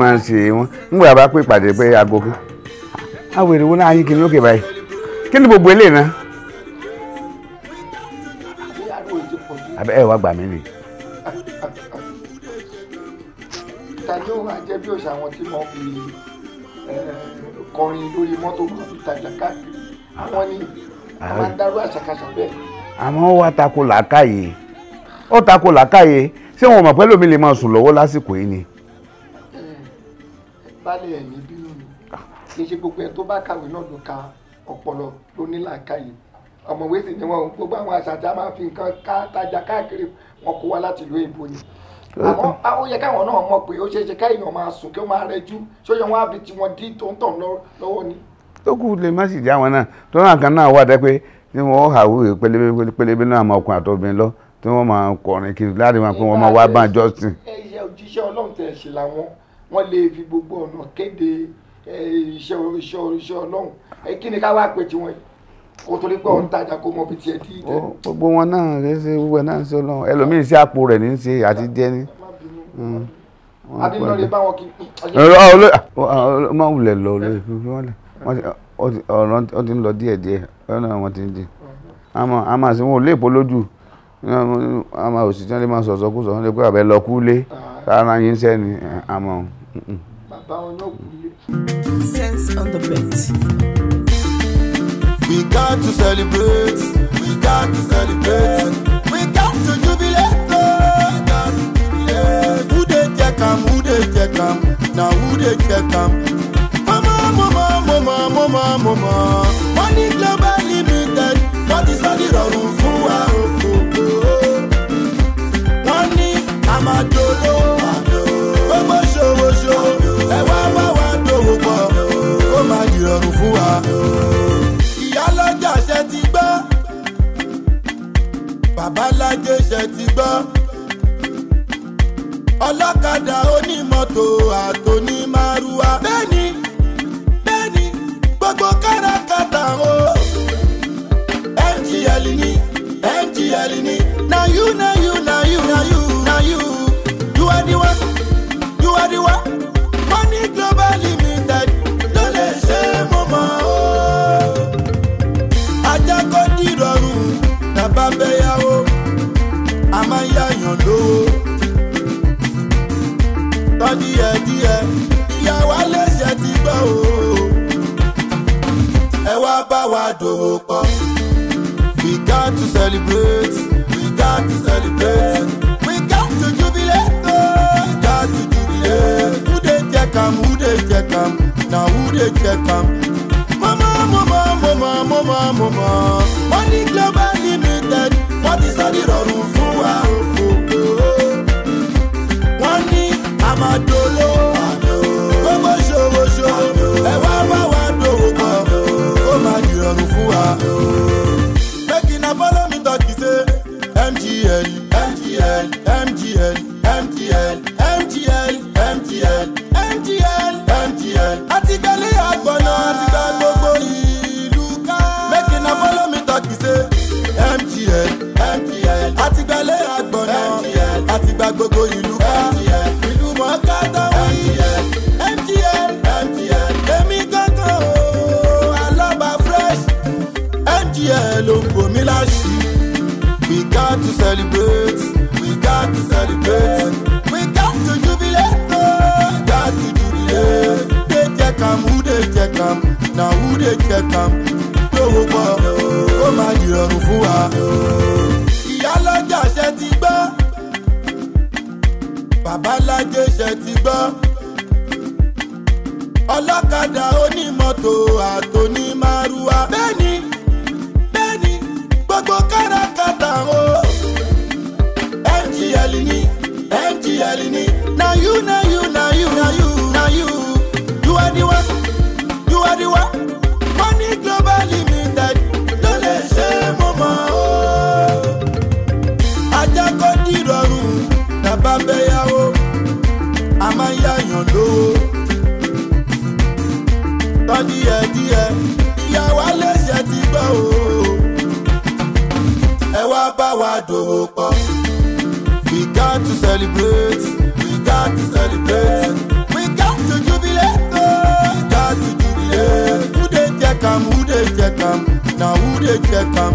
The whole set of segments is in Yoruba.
máa ṣe wọn nígbà bá pé ìpàdé pé aago kan àwọn èrè wo náà yín kiri lókè báyìí kí ni gbogbo eléyìí náà. àbẹ ẹ wá gbà mí nìyí. ìtajà òun àjẹ́ bí òṣà àwọn tí wọ́n fi kọrin lórí mọ́tò kan fi tajà káàkiri àwọn ni wọ́n máa ń darú àṣàkáṣà bẹ́ẹ̀. àmọ́ ó wá tako làákàyè ó tako làákàyè ṣé wọn mọ̀ pẹ́ lómi lè máa sùn lọ́wọ́ lásìkò yìí ni baálé ẹ̀ ní bínú ni kì í ṣe gbogbo ẹ̀ tó bá kàwé náà ló ka ọpọlọ ló ní làákàyè ọmọwé sì ni wọn gbogbo àwọn àṣà tí a máa fi nǹkan ká tajà káàkiri wọn kó wá láti ìlú èbó ni àmọ́ ó yẹ káwọn náà mọ̀ pé ó ṣeé ṣe káyọ̀ máa sùn kí ó máa rẹjú ṣóyọ wọn á fi tiwọn dín tó ń tàn lọ́wọ́ ni. tó kù lè má sì já wọn náà tó náà kan náà wà dé pé tí wọn hà wúre pélébé pélébé náà máa ọkùnrin àtọ́bìnrin lọ tí wọn máa kọrin kiri láti wọn pé wọn máa wá bá jọ́sìn. ẹ ẹ òjíṣẹ́ ọlọ́run tẹ̀ ṣe làwọn wọ́n lè fi gbogbo ọ̀nà kéde iṣẹ́ iṣẹ́ iṣẹ́ ọlọ́run kí ni ká wá pè tiwọn kó torí pé ọ̀n tajà kó mọ bí tiẹ̀ dí ìtẹ́. gbogbo wọn náà kì í ṣe gbogbo ẹ̀ náà ń ṣe ọlọ́run ẹlòmíì sí àpò rẹ̀ ní í ṣe àti jẹ́ ní. adínlọ́lẹ̀ mm. mm. bá wọn kí. ọmọ ah, ah, wulẹ̀ lọ ọ ti ń lọ díẹ̀díẹ̀ ọ̀nà wọn ti ń di àmọ́ àsìwọ̀n ò lè polójú àmọ́ òṣìṣẹ́ lè máa sọ̀sọ́kú sọ̀rọ̀ lè pé àbẹ̀ lọ kú lé ah. rárá yín sẹ́ni àmọ́ sense on the bed. we got to celebrate we got to celebrate we got to jubilate we got to jubilate. who dey check am who dey check am na who dey check am. mama mama mama mama mama money global limited What is sọ́ the rọrùn. ṣe ti gbọ́. ọlọ́kadà onímọ́tò àtòní márúwá. bẹ́ẹ̀ni bẹ́ẹ̀ni gbogbo káràkátà o. NGL ni NGL ni na you na you na you na you na you. tọ́ díẹ̀díẹ̀ ìyàwó aléṣẹ́ ti gbọ́ o ẹ wá bá wa dòwò pọ̀ we got to celebrate we got to celebrate we got to jubilate oh. we got to jubilate who dey check am who dey check am na who dey check am mama mama mama mama mama money global limited wọ́n ti sọ ní ìrọ̀rùn fún wa. Oh, oh, oh máa dolo gbogbo ṣòwòṣò ẹ wá wá wá dòwò pọ̀ kó máa dìrọ̀rùn fún wa. make una follow me talk it say mtn mtn mtn mtn mtn mtn mtn mtn àtìgbẹ́lé àgbọ̀nà àtìgbà gbogbo ìlú ká. make una follow me talk it say mtn mtn àtìgbẹ́lé àgbọ̀nà àtìgbà gbogbo ìlú ká. got to celebrate. We got to celebrate. We got to jubilate. Oh. We got to jubilate. They check am, who they check am, now who they check am. Lówó pọ̀, ó máa dìrọ̀rùn fún wa. Oh. Ìyálọ́jà ṣe ti gbọ́. Babalájé ṣe ti gbọ́. Ọlọ́kadà onímọ́tò àtòní. celebrate. We got to celebrate. We got to jubilate. Oh. We got to jubilate. Who they check em? Who they check em? Now who they check em?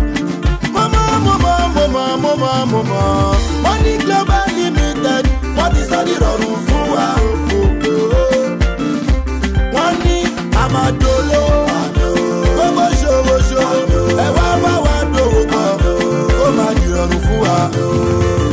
Mama, mama, mama, mama, mama. Money global limited. What is all the rọrùn fún wa? Wọ́n ní àmàdóló. Gbogbo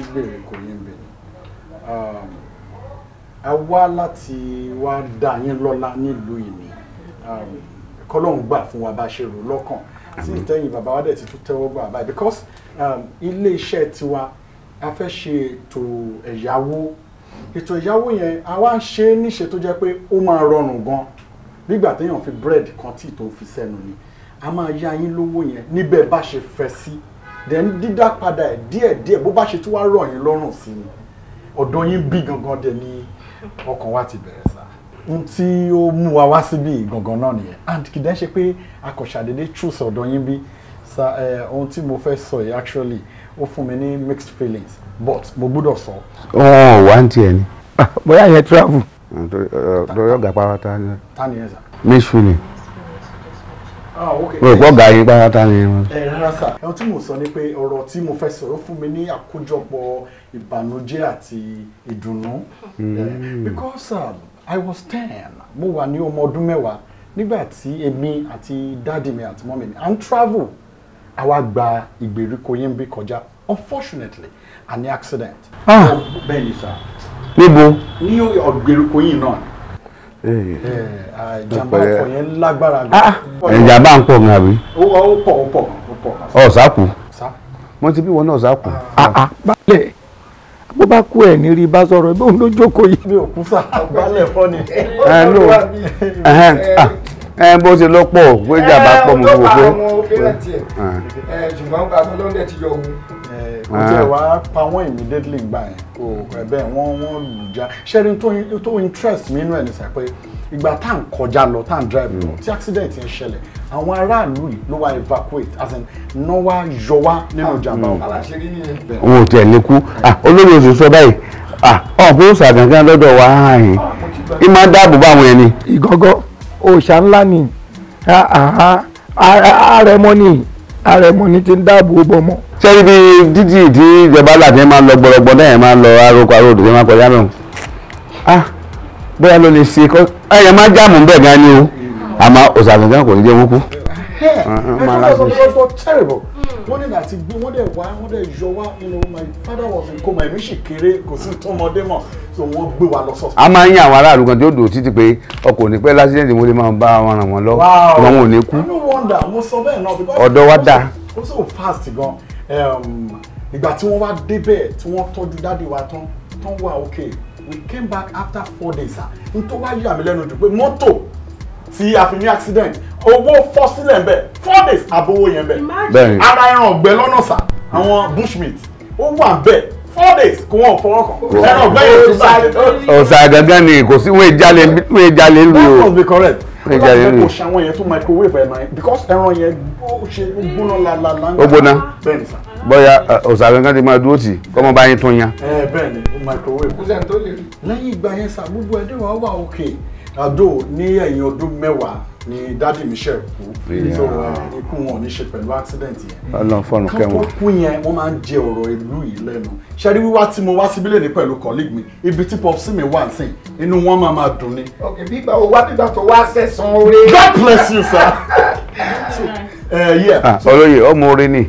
tí gbèrè kò yé mi um, a wá láti wá dá yín lọ́lá nílùú yìí ni um, kọ́lọ́hún gbà fún wa bá ṣe rò lọ́kàn tí ìtẹ́yìn bàbá wa dẹ̀ ti tún tẹ́wọ́ gbà báyìí because um, ilé iṣẹ́ tiwa a fẹ́ ṣe ètò ẹ̀yáwó ètò ìyàwó yẹn a wá ń ṣe é níṣe tó jẹ́ pé ó máa rọrùn gan nígbà téèyàn fi bread kan tí tó fi sẹ́nu ni a máa yá yín lówó yẹn níbẹ̀ bá ṣe fẹ́ sí then dídá padà ẹ̀ díẹ̀díẹ̀ bó bá ṣe tún wá rọ̀ yín lọ́rùn sí ni ọ̀dọ̀ yín bí gangan dẹ̀ ni ọkàn wa ti bẹ̀rẹ̀ sá. n tí ó mú wa wá síbí gangan náà nìyẹn and kì í dẹ́ ṣe pé akọ̀ṣàdédé choose ọ̀dọ̀ yín bí sa ohun tí mo fẹ́ sọ yìí actually ó fún mi ní mixed feelings but mo gbọ́dọ̀ sọ. ọ̀hún wà á tiẹ̀ ni ah, bóyá yẹn travel. lọ́yọ̀ gàpá wa ta ni. ta ni yẹn sà. méṣù ni mo pọ̀ ga yín pátá ni. ẹ eh, rárá sà ẹ̀rọ tí mo sọ ni pé ọ̀rọ̀ tí mo fẹ́ sọ̀rọ̀ fún mi ní àkójọpọ̀ ìbànújẹ́ àti ìdùnnú hmm. eh, because um, I was ten mo wà ní ọmọ ọdún mẹ́wàá nígbà tí èmi àti dáàdì mi àti mọ́mì mi à ń travel àwa gba ìgbèríko yẹn bí kọjá unfortunately an accident. Ah! bẹ́ẹ̀ ni sà. níbo. ní ọ̀gbèríko yìí náà Eh, eh, ah, ìjàmbá ọkọ̀ yẹn lágbára gan. Ah, ah. ìjàmbá ń pọ̀ gan àbí. ó pọ̀ ó pọ̀ ó pọ̀. ọ̀sákù wọ́n ti bí wọn náà sákù. balẹ̀ bó bá kú ẹ̀ ní rí bá sọ̀rọ̀ bí òun ló jókòó yìí. mi ò kú sá balẹ̀ fọ́ ni. Eh, ẹ bó ṣe lọ́pọ̀ pé ìjàmbá pọ̀ mọ́ fún wọn. ṣùgbọ́n àtọ́lọ́dẹ ti yọ òun wọ́n ti ẹ̀ wá pa wọ́n immediately gbà yẹn o oh. ẹ̀bẹ̀ wọ́n wọ́n lù já ṣẹ́rin tó interest mi inú ẹ̀ ní sẹ́ pé ìgbà tá à ń kọjá lọ tá à ń drive lọ mm. tí accident yẹn ṣẹlẹ̀ àwọn aráàlú yìí ló wá evacuate as in ná wá yọ wá nínú ìjàmbá mm. ọkọ̀. wọn ò tiẹ̀ lè kú ah, olórí oṣù sọ báyìí ah, ọ̀pọ̀ oṣù àgàngán lọ́dọ̀ wa hàn ah, yín eh. máa ń dáàbò bá àwọn ẹni. ìgọ́gọ́ òòṣà ńlá ni àrẹ̀mọ ni àrẹ̀mọ sẹ́yìn bí dídì tí ìjọba láti máa ń lọ gbọ́rọ̀gbọ́ náà máa ń lọ aróko aróòdù tí wọ́n kọjá náà ah bóyá ló lè ṣe kọ́ ẹ̀yẹ máa jáàmù ń bẹ̀ gan ni o àmọ́ òṣàlùjá kò ní jẹ́ wọ́n kú. wọ́n ní my father was in coma èmi sì kéré kò sí tọmọdé so wọ́n gbé wa lọ sọ́sọ́. a máa ń yan àwọn aráàlú kan tí ó dùn títí pé ọkọ̀ òní pẹ́ lásìlẹ̀ǹtì mo lè máa bá wọn ràn wọ́n lọ wọn ò ní kú. ọ̀dọ̀ wa dáa. ó fast gan ìgbà tí wọ́n wá débẹ̀ tí wọ́n tọ́jú dáàdi wa tán tán wà okay we came back after four days ah n tó wá yà mí lẹ́nu jù pé mọ́tò tí a fi ní accident owó fọ́ sílẹ̀ ń bẹ̀ four days àbówó yẹn bẹ̀ ara ẹran ọ̀gbẹ́ lọ́nà sà àwọn bushmeat ó wà bẹ́ẹ̀ four days kò wọ́n fọwọ́ kàn ẹran ọgbẹ́ yẹn tó bá ọ̀sà gangan ni kò sí wọ́n jalè wọ́n lu that must be correct wọ́n jalè lu o ṣàwọn yẹn tó microwave ẹran yẹn because ẹran yẹn ó ṣe gbóná lálálá ó gbóná bẹ́ẹ̀ni sá bóyá ọ̀sà gangan ti máa dúró tì kọ́mọ bá yín tún yan. ẹ bẹ́ẹ̀ ni microwave kò sẹ́ni tó lè rí ìgbà yẹn sá gbogbo wà òkè àdó ní ẹ̀yìn ọdún mẹ́wàá ni dádì mi ṣe kú so ah. eh, ikú wọn ní ṣe pẹ̀lú accident yẹn kán tó kú yẹn wọ́n máa ń jẹ ọ̀rọ̀ ìlú yìí lẹ́nu ṣẹ́rí wíwá tí mo wá síbílẹ̀ ní pẹ̀lú colleague mi ibi tí popsi mi wà sí inú wọn máa máa dùn ni. ok bí ìgbà wo wá nígbà tó wá sẹ̀sán oore. God bless you sir. Eh, ah, olóyè ọmọ orin ni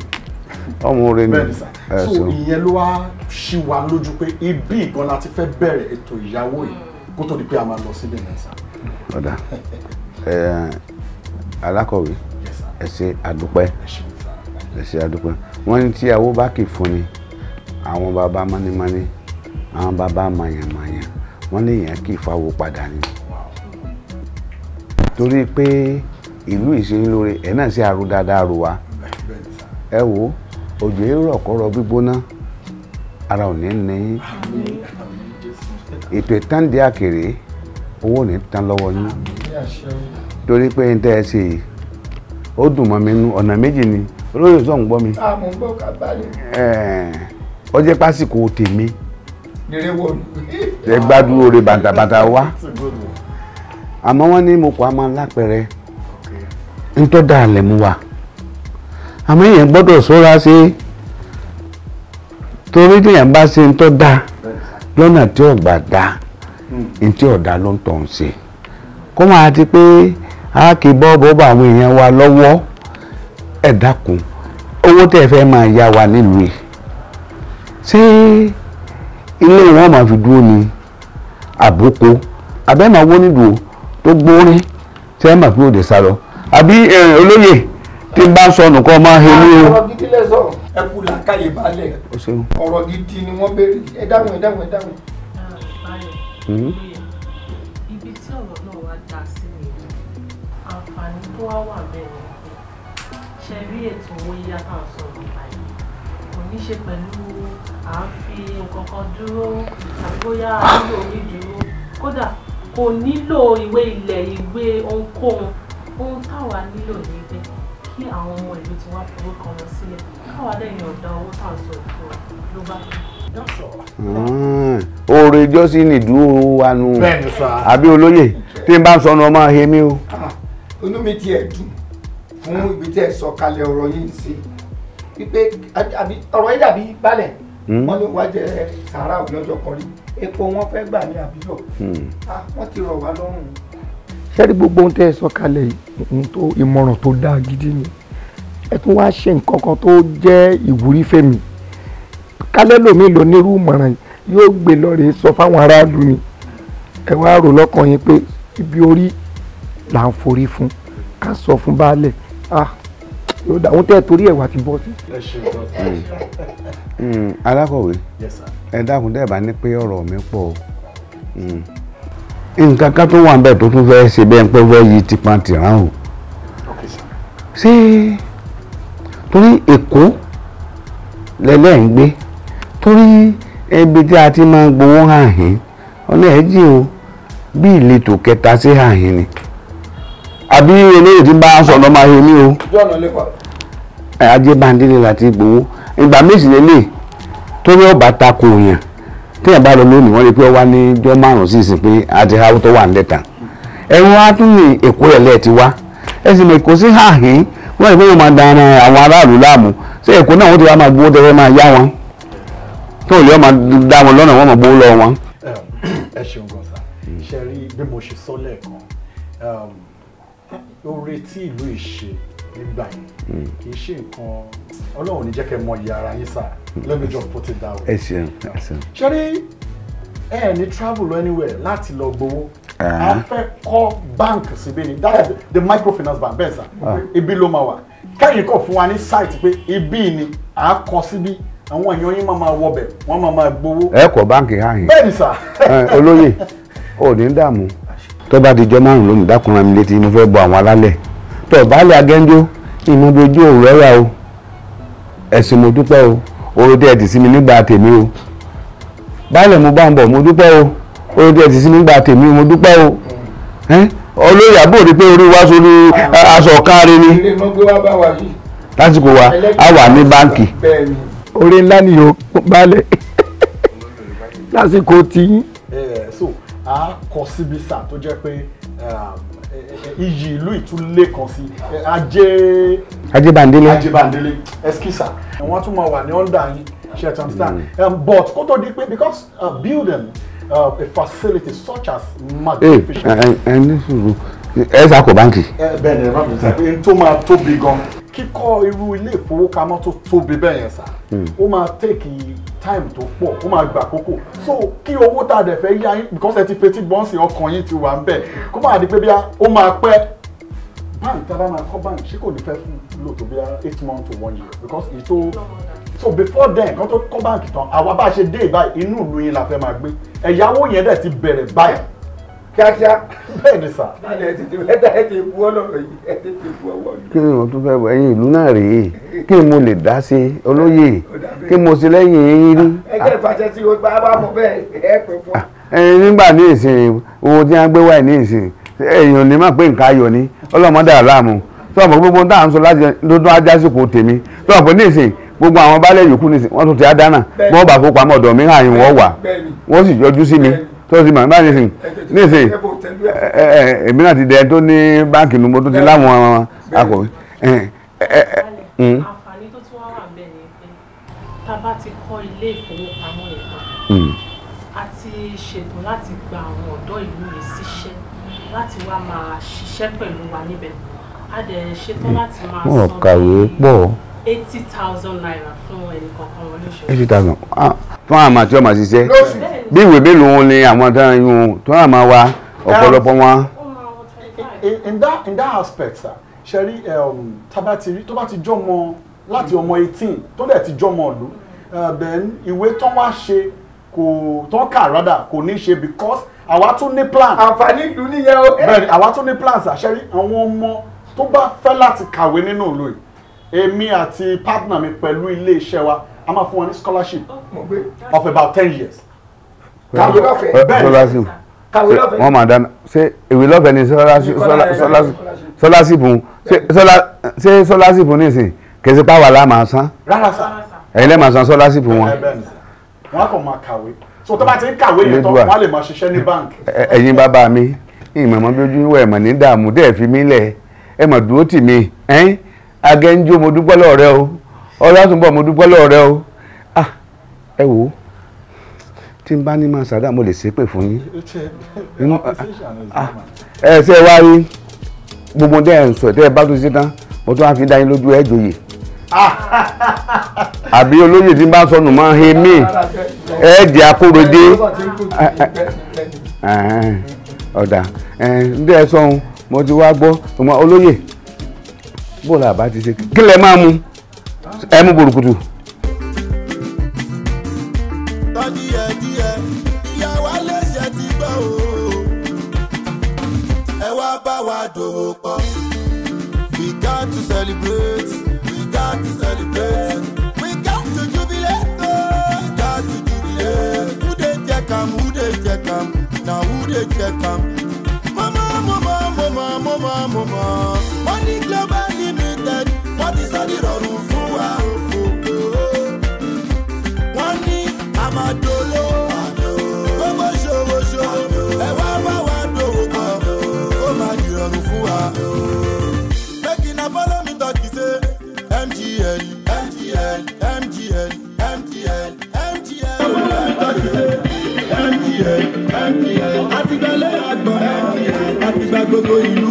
ọmọ orin ni. Eh, so ìyẹn ló wá ṣì wá lójú pé ibi ìgan la fẹ́ bẹ̀rẹ̀ ètò ìyàwó yìí kó tó di pé a máa lọ síbẹ̀ yẹn sá. alákọ̀wé ẹ ṣe àdúpẹ́ ẹ ṣe àdúpẹ́ wọ́n ní tí awó bá kì fún ni àwọn bàbá mọ́nímọ́ní àwọn bàbá màyànmàyàn wọ́n ní èèyàn kì fáwó padà ni torí pé ìlú ìṣeyín lóore ẹ̀ náà ṣe àrò dáadáa rò wá ẹ wo òjò èrò ọ̀kọ́rọ̀ gbígbóná ara ò ní ní ètò ìtàndí àkèrè owó ní tán lọ́wọ́ yín. torí pé n tẹ́ ẹ ṣe ó dùn mọ́ mi nú ọ̀nà méjì ni olóyè sọ̀ ń gbọ́ mi. a mọ̀ ń gbọ́ ká balẹ̀. ó jẹ́ pásìkò tèmi. rere wo ni. ẹ gbádùn oore bàtàbàtà wá. àmọ́ wọ́n ní mo kọ́ a máa lápẹ̀rẹ̀ ń tọ́ da àlẹ̀ mu wa àmọ́ èèyàn gbọ́dọ̀ ṣọ́ra ṣe torí téèyàn bá ṣe ń tọ́ da lọ́nà tí ọ̀gbà da ní ọ̀dà ló ń tọ̀ ń ṣe. kó máa ti pé a kì í bọ́ bọ́bọ́ àwọn èèyàn wa lọ́wọ́ ẹ dákun owó tẹ́ ẹ fẹ́ máa yá wa nílùú yìí ṣé ilé wọn máa fi dúró ni àbókò abẹ́màá wọ́n nílùú tó gbórin tí ẹ máa fi òde sá lọ àbí olóyè tí n bá sọnù kọ́ máa he ní o. ẹ kú làákàyè balẹ̀ ọ̀rọ̀ gidi ni wọ́n béèrè ẹ dáhùn ẹ dáhùn ẹ dáhùn. tó wá wà bẹ́ẹ̀ ni pé ṣe rí ètò owó yíyá tá à ń sọ nípa yìí kò ní ṣe pẹ̀lú à ń fi nǹkan kan dúró tàbí nílò onídùúró kódà kò nílò ìwé ilẹ̀ ìwé ohunkóhun ohun táwa nílò ní kí àwọn ọmọ ìlú tí wọ́n forúkọ wọn sílẹ̀ káwa lẹ́yìn ọ̀dà owó tá à ń sọ ìfọ̀ ló bá hmm. oore jọ́sí nìdúró wa nù àbí olóyè tí n bá sọnù ọmọ ahemi o inú mi tiẹ̀ dùn fún ah. ibi tẹ́ ẹ sọ kalẹ̀ ọ̀rọ̀ yìí sí wípé ọ̀rọ̀ yìí dàbí balẹ̀ hmm. wọ́n ní wá jẹ sàárà òlọ́jọ́ kan rí epo wọn fẹ́ gbà ní àbílọ̀ hmm. ah, wọ́n ti rọ̀ wá lọ́rùn. sẹ́rí gbogbo ohun tẹ́ ẹ sọ kalẹ̀ ìmọ̀ràn tó dáa gidi ni ẹ tún wá ṣe nǹkan kan tó jẹ́ ìwúrí fẹ́mi kálẹ́ lómi lò nírú ìmọ̀ràn yóò gbé lọ́ọ̀rẹ́ sọ fáwọn aráàlú ni ẹ wá rò lọ́kàn yín pé ibi orí là ń forí fún ká sọ fún baálẹ̀ ah yóò dà wọ́n tẹ́ torí ẹ̀ wá ti bọ́ sí. Mm. Mm, alákọ̀wé ẹ dákun dẹ́ẹ̀ bá ní pé ọ̀rọ̀ mi pọ̀ o mm. nǹkan kan tó wà níbẹ̀ tó tún fẹ́ẹ́ ṣe bẹ́ẹ̀ pé wọ́n yí tipa tìrán o ṣé torí èkó lẹ́lẹ́ ń gbé torí ibi tí a ti máa ń gbowó hàn yín ọ̀nà ẹ̀ jìn o bí ìletò kẹta sí hàn yín ni. àbí eléyìí tí bá ń sọ̀nà máa ṣe mí o ajé bandele láti gbowó ìgbà méjì lélẹ̀ tó ní ọba tako yàn téèyàn bá lọ lónìí wọ́n lè pé wá márùn sí ìsìn pé àti tó wà nílẹ̀ tán wọ́n máa dara àwọn aráàlú láàmú ṣé èkó náà ti wá máa gbowó tẹ́fẹ́ máa yá wọn tó oore tí ìlú ìṣe nígbà yẹn hmm. kì í ṣe nǹkan ọlọ́run ní jẹ́ kẹ́ mọ iye ara yín sá let me just put it that way. ẹ ṣeun ẹ ṣeun. ṣé ẹ ní travel anywhere láti lọ gbowó a ah. fẹ́ kọ́ bank síbí ni that is the microfinance bank bẹ́ẹ̀ sá ah. ibi ló máa wà kẹ́yìn kọ̀ fún wa ní site pé ibi ni a á kọ síbí àwọn èèyàn yín máa máa wọbẹ̀ wọ́n máa máa gbowó. ẹ kọ báǹkì hàn yín bẹ́ẹ̀ eh, olóyè ò ní dààmú tó bá di jọ márùn lónìí dákùnrin mi létí mo fẹ́ bọ àwọn alálẹ̀ tó o bá lè agẹ́ńdó ìmúdojú òwúrọ̀ ẹ̀rà o ẹ̀sìn mo dúpẹ́ o oore tí ẹ ti sí mi nígbà tèmi o báyìí mo bá ń bọ̀ mo dúpẹ́ o oore tí ẹ ti sí mi nígbà tèmi o mo dúpẹ́ o olóyè àbòrí pé orí wa sórí aṣọ káre ni lásìkò wa a wà ní báǹkì. oore ńlá nìyó balẹ̀ lásìkò tí a kọ síbi sáà tó jẹ́ pé iyì ìlú ìtúlé kan sí ajé ajébàndélé Bandele, ẹskísà wọ́n tún máa wà ní under yín ṣe ẹ̀ understand but kó tó di pé because uh, building uh, a facility such as magnificent. ẹ ní sùúrù ẹ sàkó báńkì. ẹ bẹ́ẹ̀ ni ẹ bá mi sá pé n tó máa tóbi gan-an kíkọ́ irú ilé ìfowópamọ́ tó tóbi bẹ́ẹ̀ yẹn sáà ó máa take time tó pọ̀ ó máa gba àkókò so kí owó tá a dẹ̀ fẹ́ yá yín because ẹ ti fetí bọ́ǹsì ọkàn yín ti wà ń bẹ̀ kó máa di pé bí ó máa pẹ́ bank tí a bá máa kọ́ bank ṣé kò ní fẹ́ lò tó bí eight months to one year because èyí tó so before then kán tó kọ́ bank tán àwa bá ṣe dé ìbáyìí inú ìlú yín la fẹ́ máa gbé ẹ̀yáwó yẹn dẹ̀ ti bẹ̀rẹ̀ báyìí kíákíá. bẹ́ẹ̀ ni sà. ẹ ti bu ọlọ́rọ̀ yìí ẹ ti bu ọwọ́ yìí. kí ni mo tún fẹ́ wọ ẹ̀yin ìlú náà rèé kí mo lè dá sí olóyè kí mo sì lẹ́yìn eyín rí. ẹgbẹ́ ìfàṣẹ tí o bá wà mọ́ bẹ́ẹ̀ ẹ pè fún. ẹyin nígbà ní ìsìn owó tí wọ́n gbé wáyé ní ìsìn èèyàn ní máa pé nǹkan ayọ̀ ní ọlọ́mọdé aláàmú tó ọ̀pọ̀ gbogbo tá à ń sọ lọ́dún ajásìkò tèmi tó ọ̀pọ̀ ní ìsìn gbogbo àwọn baálé yòókù ní ìsìn wọ́n tún ti á dáná bí wọ́n bá kó pamọ́ ọ̀dọ̀ mi àyìn wọ́n wà wọ́n sì yọjú sí mi tó ti mọ̀ báyìí nísìn nísìn èmi náà ti dẹ tó ní báńkì nu mo tó ti láwọn akọ̀wé Hmm. àǹfààní tó tún wá wà bẹ́ẹ̀ ni pé tá a bá ti kọ́ ilé ìfowópamọ́ yẹn tán hmm. a ti ṣètò láti gba àwọn ọ̀dọ́ ìlú yìí síṣẹ́ láti wá máa ṣiṣẹ́ pẹ̀lú wa níbẹ̀ a dẹ̀ ṣetán láti máa hmm. san bíi eighty thousand naira fún ẹnì kọ̀ọ̀kan wọn lóṣù. eighty thousand ah, fún àwọn àti ọmọ àṣìṣe bí ìwé mélòó ni àwọn dáhùn yún un tó náà máa wá ọ̀pọ̀lọpọ̀ wọn. in that in that aspect sir ṣẹ́rí um, tábà ti rí tó bá ti jọmọ láti ọmọ eighteen tó dẹ̀ ti jọmọ ọ̀lú uh, then ìwé tán wá ṣe kò tán kà rádà kò ní ṣe because àwa tún ní plan. àǹfààní ìlú nìyẹn o. bẹ́ẹ̀ni àwa tún ní plans àṣẹrí àwọn ọmọ tó bá fẹ́ láti kàwé nínú ìlú yìí èmi àti partner mi pẹ̀lú ilé iṣẹ́ wa a máa fún wọn ní scholarship of about ten years. kàwé lọ́fẹ̀ẹ́ bẹ́ẹ̀ni kàwé lọ́fẹ̀ẹ́. wọ́n máa dáná ṣé ìwé lọ́fẹ̀ẹ́ ni scholarship sọlásìbùn ṣé sọlásìbùn nìsín kèsì pàwọ́ aláàmà san. rárá sá. ẹ̀yin lẹ́ẹ̀ma san sọlásìbùn wọn. wọn kò máa kàwé so tó bá ti ń kàwé yìí tán wọn lè máa ṣiṣẹ́ ní báǹkì. ẹ̀yin bàbá mi ìmọ̀mọ́ bí ojú ìwẹ̀ ẹ̀mọ̀ ní dààmú dẹ́ẹ̀ fi mí lẹ̀ ẹ̀mọ̀ dúró tì mí ẹ̀yìn agẹ́njó mo dúpẹ́ lọ́ọ̀rẹ́ o ọlọ́túnbọ̀ mo dúpẹ́ lọ́ọ̀rẹ́ o ah ẹ wò ó tí n bá ní máa ṣàdá mo lè ṣépè fún yín ẹ ṣe ah, ah, wá gbogbo dẹ́ ẹ̀ ń sọ ẹ̀ tẹ́ ẹ bá tún ṣe tán mo tún wá fi dá yín lójú ẹ̀ jòyè àbí olóyè tí ń bá sọnù máa ń he mí ẹ jẹ́ akóredé ọ̀dà ǹdẹ́ ẹ sọ̀hún mo ti wá gbọ́ olóyè bóòlù àbá ti ṣe kí lẹ máa mu ẹ mú burúkutu. wa dòwò pọ̀. we got to celebrate we got to celebrate we got to jubilate oh. we got to jubilate. who dey check am who dey check am na who dey check am. mama mama mama mama mama money global limited wọ́n ti sọ ní ìrọ̀rùn. gbogbo ìlú.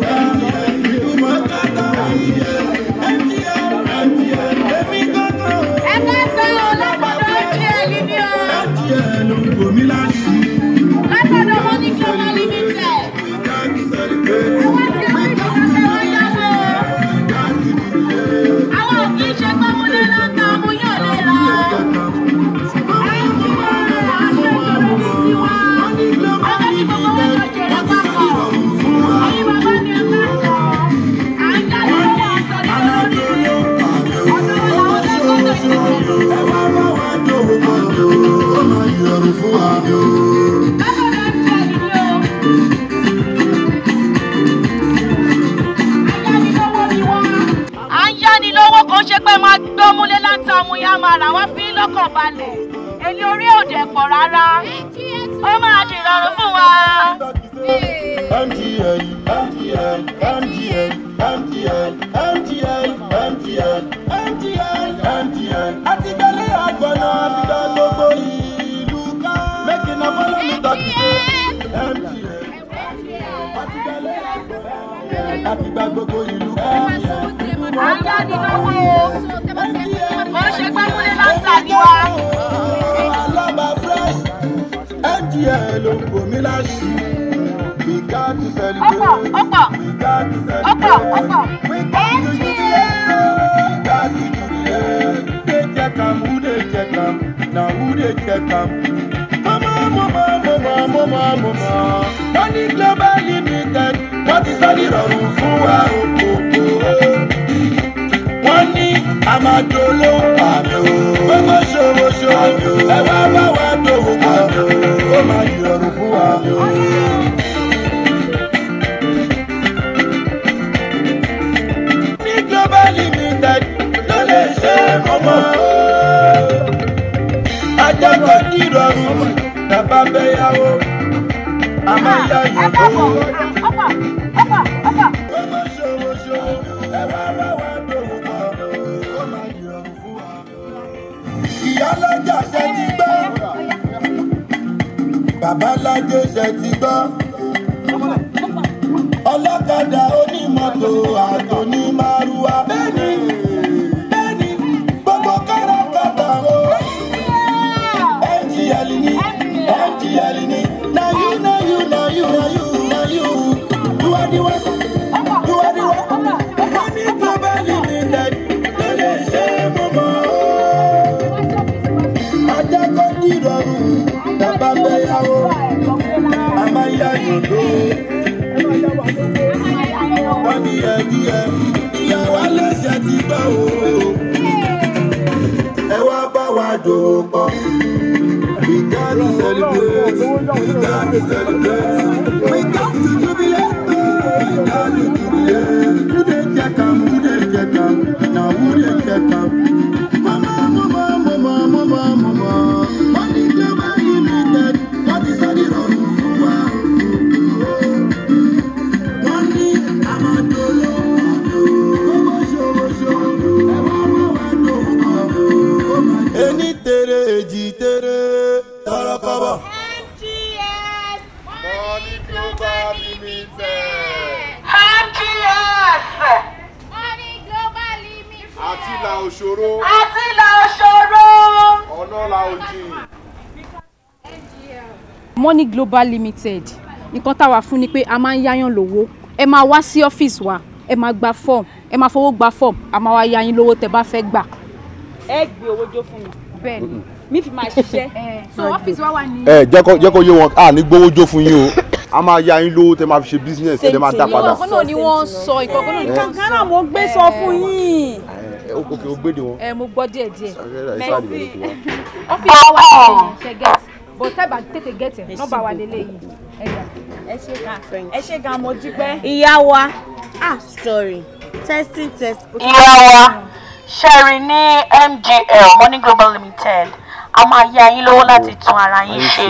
òṣòro. àti là òṣòro. ọ̀nà òjì. Money Global Limited nǹkan táwa fún ni pé a máa ń yáyàn lówó ẹ máa wá sí ọ́fíìsì wa ẹ máa gba fọ́ọ̀mù ẹ máa fowó gba fọ́ọ̀mù a máa wá yáyín lówó tẹ bá fẹ́ gbà. ẹ gbé owó jó fún mi. bẹ́ẹ̀ mi fi máa ṣiṣẹ́. Eh, so ọ́fíìsì wa wà ní. Eh, ẹ jẹ́ kó yé wọn a ní gbowó jó fún yín o a máa ya yín lówó tẹ máa fi ṣe business tẹ máa dá padà. ìkọ̀kọ́ náà ni wọ́n sọ ìkọ̀kọ́ náà ni eh. kankan náà mo gbé sọ fún yín òkè ògbédè wọn. ẹ mo gbọ́ díẹ̀ díẹ̀ mẹ́sì ọ́fíìsì wa wà lẹ́yìn ṣe gẹ̀ẹ́tì bó tẹ́bà tètè gẹ̀ẹ́tì nọ́mbà wa lélẹ́yìn ẹ̀yà. ẹ ṣe gan ẹ ṣe gan mo dúpẹ́. ìyá wa ah sorry testing test. ìyá wa ṣẹ́rin ní MJL Money Global Limited a máa yá yín lọ́wọ́ láti tún ara yín ṣe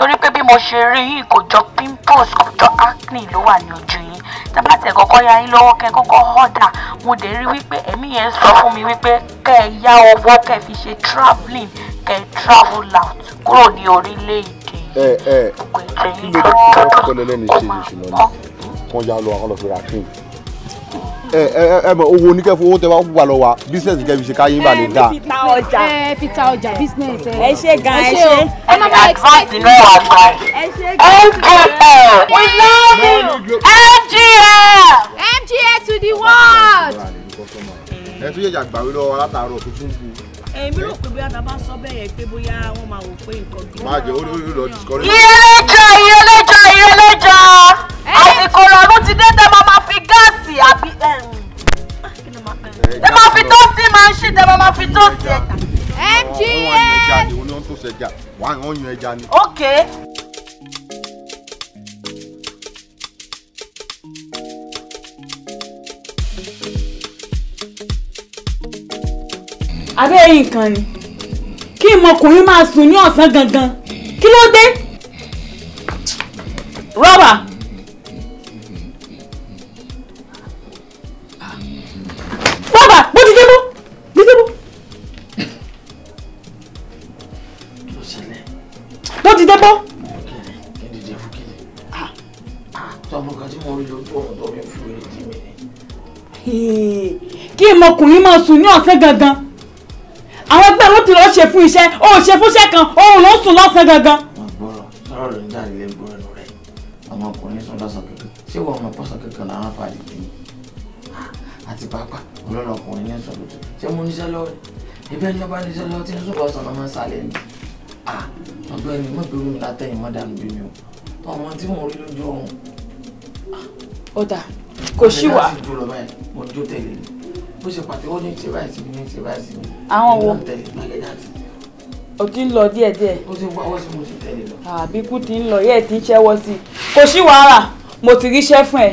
torí pé bí mo ṣe rí yìí kò jọ pimples kò jọ acne ló wà ní ojú yín tábàtẹ̀ kọ́kọ́ ya yín lọ́wọ́ kẹ́ kọ́kọ́ họ́dà mo dẹ̀ rí wípé ẹ̀mí yẹn sọ fún mi wípé kẹ́ ẹ yá owó kẹ́ ẹ fi ṣe travelling kẹ́ ẹ travel out kúrò ní orílẹ̀-èdè ẹ ẹ kí ló dé kí wọ́n kọ́kọ́ lẹ́lẹ́ni ṣe ìṣúná ni wọ́n yá lọ àwọn lọ fi ra cream ẹ ẹ ẹ mọ owó oníkẹ́fọ́ owó tẹ bá wà lọ wa business kẹ́ fi ṣe káyé ìbàlẹ̀ dá. ẹ fi ta ọjà ẹ fi ta ọjà business ẹ. ẹ ṣe gan ẹ ṣe ẹ má bá expect me. ẹ ṣe gan mfl we love you mgl mgl to the world. ẹ tún yẹjà gbàwé lọ látàárọ̀ tó tún kú. èmi rò pé bí ata bá sọ bẹ́ẹ̀ pé bóyá wọ́n máa wò pé nǹkan bí. má olórí lọ discourage. iye lẹ́jọ́ iye lẹ́jọ́ iye lẹ́jọ́ eh? àsìkò lọ́dún ti dé tẹ́ máa máa tóòsì àbí ẹ máa fi tóòsì máa ń ṣì tẹ máa fi tóòsì ẹja. mgn. wọ́n ok. abẹ́ yìí kan ni kí ìmọ̀kùnrin máa sùn ní ọ̀sán gangan kí ló dé. rọ́bà. ọmọkùnrin máa sùn ní ọ̀sán gangan àwọn ẹgbẹ́ ló ti lọ ṣe fún iṣẹ́ o ò ṣe fúnṣẹ́ kan òun ló sùn lọ́sàn gangan. àti pápá ọlọ́run ọkùnrin ní sọ̀rọ̀ tó ṣé mo níṣẹ́ lọ́wọ́ ibẹ̀ ni ọba níṣẹ́ lọ́wọ́ tí ń sùn ọmọ sàlẹ̀ ni ọgbẹ́ni mọ̀ pé omi látẹ̀yìn mọ́ dànù bí mi o ọmọ tí mo rí lójú ọ̀hún. ọ̀dà kò ṣì wà. mo jó tẹ̀lé ni bó ṣe pàtẹ́wọ́ ní ṣe báyìí sí mi ní ṣe báyìí sí mi. àwọn wo o ti ń lọ díẹ̀ díẹ̀. ó ah, ti ń wá wọ́sí mo ti tẹ̀lé lọ. àbíkú ti ti ń ṣẹ́wọ́ sí i kò sí wàhálà mo ti ríṣẹ́ fún ẹ.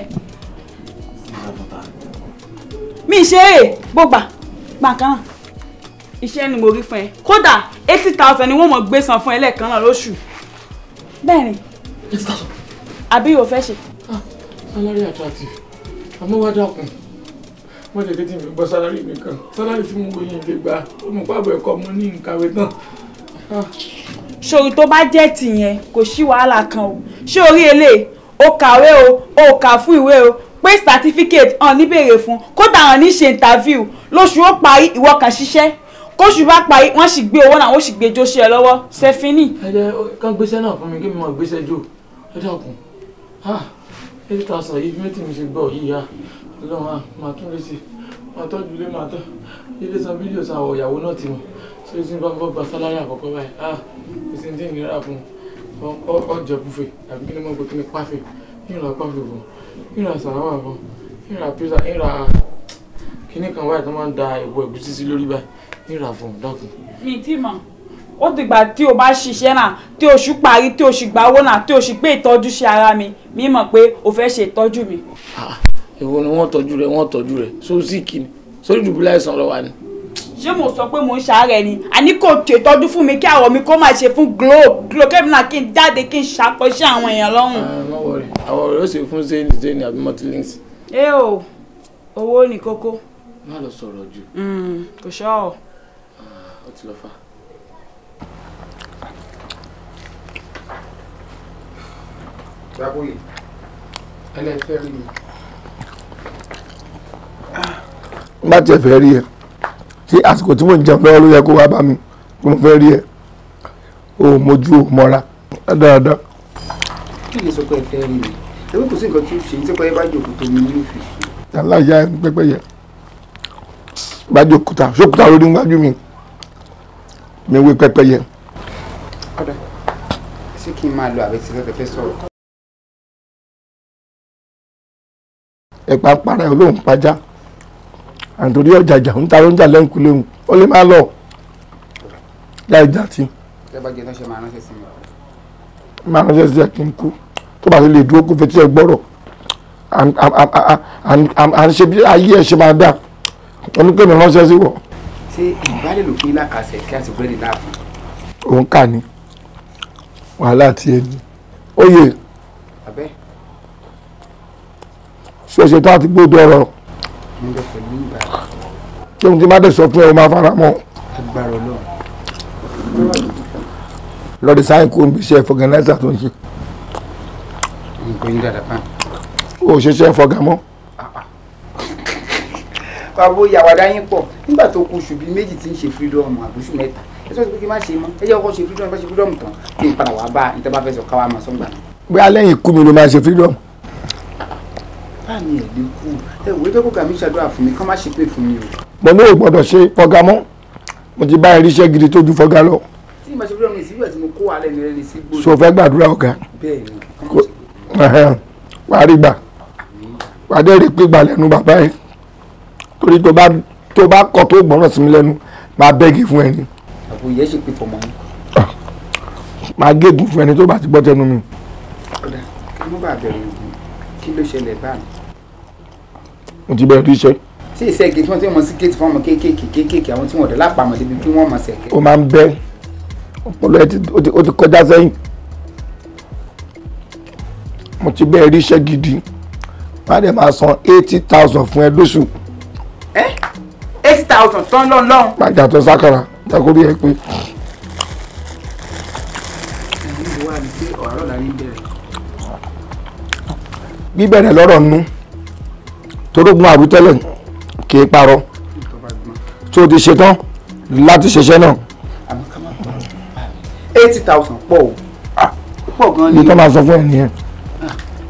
mi ṣe é gbọ́gbà gbàǹkan náà iṣẹ́ ni mo rí fún ẹ kódà eighty thousand ni wọ́n mọ̀ gbé san fún ẹ lẹ́ẹ̀kan náà lóṣù. bẹ́ẹ̀ ni àbí yóò fẹ́ ṣe. ah salary attractive àmọ́ wá dákun mo tètè ti gbọ́ sálárì mi kan sálárì tí mo gbóyin lè gbà ó mọ̀ pàbọ̀ ẹ̀kọ́ mo ní ìkàwé tán. ṣòrí tó bá jẹ́ tìyẹn kò sí wàhálà kan o ṣé orí eléyìí o kàwé o o kà fún ìwé o pé certificate hàn ní béèrè fún kódà hàn ní ṣe interview lóṣù ó parí ìwọ kan ṣiṣẹ́ kóṣù bá parí wọ́n sì gbé owó náà wọ́n sì gbé jóṣe ẹ lọ́wọ́ sẹ́fínì. ẹ jẹ́ kán gbéṣẹ́ náà fún mi kí mi máa gbéṣẹ́ jò ẹ dákun ah, eight thousand yìí mẹ́tì mi ṣe gbọ́ yìí ya ah lọ́wọ́ ah, máa tún lè ṣe máa tọ́jú ilé máa tọ́ ilé san fídíò san àwọ̀ ìyàwó náà ti mọ̀ tí ó ti ń bá kọ́ gba sálárì àkọ́kọ́ báyìí ah èsì tí ìnira fún ọjọ́ búfẹ́ àbí kí ni mo gbé kí ni pàfẹ́ ìrà pàfẹ́ fún ìrà sàràwà fún ìrà pizza ìrà kíní kan báyìí tó máa ń da ìwọ ẹ̀gúsí sí lórí báyìí ìrà fún dákun. mi ti mọ̀ ó dìgbà tí o bá ṣiṣẹ́ náà tí oṣù parí tí oṣù gbà owó náà tí oṣù pé ìtọ́jú ṣe ara mi mímọ̀ pé o fẹ́ ṣe ìtọ́jú mi. ah èwo ni wọ́n tọ́jú rẹ̀ wọ́n tọ́jú rẹ̀ so sick ni sórí dùbúlẹ̀ àìsàn lọ wa ni. ṣé mo sọ pé mo ń ṣàárẹ̀ ni àní kò tètọ́jú fún mi kí àwọ̀ mi kó máa ṣe fún glow glow kébì náà kí n jáde kí n ṣàkọsẹ́ àwọn èèyàn lọ́rùn. Ah, àwọ̀ rẹ̀ ó ṣe fún zeni zeni àbí multilinks. ẹ o owó ni kókó. má lọ sọ̀rọ̀ jù. Hmm, kò ṣọ́ ọ. Ah, ó ti lọ fà. jábọ̀lì ẹlẹ́fẹ́ rí mi má tiẹ̀ fẹ́ rí ẹ ṣé àsìkò tí mò ń jẹun lọ́wọ́ ló yẹ kó wá bá mi kó fẹ́ rí ẹ o mojú o mọ́ra dáadáa. kí ni sọkọ ẹ rí mi ẹ̀rọ kò sí nǹkan tí ó ṣe nípa ẹ bá jòkó tó mi ní òfìsì. aláìyá ẹ ní yẹ bá jòkúta ṣòkúta lórí níwájú mi mi wé pẹ́pẹ́ yẹ. ọ̀dà ṣé kí n máa lo àbẹ̀tí fẹ́fẹ́ sọ̀rọ̀. ẹ̀pà para ẹ̀ olóhùn pajá àtòrí ọ̀jàjà ń ta lóúnjà lẹ́nkù léwu ó lè má lọ láì dàtí. ṣé bá jẹ́ náà ṣe máa ránṣẹ́ sí mi. máa ránṣẹ́ sí ẹ kí n kú tó bá ti lè dúró kó fetí ẹ gbọ́rọ̀ à ń ṣe bí ayé ẹ ṣe máa dà onípèmí ránṣẹ́ sí wọ̀. ṣé ìbálẹ̀ ló fi lákàṣẹ kí àsìkò ẹ̀ lè dáàbò. òun kà ní wàhálà tiẹ̀ ni ó yẹ. ṣẹ̀ṣẹ̀ tó àti gbọ́dọ̀ ọ̀rọ̀ kí ohun tí má dẹ̀ sọ fún ẹ o máa fara mọ́. lọ́ọ̀dì sáyẹn kó o bí iṣẹ́ fọgànáìsà tó ń ṣe. o ò ṣeṣẹ́ fọgà mọ́. Ah, ah. bàbá ìyàwó adáyín pọ̀ nígbà tó kù oṣù bíi méjì tí ń ṣe freedom àbúṣù mẹ́ta ẹ sọ pé kí n má ṣe mọ́ ẹ jẹ́ ọkọ̀ ṣe freedom bá ṣe freedom tán kí n padà wá bá ìtẹ́bàfẹ́sọ̀ káwá máa sọ́ngbà. bí alẹ́ yìí kú mi ló máa ṣe freedom bàbá mi ẹ̀ lè kú ẹ wò ó jẹ́ kó gàmí ṣàdúrà fún mi kán má ṣe pé fún mi o. mo ní ògbọ́dọ̀ ṣe fọgá mọ́ mo ti bá irinṣẹ́ gidi tó ju fọgá lọ. tí ìmọ̀ ṣe bí ọmọ ìsìnkú ẹ̀ tí mo kó alẹ́ ní rẹ̀ ní sí gbòòrò. so fẹ́ gbàdúrà ọ̀gá wàá rí gbà wàá dé rí pígbà lẹ́nu bàbá yẹn torí tó bá tó bá kọ̀ tó gbọ́ràn sí mi lẹ́nu máa bẹ́gì fún ẹni. àpò ìyẹ́ ṣe pé fọmọ mi. Ah, máa gégùn fún ẹni tó bá ti kí ló ṣẹlẹ̀ báyìí mo ti bẹ̀rẹ̀ iṣẹ́. sí iṣẹ́ gate wọn tí wọ́n sí gate fún ọmọ kéékèèké kéékèèké àwọn tí wọ́n dẹ̀ lápamọ́ débi kí wọ́n mọ̀ sẹ̀kẹ́. ó máa ń bẹ ọpọlọ ẹ ó ti kọjá sẹ́yìn mo ti bẹ̀rẹ̀ iṣẹ́ gidi wọ́n á máa san eighty thousand fún ẹ lóṣù. ẹ eighty thousand tán lọ́n lọ́n. pàjá tó sákàrà tako bí ẹ pé. bíbẹ̀rẹ̀ lọ́rọ̀ nú torógun àrùtẹ́lẹ̀ kì í parọ́ tó ti ṣetán láti ṣiṣẹ́ náà. eighty thousand pọ̀ o pọ̀ gan-an ni. ní tó máa sọ fún ẹ nìyẹn.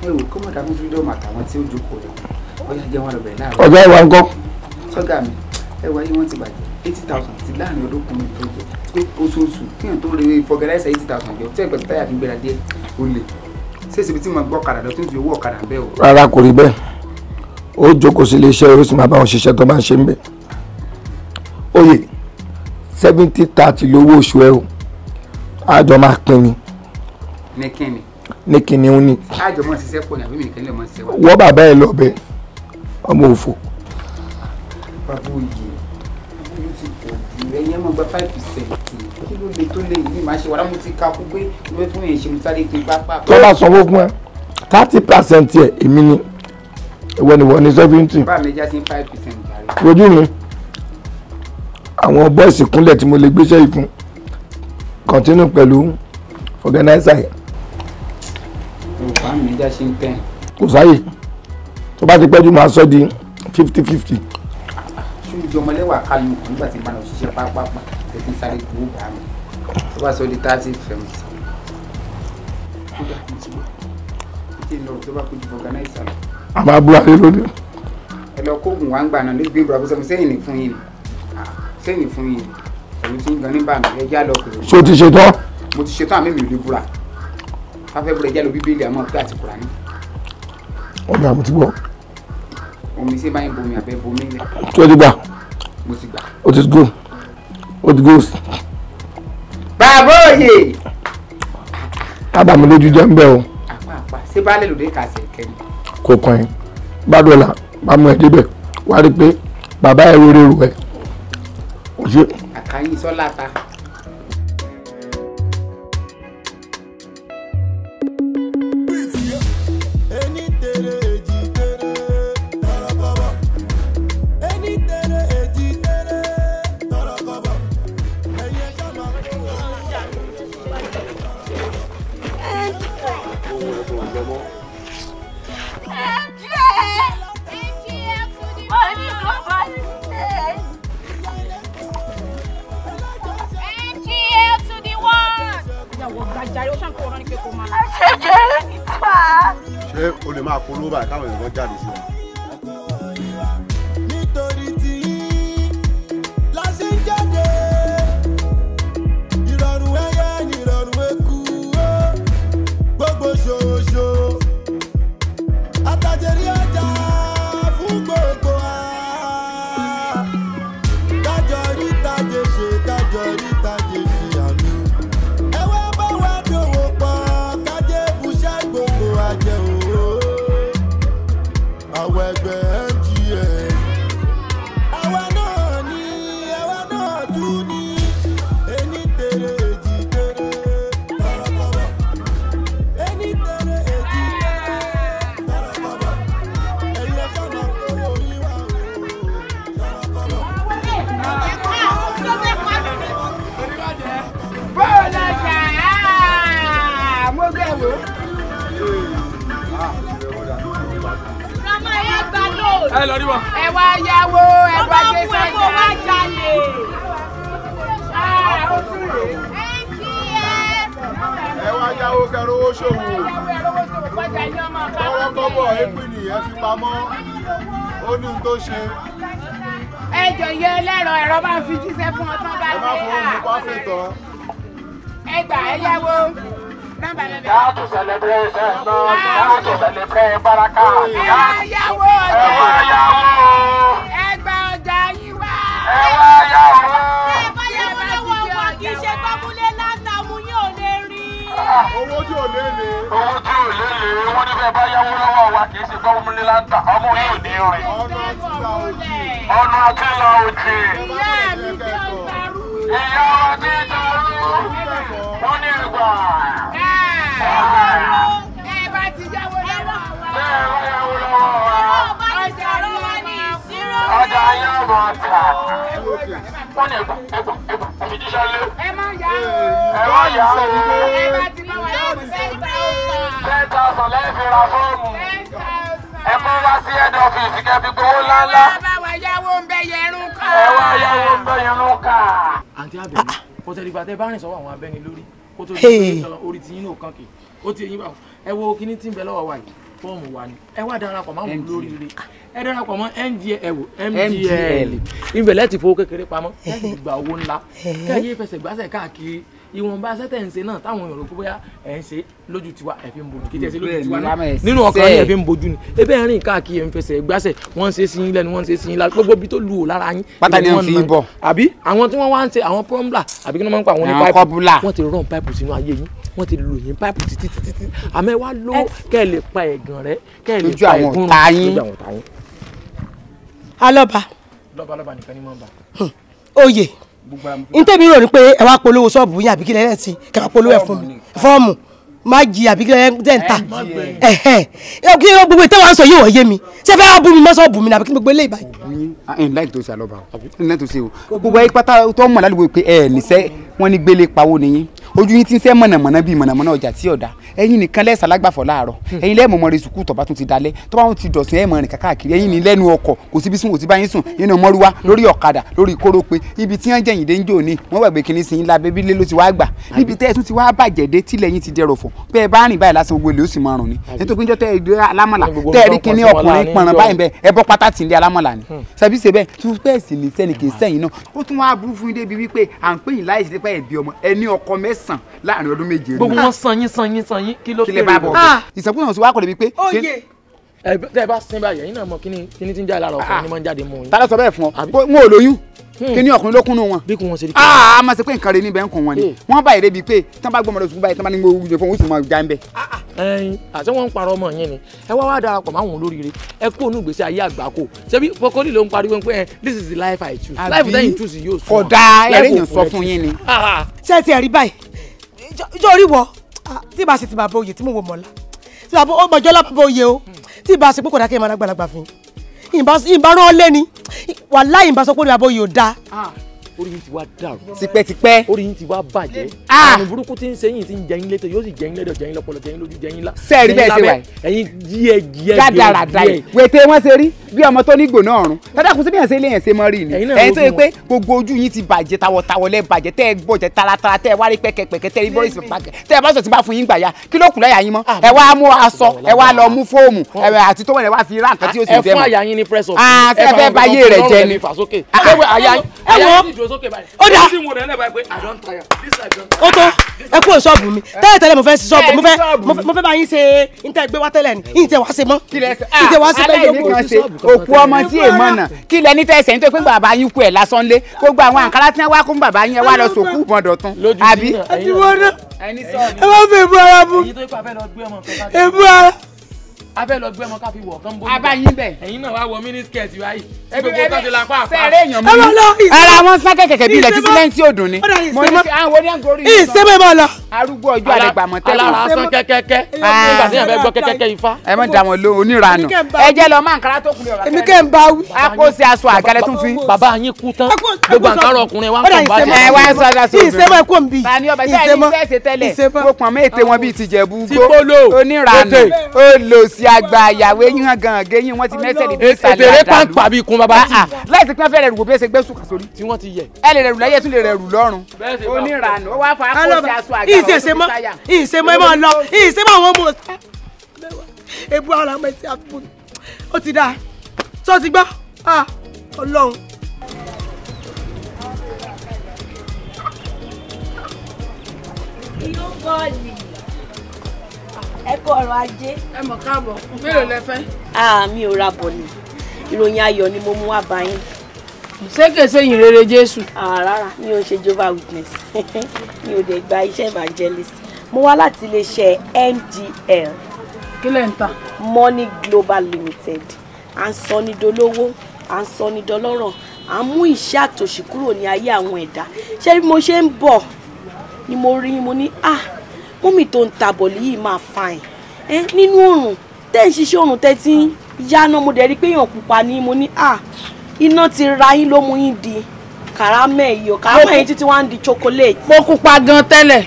ẹ wò kó mọ̀ dákún fídíọ̀mù àtàwọn tí ó jókòó lọ ọjà jẹ́ wọn lọ bẹ̀rẹ̀ ọjọ́ ìwà ńkọ́. sọ́gà mi ẹ wáyé wọ́n ti bàjẹ́ eighty thousand ti láàrin ọdún kan tó jẹ pé oṣooṣù kí n tó lè fọgẹ́láìsì eighty thousand jọ tí ẹgbẹ̀rún táyà fi gbéra díẹ̀ ó lè ṣé ìṣèbí tí mo gbọ́ ọ̀kadà lọ tó ń fi owó ọ̀kadà bẹ́ẹ̀ o. rárá kò rí bẹ́ẹ̀ ó jókòó sí iléeṣẹ́ ó sì máa bá wọn ṣiṣẹ́ tó bá ń ṣe ń bẹ̀. oyè seventy thirty lówó oṣù ẹ o àjọ máa pín ni. ní kíni. ní kíni ó ní. àjọ mọ̀ ṣiṣẹ́ pọ̀ ní àbí mi nìkan lè mọ̀ ṣiṣẹ́ wa. wọ́n bàbá ẹ lọ bẹ ọmọ òfò. bàbá oyè ló ti pọ̀ jù ẹ̀yẹ́ mọ̀ gba five percent kí ló lè tó lè yìí máa ṣe wàrà mo ti ka kú pé ìwé fún yẹn sáré kí n bá tọ́lá sanwó fún ẹ thirty percent ẹ̀ èmi ni ìwọ ni wọ́n ní seventy. bá mi já sí five percent jàre. rojú mi àwọn bọ́ọ̀sì kúnlẹ̀ tí mo lè gbéṣẹ́ yìí fún continue pẹ̀lú organizer yẹn. bá mi já sí ten. kò sáyè tó bá ti pẹ́jú máa sọ di fifty fifty. ṣùgbọ́n ìjọmọlẹ́wà kálukú nígbà tí mo máa lọ ṣiṣẹ́ pápá tẹ̀sí sáré gbowó bá mi tó bá sọ di thirty seventy kódà mo ti wá kí n lọ tó bá kojú fọgànáìsà lọ a máa búra lé lórí. ẹ lọ kóògùn wá ń gbà náà ní gbé ìbúra bó sọ sẹ́yìn ní fún yìí sẹ́yìn ní fún yìí èmi ti ń gan nígbà náà ẹ já lọ kúrò. so ti ṣetán. mo ti ṣetán àmì mi ò lè búra fáfẹ́ búra ẹja lọ bíbélì àmọ́ pé àti kúrà ní. ọ̀dà mo ti gbọ́. omi ṣe báyìí bomi àbẹ bomi lẹ. tí o ti gbà. mo ti gbà. o ti go o ti go. bàbá òye. tábà mi lójú jẹ́ ń bẹ́ o. àpá àpá ṣé baálé kò kàn yín bá dọ̀là bá mú ẹ débẹ̀ wá rí i pé bàbá ẹ rere rò ẹ. àkàyè sọ́lá ta. ṣé o lè máa polówó báyìí káwọn èèyàn jáde sí ọ. orí ti yín náà ti yín bá ẹ wo kíní tí ń bẹ wa yìí fọ́ọ̀mù wa ni ẹ wá darapọ̀ máa ń wù lóríire ẹ darapọ̀ mọ́ NGL ẹ MGL ibẹ̀ lẹ́ẹ̀tì fowó kékeré pamọ́ lẹ́ẹ̀tì gba owó ńlá kẹ́yìn fẹsẹ̀ gbàsẹ̀ káàkiri ìwọ̀nba sẹ́tẹ̀ ń ṣe náà táwọn èrò bóyá ẹ̀ ń ṣe lójú tiwa ẹ̀ fi ń bojú kí tẹ̀ ṣe lójú tiwa náà nínú ọkàn yẹn ẹ̀ fi ń bojú ni ebe ẹ̀ rìn káàkiri ẹ̀ ń fẹsẹ̀ gbàsẹ̀ wọ́n ń ṣe sí yín lẹ́nu wọ́n ń ṣe sí yín lára gbogbo ibi tó lu ò lára yín. pátá ni wọn fi bọ. àbí àwọn tí wọ́n wá ń ṣe àwọn pọ́ńbùlà àbí kí wọ́n máa ń pa àwọn ní páìpù wọ́n ti rán páìpù sínú ayé yín wọ́n ti lò yín páìpù títí títí àmọ́ ẹ wá ló kẹ́ ẹ lè pa ẹ̀gàn rẹ kẹ́ ẹ lè pa ẹ̀gùn rẹ lójú àwọn ọ̀tá yín. alọ́ba lọ́balọ́ba nìkan ni mò ń bà. Hmm. oyè ntẹ́mi rò ní pé ẹ wá polówó ṣọ́ọ̀bù yín àbíkí lẹ́yìn sí kẹ́ wá polówó ẹ̀ fún mi fọ́ọ̀mù má jì àbíkí lẹ́yìn tẹ̀ ń ta ẹ̀hẹ́n kí gbogbo ìtẹ́wọ̀n sọ yóò yé mi ṣé fẹ́ wá bú mi mọ́ ṣọ́ọ̀bù mi ní àbíkí gbogbo ilé ìbàdàn. ẹ̀yin láì tó ṣe àlọ́ba ẹ̀yin láì tó ṣe o gbogbo ayé pátá tó mọ̀ lálùbọ̀ pé ẹ̀ nìṣẹ́ wọ́n ní gbélé pawó nìyí ojú yín ti ń sẹ́ mọ̀nàmọ́ná bíi mọ̀nàmọ́ná ọjà tí ọ̀dà ẹ̀yin nìkan lẹ́sà alágbàfọ̀ láàárọ̀ hmm. ẹ̀yin lẹ́ẹ̀mọ̀ mọ̀rin sùkúù tọ́ba tún ti dalẹ̀ tọ́ba tún ti dọ̀tún ẹ̀mọ̀ rìn káàkiri ẹ̀yin ní lẹ́nu ọkọ̀ kò síbi sùn kò síbi ayín sùn nínú mọ́rúwá lórí ọ̀kadà lórí kórópè ibi tí wọ́n jẹ̀yìn dé ń jò ní wọ́n gbàgbé kinní sí ńlá bẹ́bí lé ló ti wá gbà níbi tẹ́ ẹ tún ti wá bàjẹ́ dé tílẹ̀ yín ti dẹrọ̀ fọ̀ bẹ́ bá rìn báyìí lásán gbogbo èlé ó sì máa rùn ni nítorí pínjọ́ tẹ́ ẹ dé alámọ̀là tẹ́ ẹ rí kinní ọkùnrin pọ̀nrán báyìí bẹ́ẹ̀ ẹ bọ́ pátá tì ń lé alámọ̀là ni sàbí hmm. ṣe bẹ́ẹ̀ tún bẹ́ẹ̀ sì ní sẹ́ni kì í sẹ́yìn hmm. náà ó tún wá burú fún yín débi wípé à ń pè yín láì sàn láàrin ọdún méje rẹ. gbogbo wọn ah. san yín san yín san yín kí ló kéré o. ìsàkúrò náà sọ wá kọ́ débi pé. oyè ẹ bá sin báyìí ẹ̀yin náà mọ kíní kíní tí ń jáde lára ọkọ ah. ni mo ń jáde mú un. ta ló sọ bẹ́ẹ̀ fún ọ n ò lóyún. Hmm. kí ni ọkùnrin lókùnrin wọn. bí kò wọn ṣe rí. aa ma ṣe pé nǹkan rẹ níbẹ̀ kàn wọ́n ni hmm. wọ́n bá èrè bíi pé tán bá gbọ́mọdé sùkúl báyìí tán bá ní gbogbo ìjọ fún oṣù máa já ń bẹ̀. Ah, ah, ẹyin àti wọn ń parọ́ ọmọ yẹn ni ẹ wá wá darapọ̀ máa wọn olóríire ẹ kó onú ìgbésí ayé àgbà kò ṣebí fọkọ́lì ló ń pariwo pé eh, this is the life I choose life that you choose yóò sùn. kódà ẹ̀rẹ́ yẹn sọ fún yín ni. ṣé ti ẹ̀rí báyìí ìbá rán ọ lẹ́ni wàláì ìbá sọ pé ní abọ́ yóò dáa ah orí yín ti wá dàrú. tipẹ́tipẹ́. orí yín ti wá bàjẹ́. Ah! àrùn burúkú ti ń ṣe yín ti ń jẹ létò yóò sì jẹ lẹ́dọ̀ jẹ yín lọ́pọlọ lójú jẹ yín sẹ́ẹ̀rí bẹ́ẹ̀ ṣe wà yìí. ẹ̀yin díẹ̀ díẹ̀. dáadáa wètè wọn ṣe rí bí ọmọ tó ní gbòná ọ̀run tọ́jà kù síbí yẹn ṣe ṣe mọ́ rí ni. ẹ̀yin tó yẹ pé gbogbo ojú yín ti bàjẹ́ tawọ̀tawọ̀ bàjẹ́ tẹ́ ẹ gbọ́jẹ́ taratara tẹ́ ẹ wá rí pẹ́kẹ́pẹ́kẹ́ tẹ́ ẹ rí bọ́ọ̀lì pàkẹ́ tẹ́ ẹ bá sọ̀ bá fún yín gbà kí ló kù lẹ́yà yín mọ́ ah, ẹ wá mú aṣọ ẹ wá lọ mú fóòmù ẹ àti tó wọ̀nyẹn wá fi rá tí ó sì ah, fẹ́ ẹ fún àyà yín ní press wo sókè báyìí. ó dà ó tó ẹ kúrò ṣọ́ọ̀bù mi eh. tẹ́lẹ̀ tẹ́lẹ̀ mo fẹ́ sí ṣọ́ọ̀bù mo eh, fẹ́ mo fẹ́ bá yín ṣe níta gbé wá tẹ́lẹ̀ ni yín tẹ wá ṣe mọ́ yín tẹ wá ṣe bẹ́ẹ̀ yóò kó ṣe òkú ọmọ tí èèmọ̀ nà kí lẹni tẹ́ ẹsẹ̀ nítorí pé bàbá yín kú ẹ̀ lásán lé gbogbo àwọn àǹkárá tí wọ́n wá kún bàbá yín ẹ wá lọ sòkú mọ̀dọ̀tún àbí. ẹ wá fẹ́ ebu ara mu ebu ara a fẹ́ lọ gbé ọmọ ká fi wọ̀ kán bóyá. abayin bẹ. ẹ̀yin náà wá wọ miniskirt wáyé. ẹbí ẹbí sẹẹrẹ èèyàn mi. ara wọn sá kẹkẹkẹ bí ilẹ̀ títí lẹ́yìn tí ò dùn ni. mo ní àwọn oní àgórí yìí sọ. ìsẹ́mi bọ̀ lọ. arúgbó ọjọ́ àdìgbà mọ̀ tẹ́lẹ̀. alára sán kẹ́kẹ́kẹ́. nígbà tí yàrá bẹ gbọ́ kẹ́kẹ́kẹ́ ifá. ẹ mọ̀ dà wọ́n ló oníranù. ẹ jẹ́ lọ máa ń kára tó kun lọ́ra. èmi kẹ́ ń bá wí. a kò sí aṣọ àgẹlẹ tún fi. bàbá yín kú tán gbogbo àǹkárọ̀ ọkùnrin wa ń kàn bá jẹ. ẹ wá sọ ká sọ obìnrin. tani ọba sẹ́yìn ní sẹ́ẹ̀sì tẹ́lẹ̀. mo pọ̀n mọ́ ète wọn bíi tìjẹ̀bú gbó. oníranù olòsì àgbà àyàwó eyín hàn gan àgé yín wọ́n ti mẹ́sẹ̀ níbi ìsàlẹ̀ àdàlù. ètèrè pàǹpà bíi kun bàbá. Ah, ah, láìsí pé wọ́n fẹ́ rẹ̀ rù bó ṣe gbé sùkà sórí. tí wọ́n ti yẹ. ẹ lè rẹ̀rù láyé tún lè rẹ̀rù lọ́rùn. oníranù ó fà á kó sí aṣọ àgbà òṣìṣẹ́ ìṣẹ́mọ́ ẹ máa lọ ìṣẹ́mọ́ àwọn ọmọ ebu àwọn àmọ́ ẹtì àfikún ó ti dáa tó ti gbọ́ ah, ọlọ́run. yóò ẹ kú ọrọ̀ ajé. ẹ mọ̀ káàbọ̀ mélòó lẹ fẹ́. mi ò ra bọ̀ ni ìròyìn ayọ̀ ni mo mú wá bá yín. ṣé kèsè rere jésù. rárá mi ò ṣe jehovah witness mi ò dẹ̀ gba iṣẹ́ evangelist mo wá láti iléeṣẹ́ MGL. kí lẹ́ Money Global Limited à ń sọ ní dolówó à ń sọ ní dọlọ́rọ̀ à ń mú ìṣẹ́ àtòṣì kúrò ní ayé àwọn ẹ̀dá ṣé bí mo ṣe ń bọ̀ ni mo rí mo ní ah mọ́mì tó ń ta bọ̀lì yìí máa fine ẹ nínú òrùn tẹ́ ń ṣiṣẹ́ òrùn tẹ́ ti ń yáná mo dẹ̀ rí pé èèyàn pupa ni mo ní à iná ti ra yín ló mú yín di kàrámẹ́ yìí o kàrámẹ́ títí wá ń di chocolate. mo pupa gan tẹ́lẹ̀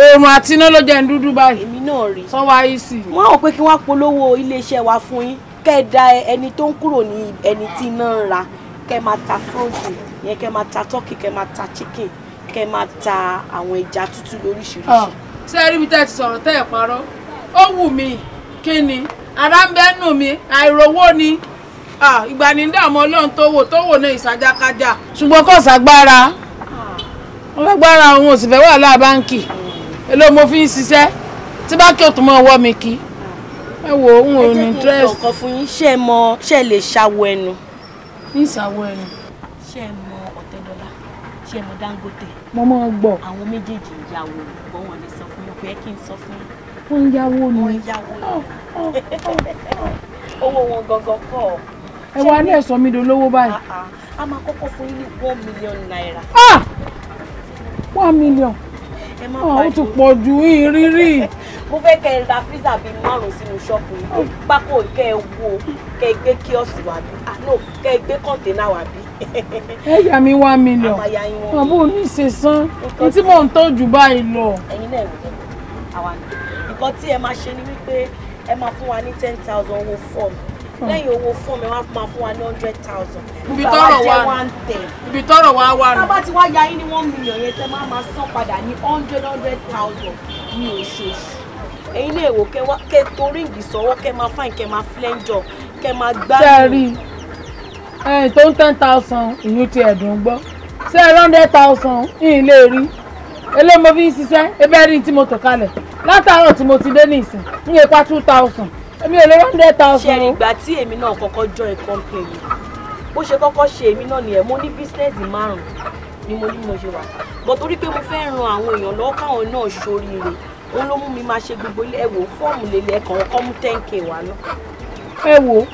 oòrùn àti iná ló jẹ́ ń dúdú báyìí. èmi náà rí. sọ wá yìí sí. wọ́n rò pé kí wọ́n polówó iléeṣẹ́ wa fún yín kẹ́ ẹ da ẹni tó ń kúrò ní ẹni tí iná ń ra kẹ́ ẹ máa ta frozen yẹn kẹ́ ẹ máa ta turkey kẹ́ ẹ máa ta chicken kẹ́ ẹ máa ta àwọn ẹja tútù lóríṣiríṣi. Ah ṣé ẹ rí mi tẹ́ ti sọ̀rọ̀ tẹ́ ẹ̀ parọ́ ó wù mí kí ni ara ń bẹ́ nù mí àìrówó ni ìgbà ní dààmú ọlọ́run tó wò tó wò ní ìsàjákájà. ṣùgbọ́n kò ságbára wọn fẹ́ gbára òun ò sì fẹ́ báńkì èló mo fi ń ṣiṣẹ́ tí báńkì ò tún mọ́ ọwọ́ mi kí ẹ wo òun ò ní dírẹ́sì. ẹ jẹ́ kí n kọ̀ọ̀kan fún yín ṣé ẹ mọ ṣé ẹ lè ṣàwọ̀ ẹnu. ní ìṣàwọ̀ ẹnu. ṣé ẹ mọ Ọ̀tẹ́dọ́lá ṣé ẹ mọ Dangote. mo máa ń gbọ́. àwọn méjèèjì ìyàwó gbọ́ wọn bẹ́ẹ̀ kí n sọ fún yín. wọ́n ń yáwó ni. wọ́n ń yáwó ni. Ah, ah, ah. owó wọn gangan pọ̀. ẹ wá ní ẹ̀sọ́ mi dolówó báyìí. a máa kọ́kọ́ fún yín ní one million naira. one million. ẹ má pàdé ó ti pọ̀ ju yín rírì. mo fẹ́ kẹ́ ẹ ra fíìsà bíi márùn-ún sínú ṣọ́ọ̀bù yìí pákó kẹ́ ẹ wo kẹ́ ẹ gbé kíọ̀sì wá bí àná kẹ́ ẹ gbé kọ̀ǹténà wá bí ẹ yà mí one million àbúrò ní ìṣe san ní tí mò ń tọ́jú báyìí lọ. ẹ̀yin náà àwa ni nǹkan tí ẹ máa ṣe ni wípé ẹ máa fún wa ní ten thousand owó fọ́ọ̀mù hmm. lẹ́yìn owó fún mi wọ́n á máa fún wa ní hundred thousand. ibi tọrọ wa ibi tọrọ wa wà nù. tábà tí wàá ya yín ní one million yẹn tẹ máa máa san padà ní hundred hundred thousand ní oṣooṣù. ẹ̀yin lè wò kẹ wá kẹ torí ìgbìsọwọ kẹ máa fáìn kẹ máa flẹjọ kẹ máa gbá. ṣé ẹ rí ẹyin tó ń ten thousand ìlú ti ẹ̀dùn gbọ́ ṣé ẹ hundred thousand yìí lè rí eléyìí mo fi ń ṣiṣẹ́ ebẹ́ẹ́rì tí mo tọ̀ kalẹ̀ látàárọ̀ tí mo ti dé ní ìsìn ní ipa two thousand èmi ò lè one hundred thousand. ṣẹ́ni ìgbà tí èmi náà kọ́kọ́ join company bó ṣe kọ́kọ́ ṣe èmi náà nìyẹn mo ní bísínẹ́sì márùn-ún ni mo ní mo ṣe wà bọ̀ torí pé mo fẹ́ ran àwọn èèyàn lọ́wọ́ káwọn náà ṣoríire ó ló mú mi máa ṣe gbogbo ilé ẹ̀wò fọ́ọ̀mù lélẹ̀ ẹ̀kan ọkọ mú ten k wá lọ. ẹ wo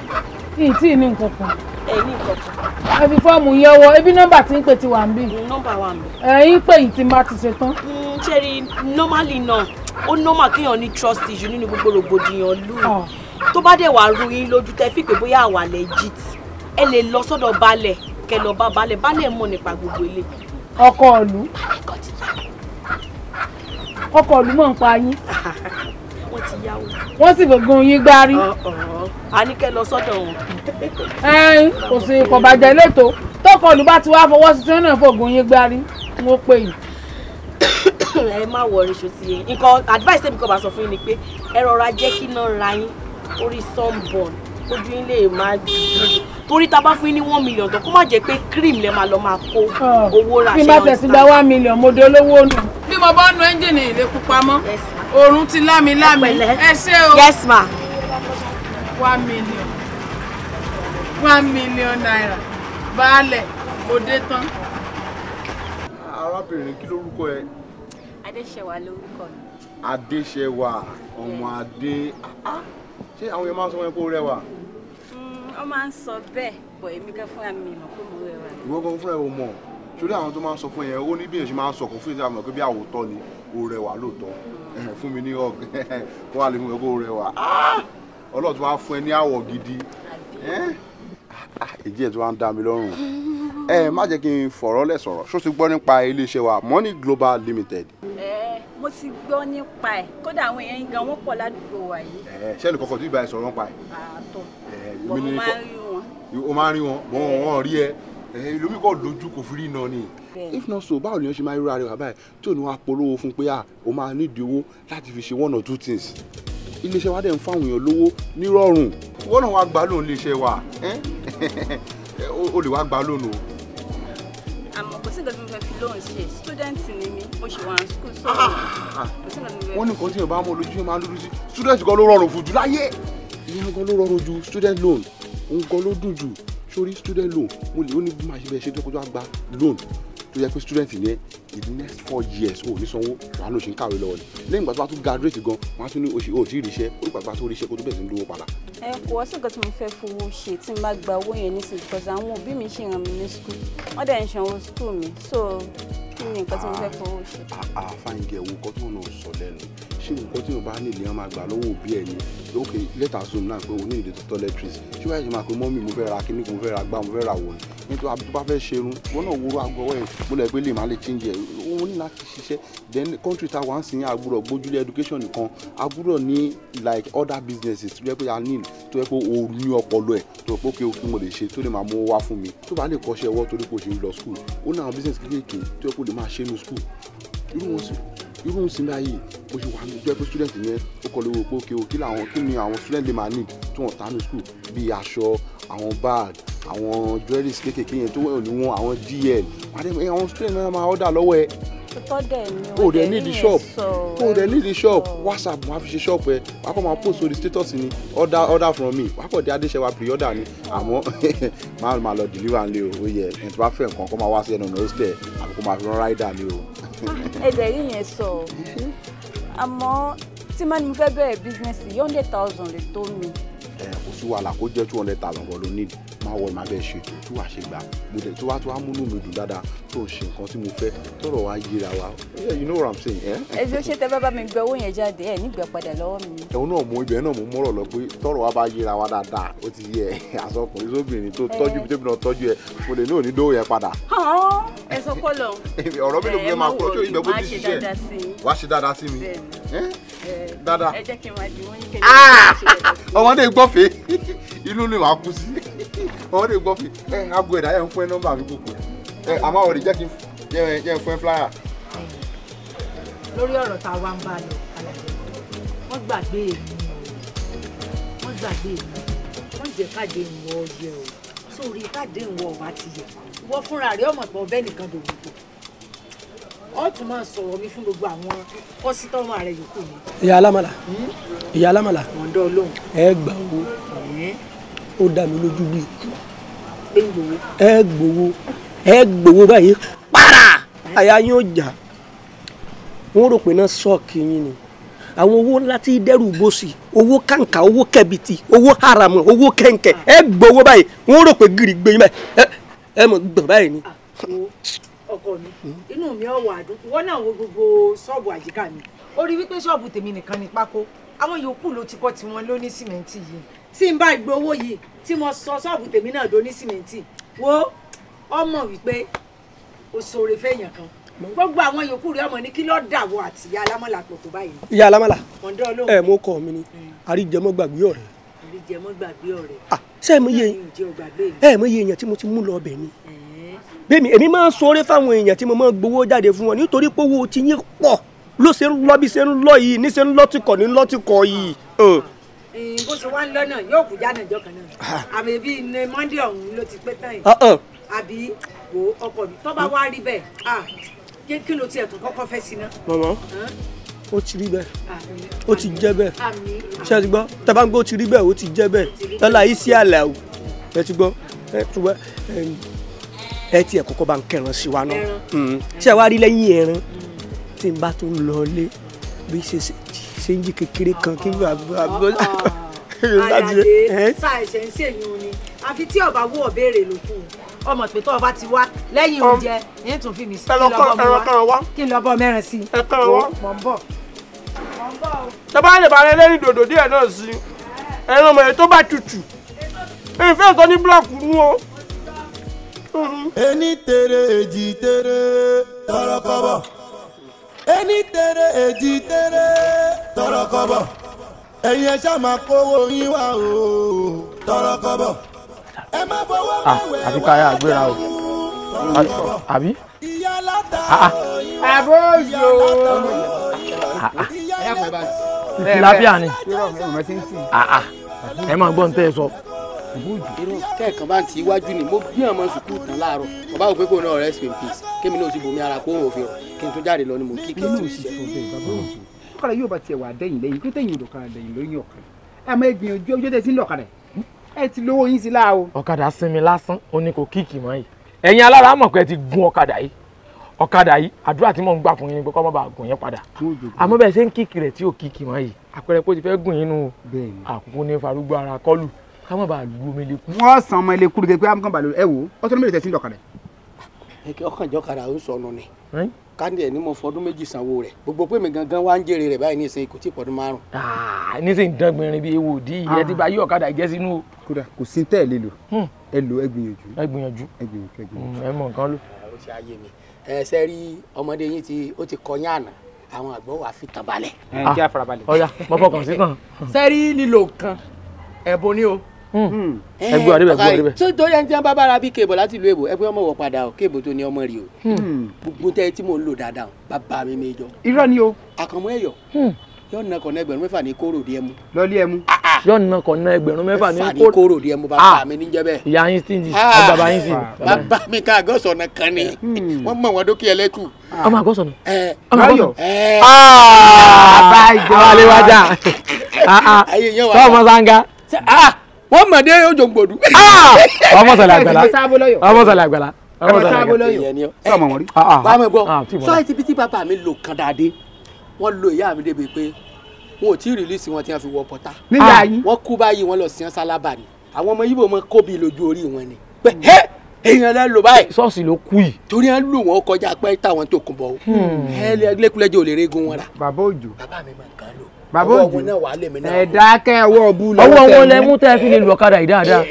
ìyí tí ì ní nǹkan kan. ẹ ní nǹkan kan. ẹ fi fọ́ọ̀mù yẹn wọ ebi nọ́mbà tí ń pè ti wà ń bì. nọ́mbà wà ń bì. ẹ̀yin pè yìí ti máa ti ṣe tán. Hmm, ṣe rí normally náà ó normal kéèyàn ní trust issue nínú gbogbo rògbòdìyàn lù ah. tó bá dẹ̀ wá ru yín lójú tẹ́ fi pé bóyá àwa legit ẹ lè lọ sọ́dọ̀ balẹ̀ kẹ lọ bá balẹ̀ balẹ̀ mọ̀ nípa gbogbo ilé. ọkọ ìlú ọkọ ìlú mọ̀ ń pa yín wọ́n ti yáwó. wọ́n sì gbogbo yín gbárí. Uh-uh. a ní kẹ́ lọ sọ́dọ̀ wọn. ẹyin kò sí kò bàjẹ́ lẹ́tọ̀ọ́ tọkọ olùbá ti wá fọwọ́ sí tí wọ́n náà fògùn yín gbárí mo pè yìí. ẹ má wọrin ṣòtì yẹn nǹkan advice tèmi kan bá sọ fún yín ni pé ẹ rọra jẹ́ kí iná ra yín orí sunburn ojú yín lè máa dúró torí ta bá fún yín ní one million tó kó má jẹ́ pé cream lè máa lọ máa kó ah, owó ra ṣe ọ̀sán. bí má tẹ̀sí gba one million mo di olówó nù. bí mo bá nu ẹ́ńjìnì ilé pupa mọ́ òórùn ti lámi lámi ẹ ṣé o. yes ma. one million one million naira baálẹ̀ òde tán. arábìnrin kí lorúkọ ẹ. Adéṣẹwà lórúkọ mi. Adéṣẹwà ọmọ Adé ah, ah. ṣé àwọn èèyàn máa ń sọ wọn kó rẹwà. Mm, wọ́n máa ń sọ bẹ́ẹ̀ bọ̀ èmi kan fúnra mi mọ̀ kó mo rẹwà. ìwọ kan fúnra ẹ o mọ̀ torí àwọn tó máa ń sọ fún ẹ yẹn ó ní bí èèyàn ṣe máa ń sọkùn fún ìta àmọ́ pé bí àwòtọ́ ni ó rẹwà lóòótọ́ fún mi ní ọ̀g kó wà lè fún mi kó rẹwà ah! ọlọ́run tó wá fún ẹ ní àwọ̀ gidi èjì ẹ̀ tó wá ń dá mi lọ́rùn ẹ má jẹ́ kí n fọ̀rọ̀ lẹ̀ sọ̀rọ̀ ṣó gbọ́ nípa iléeṣẹ́ wa Money Global Limited ti gbọ́ nípa ẹ̀ kódà àwọn èèyàn gan wọ́n pọ̀ ládùúgbò wa yìí. ṣé ẹnì kọkàn tó ìgbà ẹ sọ̀rọ̀ ń pa àtọ̀ bọ̀ máa rí wọn. o máa rí wọn bọ̀ wọn rí ẹ lómi kò dojú kò fi rí iná ni. if not so báwo ni wọ́n ṣe máa rí ra rẹ̀ wá báyìí tí ò ní wàá polówó fún pé o máa nídìí owó láti fi ṣe one or two things iléeṣẹ́ wa dẹ̀ ń fáwọn èèyàn lówó nírọ̀rùn wọ́n náà wàá gbà lóun iléeṣẹ́ wa o lè wàá gbà lóun o. àmọ́ kò sí ìgbà tí mo fẹ́ fi lóun ṣe student ni mi mo ṣì wà ní school so ah, ah, ah, wọ́n ní nǹkan tí yorùbá mọ lójú yóò máa lójú sí student gan ló rọrùn fojú láyé ìyẹn gan ló rọrùn ju student loan òun gan ló dùn jù sórí student loan mo lè ó ní bí màá ṣe bẹ́ẹ̀ ṣe tó kọjá gba loan tó yẹ pé student yẹn in the next four years ò ní sanwó wàá lò ṣe ń kàwé lọ́wọ́ ni lẹ́yìn ìgbà tó bá tún graduate gan wọ́n á tún ní oṣù ò tí ì ríṣẹ́ ó ìgbà tó ríṣẹ́ kó tó bẹ̀rẹ̀ sí ń lówó padà. ẹ kò wọ́n sí nǹkan tí mo fẹ́ fowó ṣe tí n bá gba owó yẹn nísìn because àwọn òbí mi ṣì ràn mí ní school wọ́n dẹ̀ ń sanwó school mi so kí ni nǹkan tí mo fẹ́ fowó ṣe. àà fáyín gẹ̀ wo kọ́tún náà sọ lẹ́nu ṣé nǹkan tí o bá nílé wọn máa gbà lọ́wọ́ òbí ẹ̀ ni ok let us zoom náà pé o ní ìdè tó toiletries ṣé wáyé ṣe máa pe mọ́mì mo fẹ́ ra kíní mo fẹ́ ra gbá mo fẹ́ ra wọ̀nyí nítorí àbí tó bá fẹ́ ṣerun wọn náà wúrọ̀ àgọ́ ẹ̀ mo lẹ̀ pé lè má lè change ẹ̀ wọn ní láti ṣiṣẹ́ then country ta wá ń sìn àgbúrò gbójúlé education nìkan àgbúrò ní like other businesses tó yẹ pé a need tó yẹ pé o ní ọpọlọ ẹ̀ tó yẹ pé òkè òfin mo lè ṣe tó lè máa mú wá fún mi tó bá lè kọ́ṣẹ́ ọwọ́ torí kò ṣe ń lọ school ó ní àwọn business kékèké tó yẹ pé o lè máa ṣe ní school irú wọn sì irú ìsìn báyìí mo ṣe wà ní ìjọ pé student yẹn ó kọ lówó pé òkè òkè làwọn kí ni àwọn student lè máa ní tí wọ́n ta ní school bíi aṣọ àwọn bag àwọn jewelries kéékèèké yẹn tó wẹ̀ ní wọn àwọn dl àwọn student náà máa order lọ́wọ́ ẹ o dẹ ní di shop o dẹ need the shop whatsapp wàá fi ṣe shop ẹ wàá kọ́ máa post orí status ni order order from me wàá kọ́ di adéṣẹ́wà pre-order ni àmọ́ máa lọ deliver nílé o ó yẹ ẹni tó bá fẹ́ nǹkan kó máa wá sí ẹnu ọ̀nà hostel àbí kó máa fi rán rider ni o ẹ̀dẹ̀ rí yẹn sọ àmọ́ tí má ni mo fẹ́ bẹ̀rẹ̀ bísíǹsì hundred thousand lè tó mi kò sí wàhálà kó jẹ́ two hundred thousand lọ ló ní máa wọ ìmọ̀ abẹ́ ṣètò tí wàá ṣe gbà mo dẹ̀ tí wàá tó wá múnú mi dùn dáadáa tó ń ṣe nǹkan tí mo fẹ́ tọrọ wá yíra wa you know what i'm saying. Eh? ẹ ṣe ṣe tẹ bá bá mi gbẹ owó yẹn jáde ẹ nígbà padà lọ́wọ́ mi. ẹ̀hún náà mo ibẹ̀ náà mo mọ̀rọ̀ lọ pé tọrọ wa bá yíra wa dáadáa ó ti yẹ àsọkùnrin sóbìnrin tó eh. tọ́jú bí tẹ́bi náà tọ́jú ẹ mo lè ní òní dówó yẹn padà. ẹ sọ kọ́ lọ. ọ̀rọ̀ mi ló fi eh, máa kọ́ tó ibẹ̀ kó ti ṣiṣẹ́ wá ṣe dáadáa sí mi. dáadáa. ẹ jẹ́ kí n máa dùn ó ní kẹ́kẹ́ gbọ́fẹ́ inú ni màá kú sí wọ́n lè gbọ́fẹ́ ẹ aago ẹ̀dá ẹ̀ ń fún ẹ nọ́mbà mi kòkò ẹ àmọ́ àwọn ọ̀rẹ́ jẹ́ kí jẹ́ ń fún ẹ fúláyà. lórí ọ̀rọ̀ tá a wá ń bá lọ àlàyé wọ́n gbàgbé èmi wọ́n gbàgbé èmi wọ́n jẹ́ káde ìwọ ọyẹ o sórí káde ìwọ ọba ti yẹ wọ́n fúnra rẹ̀ ọmọ ìpọ̀ bẹ́ẹ̀ nìkan dòwò ọ tún máa sọ̀rọ̀ mi fún gbogbo àwọn kọ́sítọ́mù rẹ yòókù mi. ìyá alámàlà hmm? ìyá alámàlà mọ̀ndọ́ ọlọ́run ẹ gbà owó ó dá mi lójú bíi ẹ gbowó ẹ gbowó báyìí para àyà yín ó jà wọn rò pé náà ṣọ́ọ̀kì yín ni àwọn owó ńlá tí dẹ́rù bó sí owó kàǹkà owó kẹbìtì owó haramu owó kẹ̀ǹkẹ̀ ẹ gbowó báyìí wọn rò pé gírí gbé yín báyìí ẹ mọ̀ gbọ̀n báyìí ni. Ah, ọkọ mi inú mi ọwọ́ àdùn ìwọ náà wo gbogbo ṣọ́ọ̀bù àyíká mi ó rí wípé ṣọ́ọ̀bù tèmi nìkan ni pákó àwọn yòókù ló ti kọ́ tiwọn ló ní sìmẹ́ǹtì yìí tí n bá gbowó yìí tí mo sọ ṣọ́ọ̀bù tèmi náà ló ní sìmẹ́ǹtì wo ọmọ wípé òṣòro fẹ́yàn kan gbogbo àwọn yòókù rẹ ọmọ ní kí ló dàwọ àti ìyá alámọlà pọ̀ tó báyìí. ìyá alámọlà ẹ mo kọ mi ni àríjẹmọ gbàgbé ọ̀rẹ́. àríjẹmọ gbàgbé ọ̀rẹ́. Ah, ṣé ẹ mọ iye ẹ mọ iye èèyàn tí mo ti mú lọ ọbẹ ni èmi èmi máa ń sọ̀rọ̀ fáwọn èèyàn tí mo máa ń gbowó jáde fún wọn nítorí pé owó ti yín pọ̀ ló ṣe ń lọ bí ṣe ń lọ yìí ní ṣe ń lọ ti kọ̀ ní lọ ti kọ̀ yìí. bó ṣe wá ń lọ náà yóò kú jáde ìjọ kan náà ah. àmì bíi ní monday ọ̀hún ló ti pé tán yìí ah, ah. àbí wo ọkọ mi tó bá wá rí bẹ́ẹ̀ kí ló tiẹ̀ tó kọ́kọ́ fẹ́ sí náà. mọ̀mọ́ ó ti rí bẹ́ẹ̀ ó ti jẹ́ bẹ́ẹ̀ ṣé ẹ ti gbọ́ tabango ti rí bẹ́ẹ̀ ó ti jẹ́ bẹ́ẹ̀ lọ́la yìí sí àlàó ẹ ti gbọ́ ẹ ti gbọ́ ẹ tiẹ̀ kọ́kọ́ bá ń kẹran sí wa náà ṣé ẹ wá rí lẹ́yìn ẹran tí n bá tó ń lọ ilé bí ṣe ṣe ń jí kékeré kan kí n bá bọ́ àyàdé ṣàìṣẹ̀ ń ṣèyún ni àfi tí ọba wọ ọbẹ̀rẹ̀ ló kù ọmọ pé tọ́ ọba ti wá lẹ́yìn oúnjẹ yín tún fi mí sí kí lọ́bọ̀ wá kí lọ́bọ̀ mẹ́rin sí i mọ̀ ń bọ̀. tọ́ba lè ba ẹlẹ́rìí dòdò díẹ̀ náà sí ẹran ọmọ yẹn tó bá tutù èyí fẹ́ẹ̀ tọ́ ní búlọ̀kù mú o ẹni tèrè èjì tèrè tọrọ kọ́bọ̀ ẹni tèrè èjì tèrè tọrọ kọ́bọ̀ ẹ̀yin ẹ ṣáà máa kówó yín wá o tọrọ kọ́bọ̀ ẹ má fọwọ́ ah, mẹ́wẹ́ wá àbí káyà àgbéra o àbí. ìyá ah, ah. látà òyìnbó àbó yòó ìyá látà òyìnbó. lábíà ni ẹ máa gbọ́ ní tẹ́ ẹ sọ àbójú. irú kẹ́ẹ̀kan bá ń ti iwájú ni mo bí ọmọ sùkúù tán láàárọ̀ bàbá òpin kò náà rest in peace kémi náà sì bomi ara kó òun òfin rọ kí n tún jáde lọ ni mo kí kéèké òṣìṣẹ́. kọ́ra yóò bá tiẹ̀ wà dẹ́yìn lẹ́yìn kí tẹ̀yìn ìdọ̀kadà dẹ̀yìn lóyún ọ̀kan ẹ̀ máa gbìyànjú ọjọ́ tẹ̀ sí ìdọ̀kadà ẹ̀ ti lówó yín sí láà o. ọ̀kadà sinmi lásán ó ní kò kíìkì mọ́ yìí ẹ̀yin alára mọ̀ pé ẹ ti gun ọ̀kadà yìí ọ̀kadà yìí àdúrà tí mò ń gbà fún yín ni pé kọ́ mọ́ bá gùn yín padà àmọ́ bẹ́ẹ̀ ṣe ń kíìkì rẹ̀ tí ò kíìkì mọ́ yìí àpẹẹrẹ pé o ti fẹ́ gùn yín nù àkókò ní farúgbó ara kọlù káwọn bá lu omi lè kú. wọ́n san ọmọ ilé kúrú gẹ́gẹ́ pé amúkan balùwẹ̀ ẹ wò ó tọ́nu méjì tẹ̀sí lọ́kàrẹ̀. ọkàn jọkàrà ó sọnù ni kandi ẹ ni mo fọdún méjì sanwó rẹ gbogbo pé mi gangan wá ń jèrè rẹ báyìí ní ìsìn kò tí ì pọdún márùn. nísìnyí dángbìnrin bíi ewo òdì ìyẹn ti bá yí ọ̀kadà jẹ́ sínú o. kódà kò sí tẹ́ ẹ lè lò hmm. ẹ lò ẹ gbìyànjú. ẹ gbìyànjú ẹ gbìyànjú ẹ gbìyànjú. Hmm, ẹ mọ nǹkan lò. ó ti ayé mi ẹ ṣe rí ọmọdé yín tí ó ti kọyán àná àwọn àgbọ̀ wà fi tàn balẹ̀. Ah, ẹ jẹ́ àfarabalẹ̀. ọ̀ya o ẹgbẹ́ ọdẹbẹ ẹgbẹ́ ọdẹbẹ. torí ẹni tí wọn bá bára bí kéèbọ̀ láti ìlú èbò ẹgbẹ́ ọmọ wọ̀ padà o kéèbọ̀ tó ní ọmọ rí o hmm. gbogbo tẹ tí mò ń lò dáadáa o bàbá mi mi jọ. irọ́ ni o. àkànmọ́ ẹ̀yọ́ hmm. yóò nà kọ̀ọ̀nà ẹgbẹ̀rún mẹ́fà ní kóró díẹ̀ mu. lọ́lí ẹ̀ mu. Ah, ah. yóò nà kọ̀ọ̀nà ẹgbẹ̀rún mẹ́fà ní kóró díẹ̀ mu bàbá ah. mi níjẹ́ bẹ́ẹ̀. ìyá yín sí ni bàbá yín sí ni. Hmm. bàbá mi ká àgọ́sọ̀nà kan ni wọ́n mọ̀ wọ́n dókè ẹlẹ́kù. ọmọ àgọ́sọ̀nà. Eh. ọmọ àgọ́sọ̀nà. bàbá ìjọba àlewajà. tọ́ ọmọ sanga. wọ́n mọ̀ dé ojú gbòdú. Ah! ọmọ sọlá àgbàlá ọmọ sọlá àgbàlá ọmọ sọlá àgbàlá sọmọ wọn rí. Ah, ah. bá mi gbọ́ sọ ẹ ti bí tí bàbá mi lò kan dáadé wọ́n lo ìyá mi débi pé wọn ò tí ì rìlíìsì wọn tí wọ́n fi wọ pọ́tà. níyà yín wọ́n kú báyìí wọ́n lọ sí sálábà ni àwọn ọmọ yíbò mọ kóbi lójú orí wọn ni. pé èèyàn lẹ lò báyìí. ṣọ́ọ̀ṣì ló kú yìí. torí ẹ lù wọn kọjá pé táwọn tó kún bọ. Hmm. ẹ lẹkulẹjọ ò lè régun wọn rà. bàbá òjò bàbá mi máa ń kan lò bàbá òjò ẹ̀dá kẹ́ ọwọ́ ọbú lọ ọwọ́ wọn lẹ mú tẹ́ẹ̀ fi lè lu ọ̀kadà yìí dáadáa.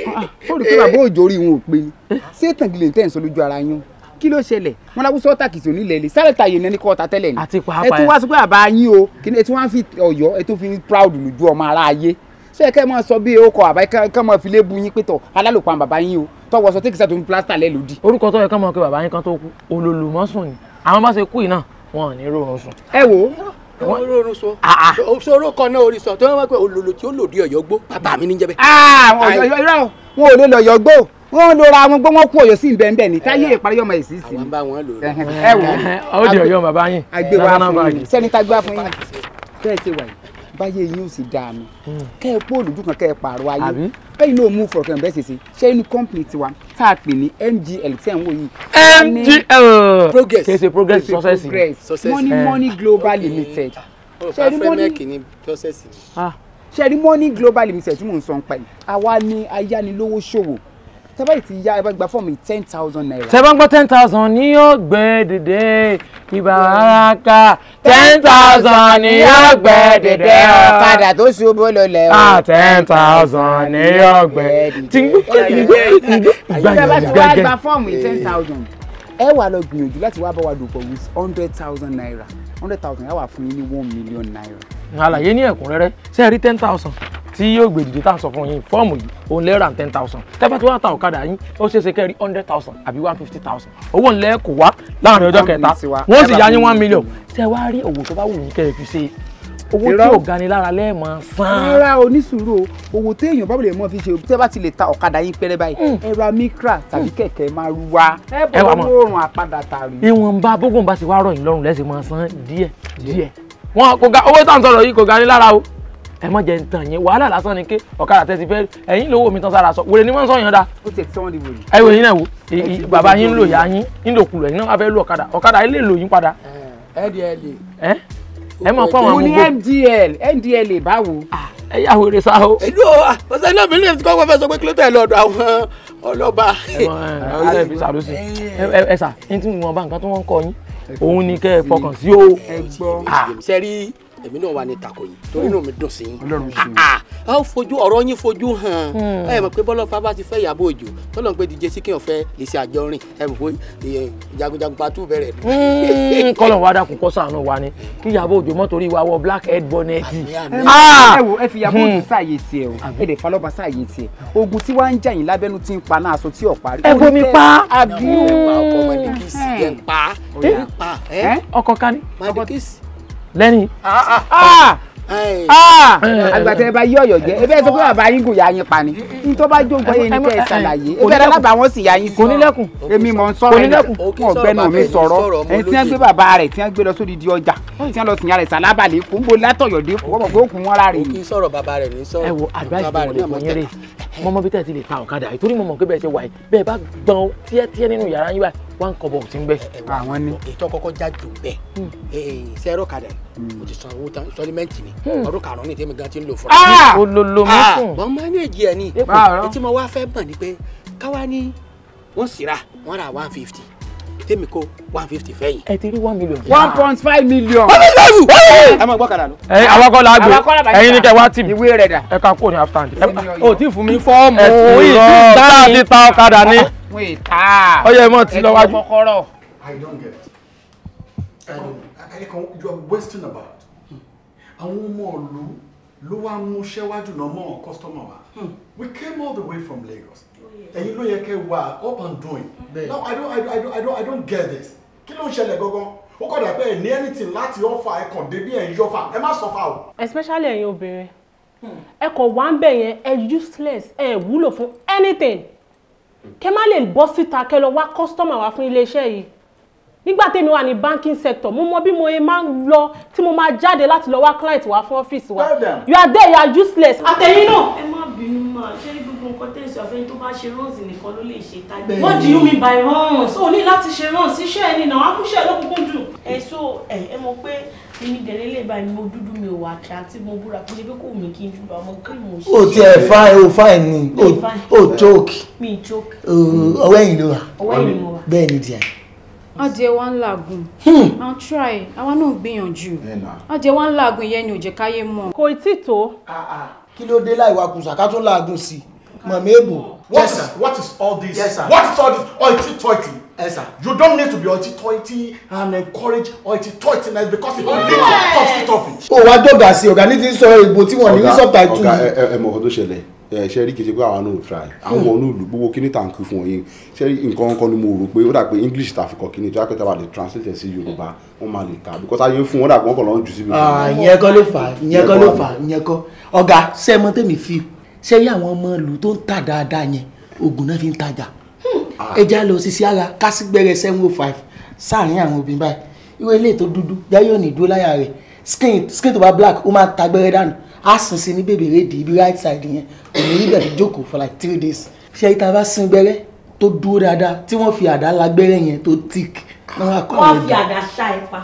ó rí i pé bàbá òjò orí wọn ò pe ni ṣé tàngìlẹ̀ tẹ̀ ń sọ lójú ara yín kí ló ṣẹlẹ̀ wọn lábú sọ́ọ́tà kìsì onílẹ̀ ilé sáré tàyè ní ẹnikọ́ ọ̀tá tẹ́lẹ̀ ni àti pàápàá ẹ tún wá sọ pé àbá yín o ẹ tún wá fi ọ̀yọ́ ẹ tún fi proud lójú ọmọ ara ayé ṣé ẹ kẹ́ mọ sọ bí okọ̀ àbá kẹ́ mọ fi lé bu yín pétọ̀ alálòpọ̀ bàbá yín o tọwọ́ sọ tẹ́kísà tó ń plásítà lẹ́ lòdì. orúkọ tó yẹ kọ́ mọ̀ pé bàbá yín kan tó kú olólùmọ́sùn ni àwọn bá ṣe kú yìí náà wọn ò ní rò wọn sùn. ẹ wo wọ́n rọrùn so sọ̀rọ̀ kan náà orí sọ tó wọ́n pẹ́ olólo tí ó lòdì ọ̀yọ́ gbó bàbá mi ní jẹ́bẹ̀. àwọn ah, ọ̀yọ́ irọ́ wọn ò lè lọ ọ̀yọ́ gbó wọn ló ra wọn gbọ́ wọn kú ọ̀yọ́ sí ìbẹ̀ ńbẹ̀ ní táyé ìparí ọmọ èsì sí. àwọn bá wọn lò ó. ẹ wò ó. ó di ọ̀yọ́ bàbá yín. àgbẹ̀wò àfọyín sẹ́ni tá a gbé àfọyín tẹ́ ẹ ti wà yìí báyé yín ò sì dànù hmm. kẹ́ ẹ pọ́ olùdú kan kẹ́ ẹ pààrọ̀ ayé kẹ́yìn náà mú fọ̀rọ̀ kẹ́hìn bẹ́ẹ̀ ṣèṣe ṣé inú company tiwa tá a pè ní mgl tí ẹ̀ ń wò yìí. mgl progress kese progress success money money global limited oh, ṣe ni money ṣe ni ah. money global limited tí mò ń sọ ń pa yìí àwa ni ayánilówó ṣòwò tẹ́ bá ti yá ẹ bá gba fọ́ọ̀mù ten thousand naira. tẹ́ bá ń gbọ́ ten thousand ni yóò gbé dìde ìbáraka ten thousand ni yóò gbé dìde ọ̀kadà tó ṣubú lulẹ̀ o. ten thousand ni yóò gbé dìde. ìgbà yẹn gba fọ́ọ̀mù ten thousand ẹ wà lọ gbìyànjú láti wá bá wa dòpọ̀ with hundred thousand naira hundred thousand yà wà fún yín ní one million naira. àlàyé ní ẹ̀kúnrẹ́rẹ́ ṣe ten thousand tí yóò gbé dìde tá a sọ fún yín fọ́ọ̀mù yìí òun lẹ́ẹ̀rà ten thousand tẹ́fẹ́ tí wọ́n ta ọ̀kadà yín ó ṣeé ṣe kẹ́rí hundred thousand àbí one fifty thousand owó ńlẹ́ kò wá láàrin ọjọ́ kẹta wọ́n sì yá yín one million tẹ́ wá rí owó tó bá wù yín kẹ́ ẹ fi ṣe owó tí ò gani lára lẹ́ẹ̀mọ san. rárá onísùúrù owó téèyàn bá lè mọ fi ṣe tẹ́ bá ti lè ta ọ̀kadà yín pẹ́rẹ́ báyìí hmm. ẹ ra mikra tàbí hmm. kẹ̀kẹ́ márúwá ẹ bọ̀ lóòrùn àpadà tààrí. ìwọ̀nba bógùn bá ti wá rọ̀ yín lọ́rùn lẹ́sìn máa san díẹ̀ díẹ̀ wọn kò ga owó tá à ń sọ̀rọ̀ yìí kò gani lára o ẹ mọ̀ jẹ́ ntàn yẹn wàhálà lásán ni ké ọ̀kadà tẹ́ ti fẹ́ ẹ̀yin lówó mi tán sára sọ wèrè ni wọ́n ń sọ yẹn dá. ó ti ẹ̀ tí wọ́n ẹ wèrè náà wo bàbá yín lò yá yín ń lò kulọ̀ yín náà wọ́n fẹ́ lò ọ̀kadà ọ̀kadà ilé lò yín padà. ẹ di ẹ ẹ ẹ mọ̀ pọ̀ wọn gbogbo. ní MDL MDL báwo. ẹ yà wèrè sá o. ìlú ọ̀sẹ̀ náà mi lè kọ́ fẹ́ sọ pé kí ló tẹ̀ lọ́dọ̀ àwọn ọlọ́ba. ẹ sà ní tí mo bá nǹkan tí wọ́n kọ yín òun ni kẹ́ ẹ fọkàn sí o. ẹ gbọ́ èmi náà wà ní tako yìí torí inú mi dùn sí yín ah, ah, a ó fojú ọ̀rọ̀ yín fojú hàn hmm. ẹ mọ̀ pé bọ́lọ́fà bá ti fẹ́ ìyàbọ̀ òjò tọ́lọ̀ ń pé díje sí kí wọ́n fẹ́ lè ṣe àjọrin ẹ mọ̀ pé eh, jagunjagun patu bẹ̀rẹ̀. Hmm. kọ́lọ̀ wa dákun kọ́ sànù wa ni kí ìyàbọ̀ òjò mọ́ torí wa wọ black head bonnet. Ah! ẹ wo ẹ fi ìyàbọ̀ òjò hmm. sáàyè tiẹ̀ o ẹ lè falọ́ba sáàyè tiẹ̀ ogun tí wàá ń jà yín lábẹ́nu ti ń pa náà aṣọ tí ọ̀pá rí. ẹ bomi pa àbí lẹ́ni. Ah, ah, ah. àgbàtà ẹ bá yí ọ̀yọ̀ jẹ́ ẹ bẹ́ẹ̀ sọ pé bàbá yín kò yá yín pa ni n tó bá jókòó yẹn ní kẹ́ ẹ ṣàlàyé ẹ bẹ́ẹ̀ lábàá wọn sì yá yín sí. kò ní lẹ́kùn èmi mọ̀ ń sọ̀rọ̀ yẹn kò gbẹ́nu mi sọ̀rọ̀ ẹni tí wọ́n gbé bàbá rẹ̀ tí wọ́n gbé lọ sódì di ọjà tí wọ́n lọ sìn yàrá ìsàlábà lè kó ń bo látọ̀yọ̀ dé kó wọ́n gbé òkun wọn lára rẹ̀. kì í sọ̀rọ̀ bàbá rẹ̀ ní sọ̀rọ̀. ẹ wo advice mo lè fún yín rè mọ́mọ́ bí tẹ̀ ti lè ta ọ̀kadà ìtorí mọ̀mọ́ pé bẹ́ẹ̀ ṣe wà yìí bẹ́ẹ̀ bá gbọ́n tíẹ́tíẹ́ nínú yàrá yín báyìí one kọ́bọ̀ ti ń bẹ. àwọn ah, ni ètò kọ́kọ́ já jù bẹ́ẹ̀ ṣe ẹ̀rọ kadà o ti san owó tán sọlímẹ́ǹtì ni hmm. ọdún karùn-ún ni tèmi gan ti ń lò fún ọ. Ah! ololo ah! mi sùn. máa ń èjì ẹ̀ ni etí mo wá fẹ́ mọ̀ ni pé káwa ni wọ́n sira wọ́n ra one fifty tèmi kó one fifty fẹ́yìn. ẹ ti rí one million. one point five million. one million yù. ẹ máa gbọ́ kadà lọ. ẹ àwọn kọ́ la gbé ẹyin ni kẹ wá tì mí. ìwé rẹ̀ dà. ẹ ká kó ní after. o ti fún mi fọ́ọ̀mù. ẹ ti rọ táà ti ta ọ̀kadà ni. wait ah ọyẹ mọ ti lọ wájú. kọ́kọ́rọ́. i don't get i don't i can you are wasting about àwọn ọmọ ìlú ló wá mú ṣẹ́wájú náà mọ́ customer wa hmm. we came all the way from Lagos oh, ẹ̀yin ló yẹ kẹ́ wá up and doing now i don't i don't i don't i don't I don't get this kí ló ń ṣẹlẹ̀ gangan ó kọ̀ dàbẹ́ ẹ̀ ní anything láti ọ̀fà ẹ̀ kàn débí ẹ̀ ń yọ̀fà ẹ má sọ̀fà o. especially ẹ̀yin obìnrin hmm. ẹ kò wá ń bẹ̀ yẹn ẹ useless ẹ wúlò fún anything kẹ́ má lè bọ́ síta kẹ́ lọ wá kọ́sítọ́mà wá fún iléeṣẹ́ yìí nígbà tèmi wà ní banking sector mo mọ bí mo máa ń lọ tí mo máa jáde láti lọ wá client wá fún ọ́fíìsì wa you are there you are useless. àtẹ̀yìn náà. ẹ má bínú mà ṣé gbogbo nǹkan tẹ̀ sí ọ̀fẹ́ tó bá ṣe runs nìkan ló lè ṣe tájú. what do you mean by runs? So ní láti ṣe runs iṣẹ́ ẹni náà wàá kúṣẹ́ lókùnkùn dùn. ẹ so ẹ mọ̀ pé èmi dẹ̀lé lè bá mi mo dúdú mi ò wà kí àti mo búra kí ni bí kò mí kí n jù bá ọmọ kí mo ṣe. o ti ẹ fa o fa ẹ ni o choke. mi choke. ọwọ́ ẹ̀yìn ló wà. ọwọ́ ẹ̀yìn ló wà. bẹ́ẹ̀ ni díẹ̀. adìẹ wa ń làágùn. i'm hmm. try àwa náà gbìyànjú. adìẹ wa ń làágùn yẹn ni ò jẹ́ káyé mọ̀. kò tí tó. Ah, ah. kí ló dé láì wá kùsà ká tún làágùn sí i mọ̀ mẹ́bù. what is all this? yes sir. what is all this? ọ̀ìtì oh, tọ́ìtì. Yes, You don't need to be hoity and encourage hoity-toityness because it will lead to topsy-turvy. Ó wá dọ́gà sí ọ̀gá ní ti ń sọ èbò tí wọ́n ní ní sọ́ta ìtú yìí. Ọ̀gá ẹ mọ̀ ọkọ tó ṣẹlẹ̀ ṣe rí kejì pé àwọn náà try àwọn hmm. olùlù gbogbo kíní tàǹkì fún ọyìn ṣe rí nǹkan kan ni mo rò pé ó dà pé English ta fi kọ kíní tó yà pé tá a bá lè translate sí Yorùbá wọn máa lè kà because ayé fún wọn dà pé wọn kàn lọ jù síbi. Ah, ìyẹn kọ́ ló fà ìyẹn kọ́ ló fà ìyẹn kọ́ ọ̀gá sẹ́mọ́tẹ́mì fi ṣe rí àwọn ọmọ ìlú tó ń tà dáadáa yẹn oògùn náà fi ń tajà Ah. ẹja lọ sí sí ara kásígbẹ́rẹ́ seven oh five sáàrin àwọn obìnrin báyìí irú eléyìí tó dúdú yáyọ̀ ní ìdúró láyà rẹ̀ skin skin tó bá black ó máa ta gbẹ́rẹ́ dànù á sùn sí ní bèbè rédì ibi right side yẹn òní níbẹ̀ tó jókòó for like three days ṣé ìta bá sin gbẹ́rẹ́ tó dúró dáadáa tí wọ́n fi àdá la gbẹ́rẹ́ yẹn tó thick. wọ́n fi àdá ṣá ẹ pa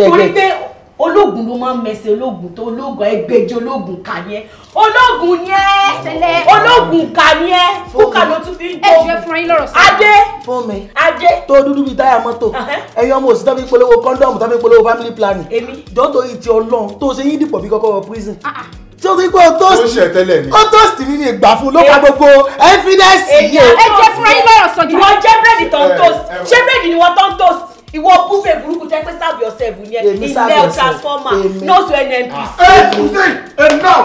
torí pé ológun ló máa ń mẹsẹ̀ ológun tó ológun ẹgbẹ́jọ ológun kà ní ológun ní ológun kà ní kúkà ló tún fi ń jó ẹjọ fúnra yín lọ́rọ̀ sí. ajé fún mi ajé tó dúdú bíi táyà mọ́tò ẹ̀yin ọmọ òsì tàbí polówó kọ́ńdọ̀mù tàbí polówó family planning jọ́tò ìtì ọlọ́run tó ṣe yín dìpọ̀ bí kọ́kọ́ wọ prison ah, ah. tí o ti gbọ́ tóòsì ó tóòsì mi ni ìgbà fún ló pa gbogbo evidence yìí. ẹ jẹ́ fúnra yín lọ́rọ̀ sọ̀jọ́. ìwọ jẹ́ bírèdì tó ń tóòsì ṣé bírèdì ni wọ́n tó ìwọ búfẹ̀ burúkú jẹ́ pé serve yourself ni ẹ ilẹ̀ transformer nọ́ọ̀sù nnp. Ah,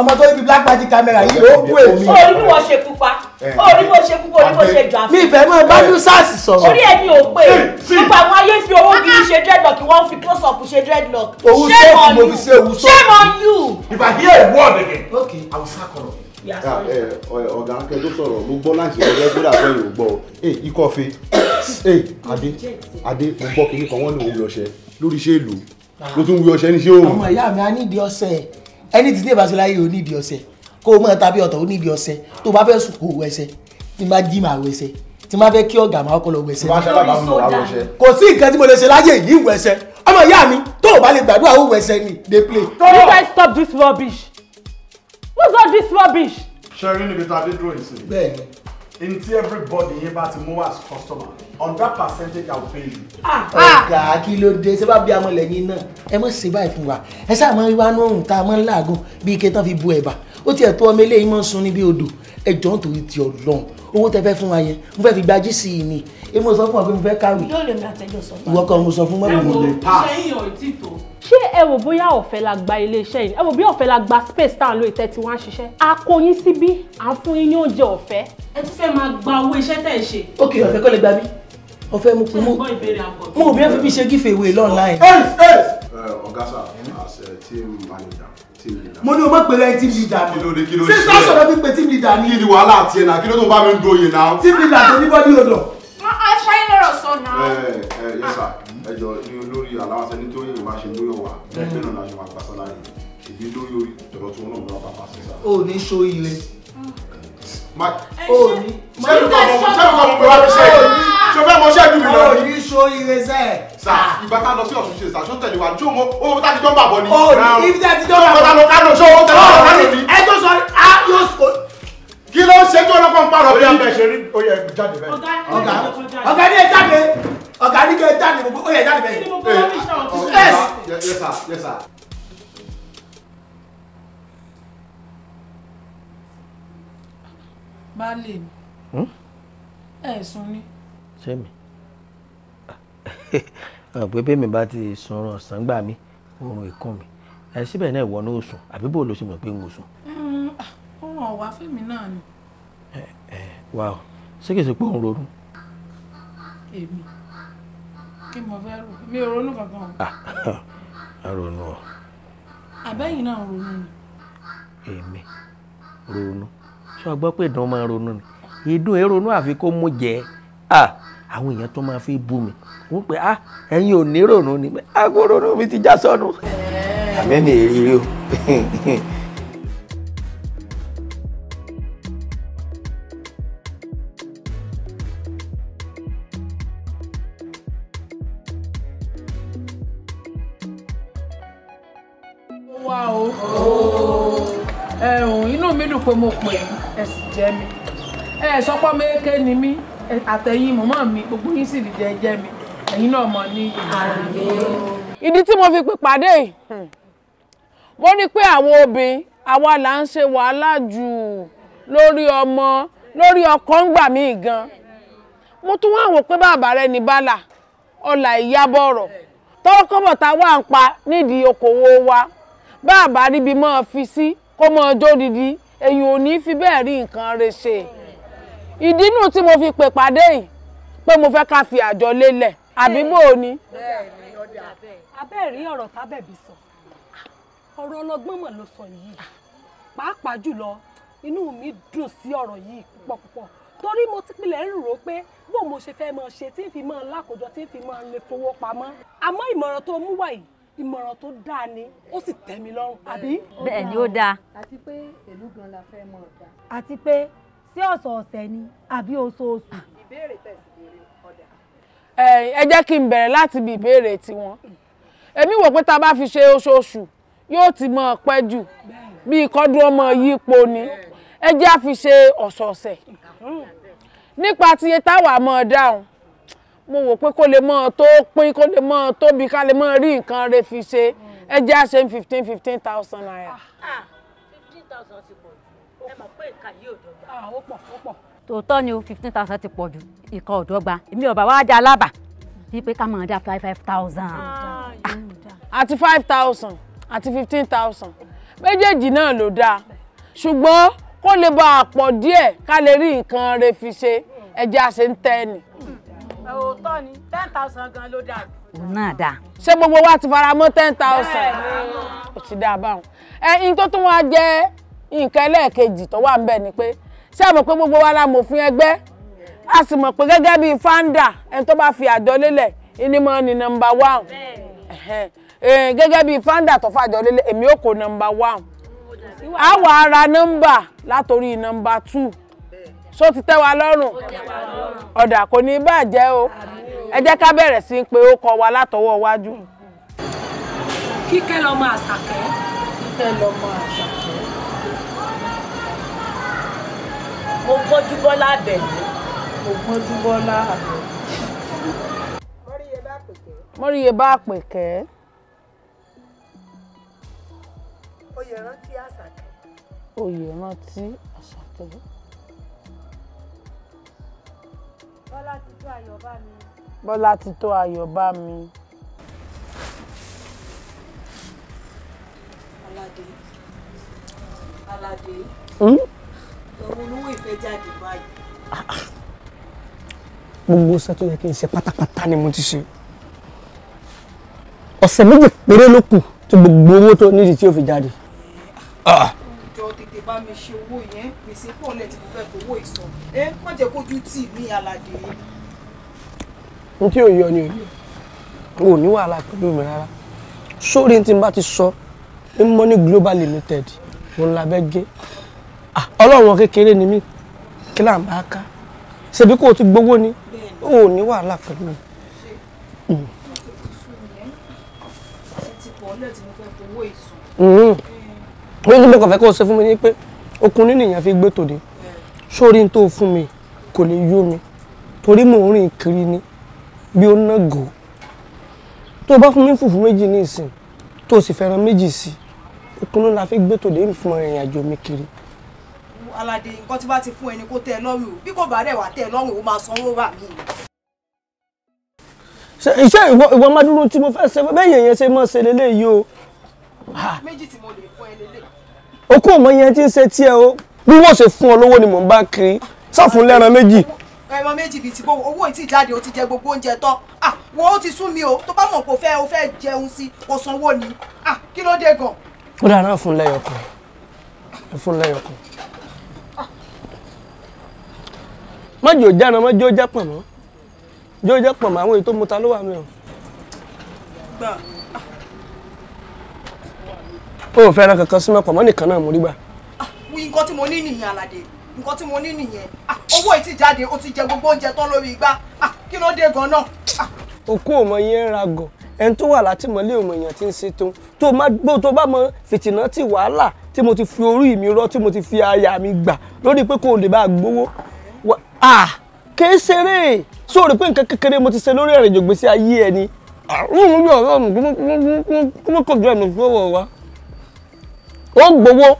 ọmọ tó ibi black magic camera yìí ló kú èmi. o ní wọ́n ṣe pupa o ní wọ́n ṣe pupa o ní wọ́n ṣe jù àfẹ́. mi ìfẹ́ mọ́ bájú sars sọ̀rọ̀. orí ẹni ò pé nípa àwọn ayé fi owó gidi ṣe dreadlock wọ́n fi close up ṣe dreadlock. owó sẹ́ẹ̀kì mo fi ṣe ewu sọ́ọ̀kì. shame on you. if I hear a word again okay I will sack all Ah, eh, eh, ọ̀gá kẹjọ sọ̀rọ̀ mo gbọ́ láti ọjọ́ tó dàgbọ́ yìí ò gbọ́ ọ eh, ikọ́ fe adé adé mo gbọ́ kinní kan wọ́n ní òun yọ̀ṣẹ́ lórí iṣẹ́ èlò ló tún wí ọṣẹ ní iṣẹ́ òun. ọmọ ìyá mi a nídìí ọṣẹ ẹni tí tèbá sí láyé ò nídìí ọṣẹ kó o mọ̀ tàbí ọ̀tọ̀ ò nídìí ọṣẹ tó o bá fẹ́ sùn kó o wẹṣẹ tí n bá jí màá wẹṣẹ tí n bá fẹ́ kí ọ̀gá máa kọ́ lọ wẹṣẹ. kò sí nǹkan tí mo lè ṣe láyé yìí wẹṣẹ ọmọ ìyá mi tó o bá lè gbàdúrà ó wẹṣẹ ni dey play. you guys stop this rubbish. What's all this rubbish? Ṣẹ́rí níbi tá a dé dúró yìí sí. everybody here, bá ti mú as customer, on that percentage I'll pay you. Ah ah. ló dé? Ṣé bá bí amọ̀ lẹ́yìn náà? Ẹ mọ̀ sí báyìí fún wa. Ẹ sáà a máa ń làágùn bí ike tán fi bu ẹ̀bà. Ó tiẹ̀ tó ọmọ eléyìí máa ń sun níbi odò. Ẹ jọ̀ọ́ nítorí ti Ọlọ́run. Owó tẹ fẹ́ fún wa yẹn, mo fẹ́ fi gbajú sí i ni. Èmi ò sọ fún wa pé mo fẹ́ kàwé. Yóò lè mi àtẹ́jọ́ sọ fún wa. Ìwọ kan mo sọ fún mọ́tò mi. Ẹ wo ṣẹ́yìn ò tí ṣé ẹ wò bóyá ọ̀fẹ́ la gba iléeṣẹ́ yìí ẹ wò bí ọ̀fẹ́ la gba space tá à ń lo ìtẹ́ tí wọ́n ṣiṣẹ́ a kó yín síbí à ń fún yín ní oúnjẹ ọ̀fẹ́. ẹ tún fẹ́ máa gba owó iṣẹ́ tẹ̀ ṣe. ok ọ̀fẹ́ kọ́ lè gba bí ọ̀fẹ́ mo kú mo mo bí wọ́n fi bí ṣe gífè ìwé lọ́ọ̀láì. ọ̀gá sà as a eh, team manager mo ní o mọ̀ pé rẹ team leader mi. kí ló dé kí ṣe é sísá mi pé team leader mi. kí ni wàhálà àti ẹ̀ náà kí ló tó bá mi ń do náà. team leader tó ní bọ́dí odò. ẹ fẹ́ lọ́rọ̀ sọ náà. ẹ ẹ yẹ sà ẹjọ ní olórí aláwọ̀sẹ̀ nítorí ìbáṣe lórí ọ̀wà ẹgbẹ́ náà láṣọ máa pàṣẹ láàyè ìbí lórí ìtọ̀rọ̀ tí wọ́n náà bá pàṣẹ sá. o ní so ire. o ní. sẹ́nu kan mọ̀ sẹ́nu kan mọ̀ pé wá fi ṣe é ṣe fẹ́ mọ ṣẹ́ẹ̀dù mi lọ. o ní so ire sẹ́. sà ìgbà tá a lọ sí ọ̀sùn ṣe sàṣọ tẹ̀lé wa jó mọ́ owó tá a ti jọ́ ń bàbọ̀ ni. o ní ibi tá a ti jọ́ ń bàbọ̀ ni kí ló ń ṣe tí ń parọ́ bí ọ̀gá ṣe rí ó jáde bẹ́ẹ̀. ọ̀gá ọ̀gá ní ẹ jáde ọ̀gá ní kẹ jáde ó yẹ jáde bẹ́ẹ̀. yes sir yes sir. baálé mi hmm? ẹ sùn ni. sẹ́mi pé bẹ́ẹ̀mi bá ti sunrun ọ̀sán gbà mí oorun ìkún mi ẹ síbẹ̀ náà ìwọ náà sùn àbí bó ló ṣe mọ̀ pé n ò kàn wá fẹ́mi náà ni. ẹ ẹ wà ó ṣé kìí ṣe pé òun ronú. èmi kí mo fẹ́ rò mi ò ronú kankan. Ah, a ronú o. àbẹ́yìn náà ronú ni. èmi ronú ṣé o gbọ́ pé ìdán máa ronú ni ìdún èrònú àfi kó mú jẹ àwọn èèyàn tó máa fi bú mi wọ́n pé ah ẹ̀yin ò ní ronú ni agbóronú ah, mi ti já sọnù. àmẹ́ni èrè o. wá o ẹ̀hùn inú mi dùn pé mo pè é ẹ sì jẹ́ mi ẹ sọpọ́ méèké ni mí àtẹ̀yìn mọ̀mọ́ mi gbogbo yín sì dìde jẹ́ mi ẹ̀yin náà mọ̀ ní ìdí tí mo fi pèpàdé pàdé mo ní pé àwọn obìnrin àwa là ń ṣe wàhálà jù lórí ọmọ lórí ọkọ ń gbà mí gan bá a bá ríbi máa fi sí kó máa jó didi èyàn ò ní fi bẹ́ẹ̀ rí nǹkan rẹ̀ ṣe ìdí nù tí mo fi pè pàdé yìí pé mo fẹ́ ká fi àjọ lélẹ̀ àbí bò ó ni. abẹ́ rí ọ̀rọ̀ tábẹ̀bí sọ ọ̀rọ̀ ọlọ́gbọ́n mọ̀ ló sọ yìí pàápàá jùlọ inú mi dùn sí ọ̀rọ̀ yìí púpọ̀púpọ̀ torí mo ti pilẹ̀ ń rò ó pé bó mo ṣe fẹ́ máa ṣe tí n fi máa lákòjọ tí n fi máa lè fowó pamọ́ àmọ́ ìmọ̀ràn tó mú wá ìmọ̀ràn tó dáa ni ó sì tẹ́ mi lọ́rùn àbí. bẹ́ẹ̀ ni ó dáa. àti pé èlú gan la fẹ́ mọ̀ ọ̀dà. àti pé sí ọ̀sọ̀ọ̀sẹ̀ ni àbí oṣooṣù. ìbéèrè tẹ̀sí ìbéèrè ọ̀dà. ẹ jẹ́ kí n bẹ̀rẹ̀ láti ibi ìbéèrè tiwọn èmi wò pé tá a bá fi ṣe oṣooṣù yóò ti mọ pẹ́ jù bí ìkọ́dún ọmọ yípo ni ẹ jẹ́ àfi ṣe ọ̀sọ̀ọ̀sẹ̀ nípa tiye táwa mọ̀ dáhùn mo wò pé kó lè mọ tó pín kó lè mọ tóbi ká lè mọ rí nǹkan rẹ fi ṣe ẹ jẹ́ àṣẹ fifteen fifteen thousand naira. Ah, ah, fifteen thousand ti pọ̀ ẹ mọ̀ pé ìka yìí ò dọ́gba. Ah, ó pọ̀ ó pọ̀. tòótọ́ ni o fifteen thousand ti pọ̀ jù ìka ò dọ́gba èmi ọ̀bà wa dá alábà bíi pé ká máa dá five five thousand. àti five thousand àti fifteen thousand méjèèjì náà ló dáa ṣùgbọ́n kó lè bá a pọ̀ díẹ̀ ká lè rí nǹkan rẹ fi ṣe ẹ jẹ́ àṣẹ ń tẹ́ ẹ nì òótọ́ ni ten thousand gan ló dà. òun náà dà. ṣé gbogbo wa ti fara mọ́ ten thousand. O ti dá a báwọn. ẹyin tó tún wá jẹ́ nǹkan ẹlẹ́ẹ̀kejì tó wà ń bẹ̀ ni pé ṣé àmọ̀ pé gbogbo wa la mọ̀ fún ẹgbẹ́ a sì mọ̀ pé gẹ́gẹ́ bíi founder ẹni tó bá fi àjọ lélẹ̀ ẹni mọ̀ ni number one eh, gẹ́gẹ́ bíi founder tó fàjọ lélẹ̀ èmi ò kó number one a wà á ra nọ́mbà látòrí number two. So ti tẹ́ wa lọ́rùn ọ̀dà kò ní bàjẹ́ o ẹ jẹ́ ká bẹ̀rẹ̀ sí pé ó kọ wa látọwọ́ wájú. kíkẹ́ lọ́mọ àṣàkẹ́. kíkẹ́ lọ́mọ àṣàkẹ́. mo gbójú bọ́lá bẹ̀ mo gbójú bọ́lá bẹ̀. mọ́ríye bá àpèkẹ́. oyè rántí àṣàkẹ́. oyè rántí àṣàkẹ́. Bọ́lá ti tó ayọ̀ bá mi. Bọ́lá ti tó ayọ̀ bá mi. Aládé. Aládé. Ìwọ hmm? olówó ìfẹ́ jáde báyìí. Gbogbo iṣẹ́ tó yẹ kí n ṣe pátápátá ni mo ti ṣe. Ọ̀sẹ̀ méjì péré ló kù tó gbogbo owó tó nídìí tí ó fi jáde. Ah, bá mi ṣe owó yẹn gbèsè pọ̀ lẹ̀ tí mo fẹ́ fowó ìsàn ẹ má jẹ́ kójú tì mí aládé. n tí ò yọ ni ò yọ n ò ní wàhálà pẹ̀lú mi rárá sórí tí n bá ti sọ ní Money Global Limited mo ń labẹ́ gé ọlọ́run kékeré ni mí kí là ń bá ká ṣèbí kò tún gbowó ni n ò ní wàhálà pẹ̀lú mi. Mm orí tí mo kàn fẹ́ kó o ṣe fún mi ni pé okun nínú èèyàn fi gbé tòde sórí tó fún mi kò lè yó mi torí mò ń rìn kiri ni bí ó ná gò tó o bá fún mi fùfú méjì ní ìsìn tó o sì fẹ́ràn méjì sí okun náà la fi gbé tòde fún ìrìn àjò mi kiri aládé nǹkan tí bá ti fún ẹni kó tẹ́ ẹ lọ́rùn o bí kò bá rẹ̀ wá tẹ́ ẹ lọ́rùn o máa sanwó rà mí. iṣẹ́ ìwọ ìwọ máa dúró tí mo fẹ́ ṣe bẹ́ẹ̀ yẹn ṣe máa ṣe lélẹ́yìí o. méjì tí mo lè fún ẹ lélẹ́ okú ọmọ yẹn ti ń ṣe tiẹ̀ o bí wọ́n ṣe fún ọ lówó ni mò ń bá kiri sáfún lẹ́ran méjì. ẹran méjì bíi ti bó owó ìtì ìjáde ó ti jẹ gbogbo oúnjẹ tán ah wo ó ti sún mi o tó bá mọ̀ kó fẹ́ o fẹ́ jẹun sí kò sanwó ni ah kí ló dé gan. ó dára náà fún lẹ́yọ̀kan fún lẹ́yọ̀kan. mọ́jọ́ jáná mọ́jọ́ jápọ̀ mọ́ jọ́ jápọ̀ mọ́ àwọn èyí tó mu ta ló wà mí o. gbà o ò fẹ́ràn kankan súnmọ́ pọ̀ mọ́ nìkan náà mo rí gbà. nǹkan tí mo ní nìyẹn aládé nǹkan tí mo ní nìyẹn owó yìí ti jáde ó ti jẹ gbogbo oúnjẹ tán lórí igbá kí ló dé gan náà. òkú ọmọ yẹn ń ra gọ ẹni tó wà látìmọ́lé ọmọ èèyàn ti ń ṣe tó tó bó tó bá mọ fìtìnà tí wàhálà tí mo ti fi orí mi rọ tí mo ti fi aya mi gbà lórí pé kò lè bá gbowó kìí ṣeré sóòrè pé nǹkan kékeré mo ti ṣe lórí ẹ̀rìnjò gbèsè ayé ẹni àrùn mi ọ̀rọ̀ mi kúmọ́kọ̀ọ́dọ̀ mi fọwọ́ wa ó gbowó.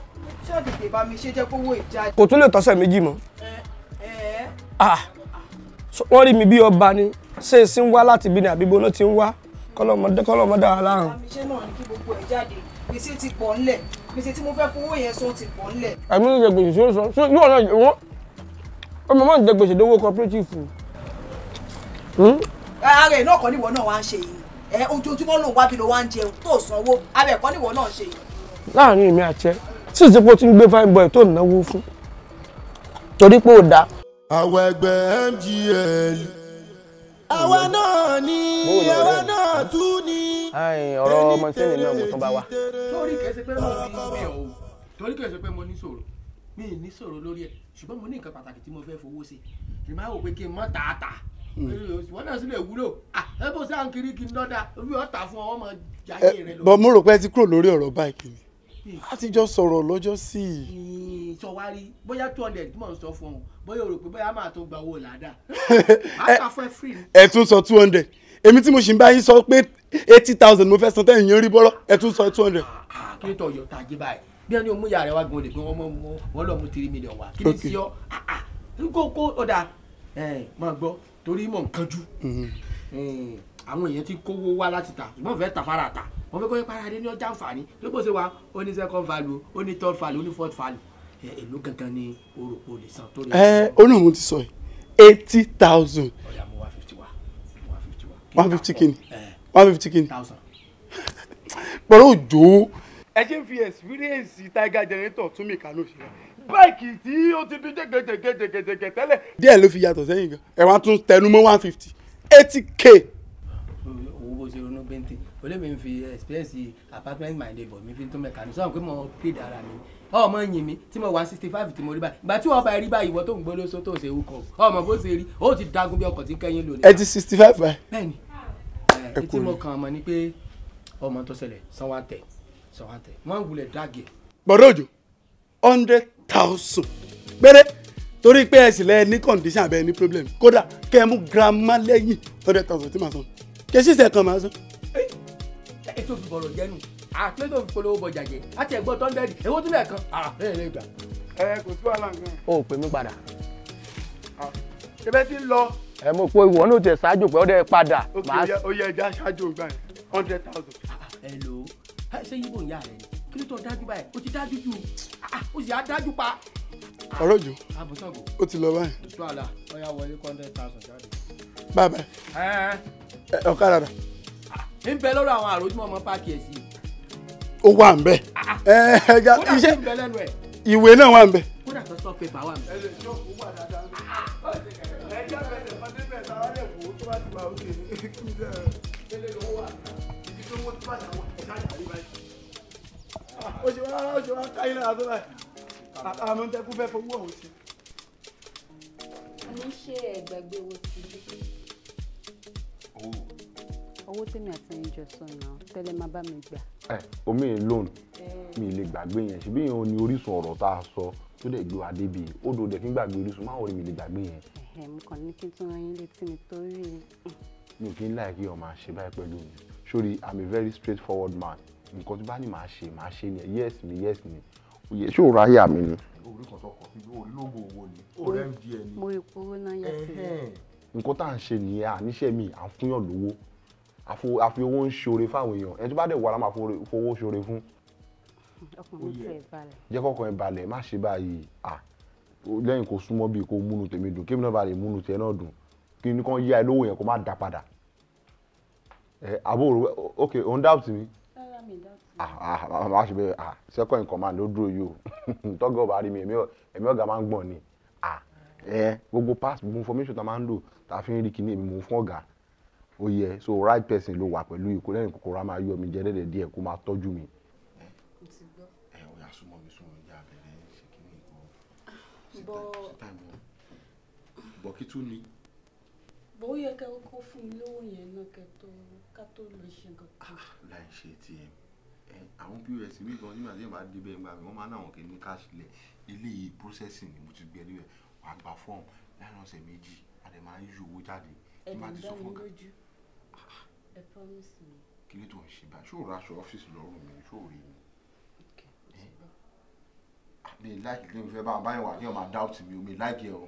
ṣé tètè bá mi ṣe jẹ́ kówó ìjáde. kò tún lè tọ́sẹ̀ méjì mọ́. Ah, ah. wọ́n rí mi bí ọba ni ṣé e sì ń wá láti bí ni àbíbo ló ti ń wá kọ́lọ́mọdé kọ́lọ́mọdé wà láàrùn. àmìṣẹ́ náà ni kí gbogbo ẹ̀ jáde gbèsè ti pọ̀ ńlẹ̀ gbèsè tí mo fẹ́ fowó yẹn sọ ti pọ̀ ńlẹ̀. àmì ìjẹ gbèsè tí ó sọ ṣé yóò náà wọ́n ọmọ máa ń jẹ gbèsè lówó cooperative. ààrẹ hmm? ah, náà kọ́ níwọ̀ náà wá ń ṣe yìí ojoojúmọ́ ló ń wá bí ló wá ń jẹun tó sanwó abẹ́ẹ̀kọ́ níwọ̀ náà ń ṣe yìí láàrin èmi àti ẹ sì ti ti ń gbé fine boy tó náwó fún torí pé ó dáa. àwọn ẹgbẹ́ MGL àwa náà ni àwa náà tún ni. ọ̀rọ̀ ọmọ sẹ́yìn náà mo tún bá wa. torí kẹsì pé mo ní bẹ́ẹ̀ o torí kẹsì pé mo ní ṣòro mi ní ṣòro lórí ẹ̀ ṣùgbọ́n mo ní nǹkan pàtàkì tí mo fẹ́ fowó ṣe èmi á wò pé kí n mọ́ tààtà hmm. wọ́n náà sì lè wúlò ẹ bó sáà ń kiri kí n lọ́dà orí ọ̀tà fún ọmọ jayé rẹ lọ. bọ́ mo rò pé ẹ ti kúrò lórí ọ̀rọ̀ báyìí kìíní a ti jọ sọ̀rọ̀ lọ́jọ́ sí i. sọwárí bóyá two hundred tí mò ń sọ fún ọ bóyá o rò pé bóyá máa tó gba owó làádá. ẹ tún sọ two hundred èmi tí mo sì ń bá yín sọ pé eighty thousand mo fẹ́ san tẹ́yìn yín rí bọ́rọ̀ ẹ tún sọ two hundred. Ah, ah, kí ló tọ̀ yọ tàjí báyìí bí ẹni omú yàrá wa gan olè pé wọ́n mọ̀ wọ́n lọ mú three million wá kí ni sí ọ ah, kó kó ọ̀dà máa gbọ́ torí mọ̀ nǹkan jù àwọn èèyàn ti kówó wá láti ta ṣùgbọ́n fẹ́ tàfàrà ta wọ́n fẹ́ kọ́ yẹ para rẹ ní ọjà àǹfààní tó gbọ́sẹ̀ wa ó ní second value ó ní third value ó ní fourth value èlò kankan ni orúkọ lè san tó lè. ẹ olóòmù ti sọ eighty thousand. ọ̀yà mo wá fifty wa wá fifty wa. one fifty kini one fifty kini. pẹ̀lú òjò. ẹ ṣe ń fi experience tiger generator tún mi kánú ṣe báìkì tí ó ti dún jẹgẹjẹgẹjẹgẹ tẹ́lẹ̀. díẹ̀ ló fi yàtọ̀ sẹ́yìn gan ẹ̀ wá tún tẹnu mọ́ one fifty eighty k kó ṣe ronú bẹ́ńtì olóògbé mi fi experience apartment my neighbor mi fi tó mẹ́ka ní sọ́wọ́n pé mo kéde ara mi ọmọ yìn mi tí mo wà sixty five tí mo rí báyìí ìgbà tí wọ́n bá rí báyìí ìwọ tó ń gbóló sọ tó ń ṣe wúkọ ọmọ bó ṣe rí ó ti dagun bí ọkọ̀ tí ń kẹ́yìn lónìí. ẹ ti sixty five báyìí. bẹ́ẹ̀ni ẹ mo kàn mọ ni pé ọmọ tó ṣẹlẹ̀ sanwó àtẹ sanwó àtẹ wọn wulẹ̀ dàgẹ. bọ̀dọ̀ òjò hundred thousand péré torí pé ẹ sì lẹ ní condition abẹ ní problem kódà kẹ́ ẹ mú hundred thousand tí màá san ṣe ṣiṣẹ́ kan máa san. ẹ tó fi bọ̀rọ̀ jẹ́nu àpé tó fi polówó bọjà jẹ àti ẹ̀gbọ́n tó ń dẹ́ẹ̀dì èwo tún lẹ̀ kan. ẹ ẹ gbà. ẹ kò sí wàhálà nǹkan. o ò pè mí padà. ṣé ti ń lọ. ẹ mo po ìwọ náà tẹ ṣáájú pé ó dẹ padà. ó yẹ ẹja ṣáájú ìgbà yẹn hundred thousand. ẹ lò ó ṣé yíbo ìyá rẹ ni kí ló tó dájú báyìí ó ti dájú ju ó sì á dájú pa. ọ̀rọ̀ jù ó ti lọ báyìí. ìṣúwàlà ọ̀kadà dà. ń bẹ lọ́rọ̀ àwọn àròjúmọ̀ ọmọ páàkì ẹ̀ sí. ó wà ń bẹ. Ah, ah. iṣẹ́ ìwé náà wà ń bẹ. kódà tó sọ pépà wà ń bẹ. ẹjọ́ bẹ̀rẹ̀ fọ́tẹ́bẹ̀ sára lè wò ó tó bá ti wà ó kí n sẹ́yìn kélé lówó wà ibi tó wọ́n tó bá ti wà ẹ̀ka ìdàrí báyìí. Ah, ṣe wá ṣe wá káyìn náà tẹ́kú fẹ́ fowó ọ̀hún sí. ṣe wo sí i. owó tèmi àti ẹyin jọ sọ náà tẹ́lẹ̀ máa bá mi gbà. ẹ omi yẹn loan mi lè gbàgbé yẹn ṣùgbọ́n yẹn ni orísun ọ̀rọ̀ tá a sọ tó lè gbé wa débi odò dẹ̀ kí n gbàgbé orísun máa wọ̀ mi lè gbàgbé yẹn. ẹ mo kàn ní kí n tún ra yín létí mi torí. mi kì í láìkí ọmọ àṣẹ báyìí pẹ̀lú mi sórí i'm a very straightforward man nǹkan tó bá ní màá ṣe màá ṣe ni yes mi yes mi òye ṣé òun ráyà mi ni. orí kan tó kọ sí orí lóògùn owó ni orí mdn ni. mo rí kúrò náà yẹ nǹkan tá à ń ṣe nìyẹn àníṣe mi à ń fúnyàn lówó àfi owó ń ṣoore fáwọn èèyàn ẹni tó bá dẹ̀ wà á máa fowó ṣoore fún. jẹ́ kọ́kàn ẹ̀ balẹ̀ má ṣe báyìí à lẹ́yìn kó súnmọ́ bíi kó múnu tèmi dùn kí mi náà bá lè múnu tiẹ̀ náà dùn kí ni kàn yá ẹ lówó yẹn kó má dá padà. àbúrò ok òun dáàbò mi àmọ́ àṣìbẹ́ ṣẹ́kọ̀ọ́ nǹkan máa ló dúró yìí o tọ́gọ̀ ọba rí mi èmi ọ̀gá máa ń gbọ̀n ni ẹ gbogbo pass gbogbo information tá a máa ń lò tá a fi ń rí kíní èmi mò ń fún ọ̀gá ó yẹ so right person ló wà pẹ̀lú ìkó lẹ́yìn kòkòrò á máa yọ mi jẹ́dẹ́dẹ́ díẹ̀ kó máa tọ́jú mi. ẹ ò yà súnmọ́ mi súnmọ́ ìyá abẹ́rẹ́ ṣe kíní ìkó síta ìmọ̀ bọ̀ kí tún ni. bó yẹ kẹ́ o kó fún mi lówó yẹn náà kẹ́ tó ká tó lè ṣe nǹkan. Ah, láì ṣe tiẹ̀ àwọn pọ́s mi gan nígbà tí yẹn bá débẹ̀ gbà mí wọ́n máa ń náwọn kì í ní káàṣì lẹ̀ eléyìí processing ni mo ti gbẹ́ níbẹ̀ wà á gba fọ́ọ̀mù láàrin ọ̀sẹ̀ méjì a lè máa ń yí owó jáde tí bá ti sọ fún ká. Ah, ah. ẹ promise me. kí ló tó ń ṣe báyìí ṣòro aṣọ ọ́fíìsì lọ́rùn mi ṣòro eh? ah, mi. mi láìkì kí fẹ́ bá báyìí wà kí wọn máa mi o mi láìkì ẹ o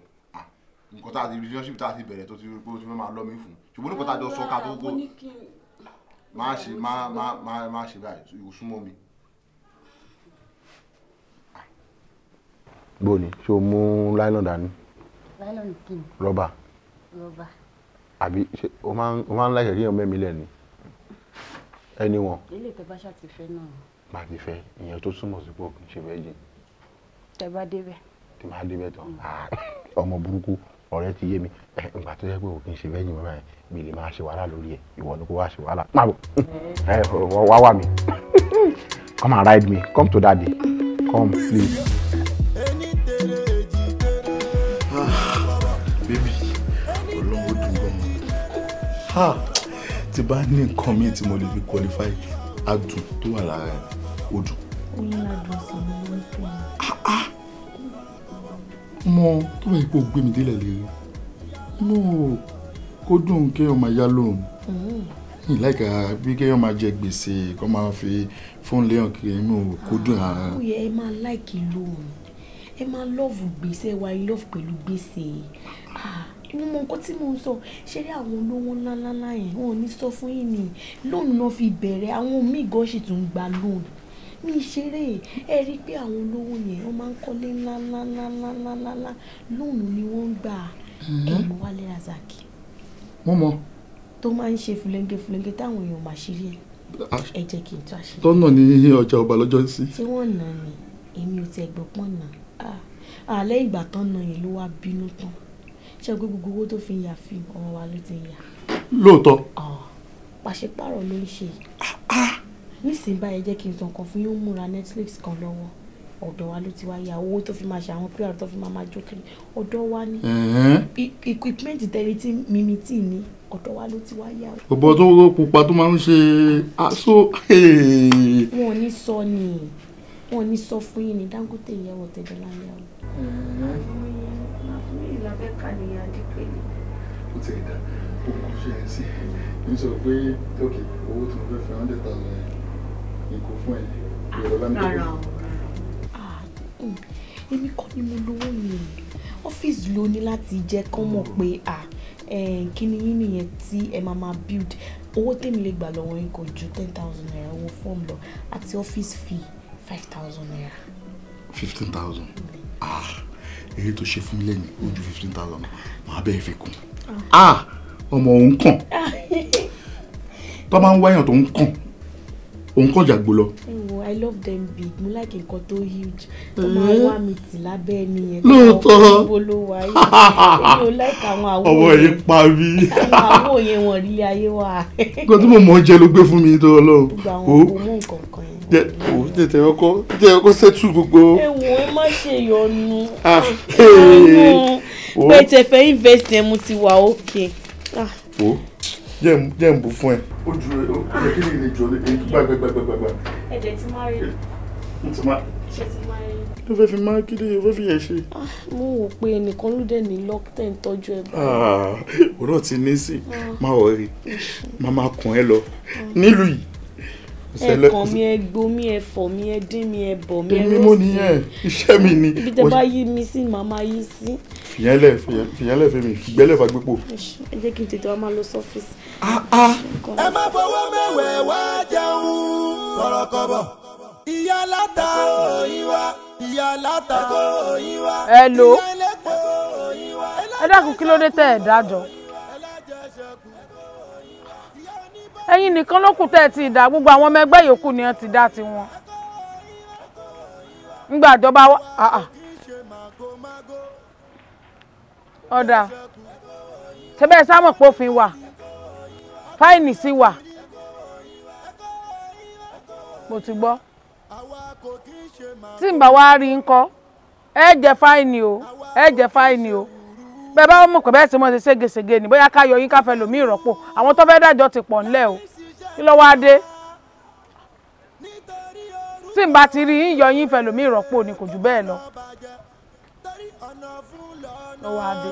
nǹkan tá a ti relationship tá a ti bẹ̀rẹ̀ tó ti rí pé o ti fẹ́ máa lọ́ mi fún ṣùgbọ́n nípa tá a jọ sọ ká tó gbó máa ṣe máa máa máa ṣe báyìí ìwòsùnmọ́ mi. bóni ṣé o mú láìlọ́n dání. láìlọ́n kì í. rọ́bà. rọ́bà. àbí ṣe o máa ń o máa ń láìsẹ̀ kí èèyàn mẹ́mi lẹ́ni ẹni wọn. ilé ìtẹ́ bá ṣàti fẹ́ náà. má ti fẹ́ ìyẹn tó súnmọ́ sí pò kì í ṣe fẹ́ jìn. tẹ bá débẹ̀. tẹ bá débẹ̀ tán ọmọ burúkú ọ̀rẹ́ ti yé mi ẹ ìgbà tó yẹ pé òkè ṣe fẹ́ yìnbọn báyìí mi lè máa ṣe wàhálà lórí ẹ ìwọ ni kò wá ṣe wàhálà má bò ẹ wá wà mí come and ride me come to daddy come please. tí bá ní nǹkan míì tí mo lè fi qualify adùn tó wà lára ẹ̀ ó dùn. ó ní adùn sí mi ló ń pè é. ọmọ tó bá yẹ kó gbé mi délẹ̀ lè rí no kó dùn kéèyàn máa yá lóhùn mm-hmm. láìka bí kéèyàn máa jẹ gbèsè kó máa fi fóònù léèyàn kiri inú kó dùn ara. ó yẹ ẹ máa láìkì lóhùn ẹ máa lọ́ọ̀fù gbèsè wa lọ́ọ̀fù pẹ̀lú gbèsè ah mo mọ nǹkan tí mo ń sọ ṣé rí àwọn olówó ńláńlá yẹn wọn ò ní sọ fún yín ni lóònù náà fi bẹ̀rẹ̀ àwọn míì gan ṣì tún gba lóònù mi ṣeré ẹ rí i pé àwọn olówó yẹn wọn máa ń kọ́lé ńláńláńláńláńlá lóònù ni wọ́n ń gbà mm-hmm. ẹ̀mú wálé razaki. mo mọ. tó máa ń ṣe fúlẹ́ńgẹ́ fúlẹ́ńgẹ́ táwọn èèyàn máa ṣe rí ẹ ah. ẹ jẹ́ kí n tó àṣírí. tó nà ọjà ọba lọ́jọ́ sí. tí wọ́n nà ni èmi ò tiẹ̀ gbọ́ pọ́n nà ah, àlẹ́ ìgbà tán yẹn ló wá bínú tán ṣe gbogbo owó tó fi ń ya fíìmù ọmọ wa ló ti ń ya. lóòótọ́. Ah, pàṣípàrọ̀ ló ń ṣe nísìnyí báyìí jẹ́ kí n sọ nǹkan fún yóò múra Netflix kan lọ́wọ́ ọ̀dọ̀ wa ló ti wá ya owó tó fi máa ṣe àwọn pr tó fi máa máa jó kiri ọ̀dọ̀ wa ni e, equipment tẹ́lẹ̀ tí mímí tì ní ọ̀dọ̀ wa ló ti wá ya. ọ̀bọ tó wọ́ pupa tó máa ń ṣe aṣọ. wọn ò ní sọ ni wọn ò ní sọ fún yín ní Dangote ìyàwó tẹ̀dọ̀ láyà o fẹ́ kà nìyẹn Adépèlé. ó ti rí dá òkú ṣe é sí n sọ pé tókè owó tí mo fẹ́ fi hundred thousand yẹn kò fún ẹ ìrọ̀lẹ́ lámìdí. èmi kọ́ ni mo lówó yẹn ọ́fíìsì ló ní láti jẹ́ kán mọ̀ mm. pé ah, kíni yín nìyẹn tí ẹ máa máa build owó tèmi lè gbà lọ́wọ́ yín kò ju ten thousand naira owó fọ́ọ̀mù lọ àti ọ́fíìsì fee five thousand naira. fifteen thousand mm. ah eré tó ṣe fún mi lẹ́nu ojú fifteen thousand màá bẹ́ẹ̀ fi kún ah. ah, ọmọ òun kàn tó máa ń wáyàn tó ń kàn òun kàn jàgbó lọ. Oh, I love them big mo like nǹkan tó huge tó hmm. máa ń wá mi tì lábẹ́ ẹni yẹn tó máa ń bolo wa yìí èmi like àwọn àwo yẹn ọwọ́ yẹn pa mí àwọn àwo yẹn wọ̀n ayé wa. nǹkan tí mo mọ̀ ọ́ jẹ́ ló gbé fún mi tó lọ́wọ́. gbogbo àwọn ọmọ nǹkan kan jẹ o tètè ọkọ tètè ọkọ ṣètù gbogbo. ẹ wò ẹ má ṣe yọnu ah, ah, bẹẹ tẹ fẹ invest ẹ mu ti wà ah. òkè. o jẹ́ ń bù fún ẹ. ó ju ẹ kí ni ìrìn jọ gbàgbàgbàgbàgbà. ẹ̀jẹ̀ ti máa rí. ti máa ṣe ti máa rí ló fẹ́ fi máa kílé ló fẹ́ fi yẹn ṣe. mo wò pé ẹnìkan ló dẹ̀ ní lọ́tẹ̀ ń tọ́jú ẹ. òrò ti ní sí máa wọ̀ rí máa máa kùn ẹ lọ nílùú yìí ẹkọ mi ẹ gbó mi ẹ fọ mi ẹ dín mi ẹ bọ mi ẹ rọ sí èmi mo nìyẹn iṣẹ́ mi ni. ibi tẹ bá yí mi sí màmá yí sí. fìyẹ́lẹ̀ fìyẹ́lẹ̀ fẹ́mi gbẹ́lẹ̀ fagbépo. ẹ jẹ́ kí n tètè wá máa lọ sọ́fíìsì. ẹ má fọwọ́ mẹ́wẹ̀ẹ́ wá jẹun kọ̀rọ̀kọ̀bọ̀ ìyá láta òyìn wá ìyá láta òyìn wá. ẹ lò ó ẹ dákun kí ló dé tẹ ẹ dájọ. ẹ̀yin nìkan ló kù tẹ́ ẹ ti dá gbogbo àwọn ọmọ ẹgbẹ́ yòókù ni ẹ ti dá tiwọn ngbà ìjọba wa ah, ah. ọ̀dà tẹ́bẹ̀ sámọ̀ pófin wà fáìnì sí wà mo ti gbọ́ tí n bá wa rí ń ẹ jẹ́ fáìnì o ẹ jẹ́ fáìnì o bẹ́ẹ̀ bá mọ̀ pé bẹ́ẹ̀ sì mọ̀ ṣe ségesège ni bóyá ká yọ yín ká fẹ́ lòmí ìrọ́pò àwọn tó fẹ́ dájọ́ ti pọ̀ ńlẹ̀ o kí ló wá dé tí n bá ti rí yín yọ yín fẹ́ lòmí ìrọ́pò ni kò jù bẹ́ẹ̀ lọ ló wá dé.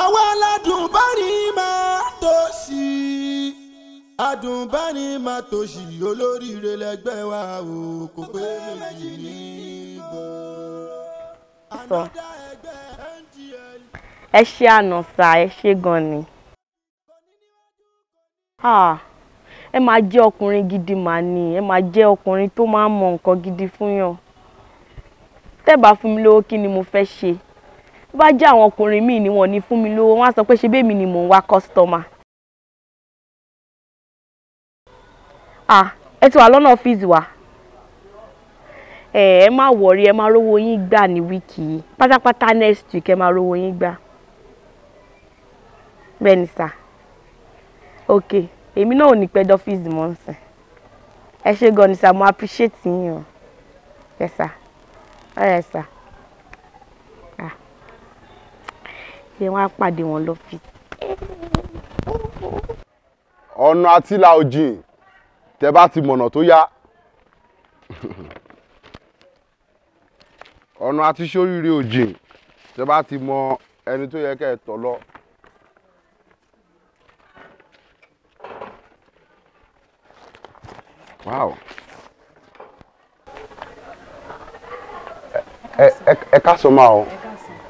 àwọn aládùn bá rí máa tó sí i adùnbáni máa tòṣì olóríire lẹgbẹ́ wa o kò pé méjì ní ìbò ẹ ṣe àná sá ẹ ṣe gan ni ẹ máa jẹ́ ọkùnrin gidi màá ní ẹ máa jẹ́ ọkùnrin tó máa ń mọ nǹkan gidi fún yàn tẹ́ẹ̀bá fún mi lówó kí ni mo fẹ́ ṣe tó bá jẹ́ àwọn ọkùnrin míì ni wọ́n ní fún mi lówó wọ́n á sọ pé ṣe bẹ́ẹ̀ mi ni mò ń wá kọ́sítọ́mà. ẹ ti wà lọ́nà ọ́fíìsì wa ẹ má wọ̀rí ẹ má rówó yín gbà ní wíìkì yìí pátápátá next week ẹ má rówó yín gbà bẹ́ẹ̀ ni sà ok èmi náà ò ní pẹ́ dọ́fíìsì mọ́ nsìn ẹ ṣe gan ni sà mo appreciate yín o yes sà all right sà ah ṣé wọ́n á pàdé wọn lọ́fíìsì. ọ̀nà àtìlà òjìn tẹ bá ti mọ̀nà tó yá ọ̀nà àti sóríire òjìn tẹ bá ti mọ ẹni tó yẹ kẹ́ ẹ tọ̀ lọ. wow. é, ká sọ máa o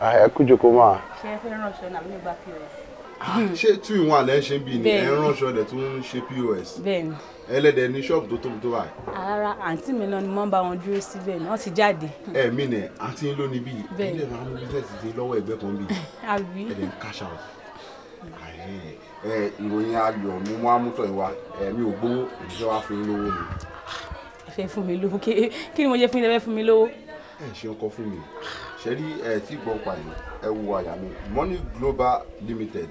ẹ ah, kú jòkó máa. ṣé ẹ fẹ́ ránṣọ náà mi nígbà pos. Ah, ṣé two in one lẹ́ ń ṣe bí ni ẹ ń ránṣọ ẹ̀ tó ń ṣe pos. bẹ́ẹ̀ni. ẹlẹ́dẹ̀ ní ṣọ́ọ̀bù tó tóbi tó báyìí. ara àǹtí mi náà ni mo ń bá wọn dúró síbẹ̀ náà ti jáde. ẹ mi nẹ àǹtí ń lò níbí yìí ilé máa ń mú bísẹ̀sì sí lọ́wọ́ ẹgbẹ́ kan bí. àbí ẹ̀dẹ̀ ń cash out ìròyìn ayọ̀ mú mú àmútọ̀ ìwà mi ò gbowó wa fún yín lówó ni. ṣe fún mi lówó kí ni mo ṣe fún yín lẹ́fẹ̀ẹ́ fún mi lówó. ẹ ṣe ń kọ fún mi ṣe rí ẹ tí gbọ́ pààyàn ẹ wo àyà mi Money Global Limited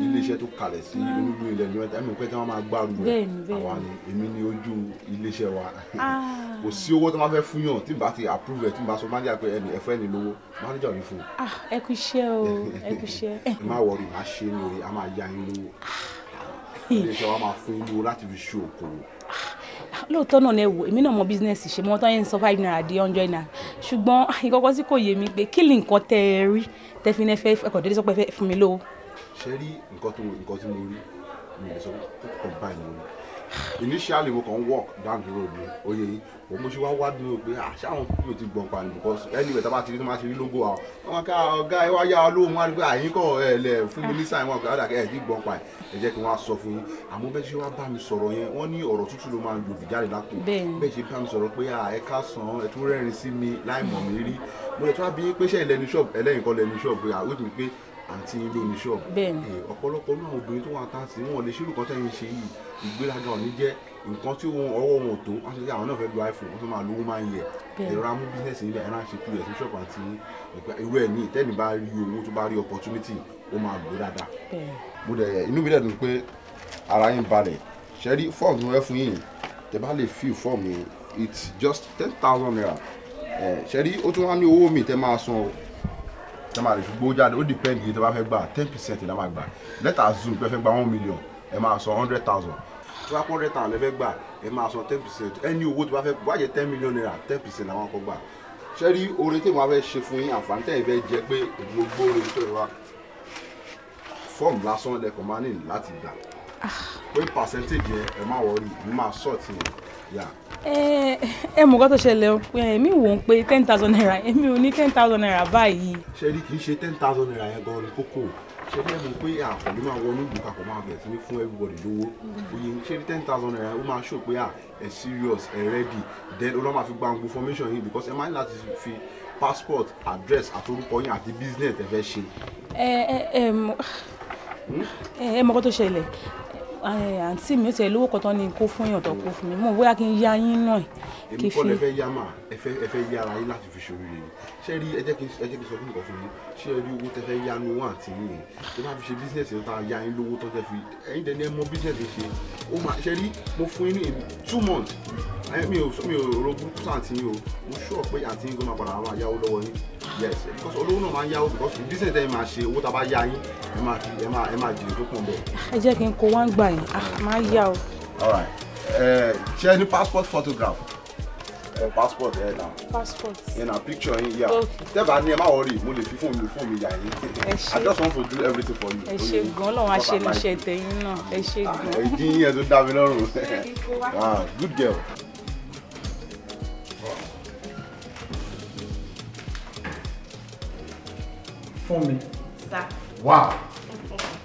iléeṣẹ́ tó kalẹ̀ sí mm. olúlu ilẹ̀ ní ẹ̀mí pé tí wọ́n máa gbárù rẹ̀ àwa ni èmi ni ojú iléeṣẹ́ wa ah. kò sí owó tó máa fẹ́ fún yàn tí n bá ti approve ẹ̀ tí n bá sọ manager pé ẹni ẹ̀fọ́ ẹni lówó manager ò ní fún un. Ah, ẹ kú iṣẹ́ o ẹ kú iṣẹ́. ẹ má wọrí má ṣe é lóore a máa ya yín lówó ah. iléeṣẹ́ wa máa fún yín lówó láti fi ṣe òkòwò lóòótọ́ náà lẹ wò èmi náà mọ bísínẹ́sì ṣe mọ́ yẹn ń sọ five naira di hundred naira ṣùgbọ́n ìkọ́kọ́ sí kò yé mi pé kí ni nǹkan tẹ́ ẹ rí tẹ́ fi ní ẹ fẹ́ ẹ̀kọ́ dédé sọ pé fẹ́ fún mi lówó ṣe rí nǹkan tí mo rí mi lè sọ pé kò mo rí initially mo kàn walk down the road ni oye yìí mo mo ṣe wá wá dúró pé àṣà ah, àwọn pípé ti gbọ̀n pa ni because anyway tá a bá ti rí tó máa ti rí lógo àwọn wọn ká ah, ọ̀gá ẹ wá yá ọ lóhùn wá rí pé àyín ah, kọ ẹ lẹ fún mi ní sáyẹn wọn kò dáadáa ẹ ti gbọ̀n pa ẹ jẹ́ kí wọ́n á sọ fún yín àmọ́ bẹ́ẹ̀ ṣe wá bá mi sọ̀rọ̀ yẹn wọ́n ní ọ̀rọ̀ tútù ló máa ń yòbí jáde lápò bẹ́ẹ̀ ṣe bá mi sọ̀rọ̀ pé ẹ ká san ẹ tún rẹ́rìn sí mi láì mọ̀ mi rí mo lè tún wá bí pé ṣé ẹlẹ́ni ṣọ́ọ̀bù ẹlẹ́yìn kan lẹ́ni ṣọ́ọ̀bù àwòtí pé àǹtí yín ló ní ṣọ́ọ̀bù ọ̀pọ̀lọpọ̀ náà obìnrin tó wà tá sí wọn lè ṣírù kan tẹ́yìn ṣe yìí ìgbéraga ò ní jẹ́ nǹkan tí ọwọ́ wọn ò tó wọ́n ṣe àwọn náà fẹ́ lo iphone wọ́n tó máa lo woman year ẹ̀rọ amú bísíǹsì nílẹ̀ ẹ̀rọ àṣẹ pos ní ṣọ́ọ̀bù àǹtí yín irú ẹ̀ ní ìtẹ́ni bá rí owó tó bá rí opportunity ó máa lò dáadáa. mo dẹ̀ inú mi dẹ̀ dùn pé ara yín balẹ̀ ṣẹ́rí fọ́ọ̀mù tí wọ́n fún yín tẹ́ bá lè fi fọ́ọ̀mù it's just ten thousand naira ṣẹ́rí ó tún wá ní owó mi tẹ́ máa san o ẹ máa lè fi gbowó jáde ó depend iye tó bá fẹ́ gbà ten percent la máa gbà let us assume pé fẹ́ gba one million ẹ máa sọ hundred thousand tó bá pọ́n hundred thousand lẹ fẹ́ gbà ẹ máa sọ ten percent ẹni owó tó bá fẹ́ wájẹ ten million naira ten percent làwọn kọ gbà ṣé rí oore tí wọ́n fẹ́ ṣe fún yín àǹfààní tẹ̀yìn fẹ́ jẹ́ pé gbogbo orin tó wá fọ́ọ̀mù lásán lẹ́kọ̀ọ́ máa ní láti gbà ah. pé percentage ẹ má wọrí ẹ má sọ̀tì yẹn yà ẹ mọ̀ nǹkan tó ṣẹlẹ̀ o èmi wò ó pé ten thousand naira èmi ò ní ten thousand naira báyìí. ṣẹ́rí kì í ṣe ten thousand naira yẹn gan-an kókó ṣẹ́rí ẹ̀ mọ̀ pé àkọ́bí máa wọnú ìlú kàkọ́ máa bẹ̀rẹ̀ sí ní fún everybody lówó oye ṣẹ́rí ten thousand naira ó máa ṣó pé à ẹ̀ serious ẹ̀ ready then olóòmà fi gbàǹgbò formation yìí because ẹ máa ní láti fi passport address àtorúkọ yín àti business ẹ fẹ́ ṣe. ẹ ẹ ẹ mọ̀ hmm? nǹkan tó ṣẹlẹ̀ àǹtí mi ó ti ẹ̀ lówó kan tán ni kó fún yàn tó kó fún mi mo bóyá kí n yá yín náà èmi kọ́ lẹ fẹ́ yá mà ẹ fẹ́ yá yín láti fi ṣòro rẹ̀ ni ṣé rí ẹ kí n sọ fún nǹkan fún yín ṣé rí owó tẹ fẹ́ yá nu wọn àti yín yẹn tó bá fi ṣe bísíǹsì tá a yá yín lówó tó fi ẹ̀yin dẹ̀ ẹ mọ bísíǹsì ṣe ó mà ṣe rí mo fún yín ní two months mi ò mi ò rogún tó àǹtí yín o mo sọ pé àǹtí yín kó máa padà máa yáwó lọ́wọ́ yín yes because olówó náà máa ń yáwó because bísíǹsì tẹ́yìn máa ṣe owó tá ah, all right ṣe uh, ní passport photograph ẹ eh, passport ẹ eh, na passport yẹn na picture yín yà tẹ́bà ni ẹ má wọrí mo lè fi fóònù mi fóònù mi yà yín i just want to do everything for you. ẹ ṣe gan lọ́wọ́ aṣèlúṣe tẹ̀yìn náà ẹ ṣe ah, gan. ìdí yín ẹ tó dá mi lọ́rùn ah, good girl. For me. Wow.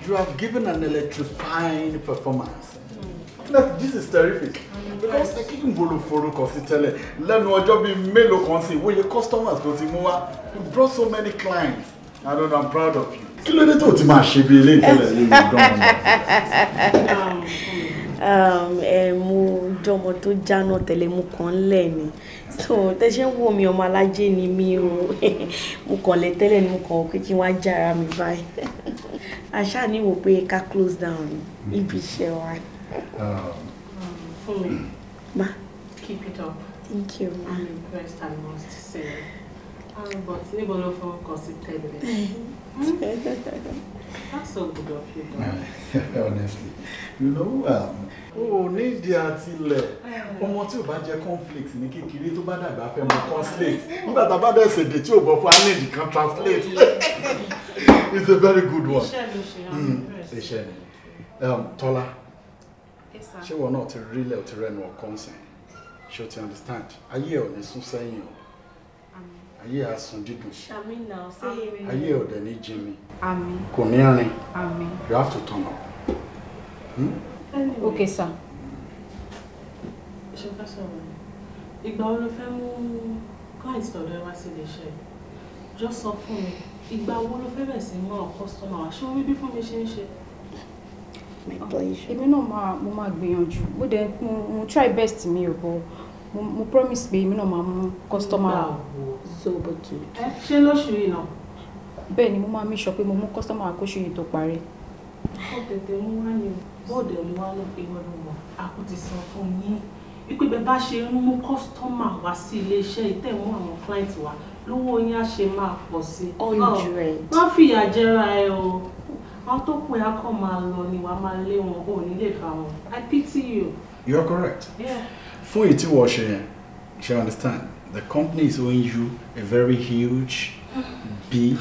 you have given an electrifying performance. Look, this is terrific. Because Igbo ló forúkọ sí tẹ́lẹ̀ lẹ́nu ọjọ́ bíi mélòó kan sí ìwòye customers tó ti mú wá. You brought so many clients. I don't know, I'm proud of you. Kí ló dé tó ti máa ṣe bí eléyìí tẹ́lẹ̀ nínú ìdánwò? Um, ẹ mo jọmọ tó jáná tẹ́lẹ̀ mo kàn ń lẹ̀ ni. So tẹ́sẹ̀ ń wò mí ọmọ alájẹ ni mi o. Mo kàn lẹ tẹ́lẹ̀ ni mo kàn pé kí n wá jára mi báyìí. Àṣà ni wò pé ká close down ibi iṣẹ́ wa. Mm -hmm. Um, Ma. Keep it up. Thank you, I'm impressed, I must say. Um, but níbo ló fọwọ́kọ sí hmm? That's so good of you, though. Honestly, you know, um, o ní ìdí Oh, ọmọ tí ò bá jẹ conflict ní kékeré tó bá dàgbà fẹ́ mọ conflict nígbà tá a bá bẹ̀rẹ̀ ṣèdè tí ò bọ̀ fún anid kan translate it's a very good one. iṣẹ́ ló ṣe é. Hmm. iṣẹ́ ni um, ṣé wọn náà ti rílẹ̀ ò ti rẹnu ọ̀kan sìn ṣé o ti understand ayé ò ní sún sẹ́yìn o ayé àsùn dídùn ayé ò dẹ̀ ní jimi kò ní rìn you have to turn up. Hmm? okay sir. ṣé ká sọ̀rọ̀ ìgbà wo ló fẹ́ mú client tọ̀dọ̀ ẹ wá sí iléeṣẹ́ jọ sọ fún mi ìgbà wo ló fẹ́ bẹ̀ sí mọ́ ọ̀ customer wa ṣé orí bí fún mi my pleasure. èmi náà máa mo máa gbìyànjú mo dẹ̀ mo mo try best mi ò bọ̀ mo mo promise pé èmi náà máa mú customer sobo tó. ẹ ṣé lóṣù yìí náà. bẹ́ẹ̀ ni mo máa make sure pé mo mú customer àkóṣe yìí tó parí. ó tètè mú wá ní bọ́ọ̀dù ẹ̀mú wá ló pé wọ́n ló wọ̀ a kò ti sọ fún yín wípé bẹ́ẹ̀ bá ṣe customer mú kọ́sítọ́mà wá sí iléeṣẹ́ ìtẹ̀mú àwọn client wa lówó yín á ṣe máa pọ̀ sí i. hundred. má fìyà jẹra ẹ o àwọn tó pè á kàn máa lọ ni wàá máa lé wọn ò ní lè fa wọn i pity you. you are correct. fún èyí tí wọ́n ṣe yẹn ṣe understand the company is owing you a very huge big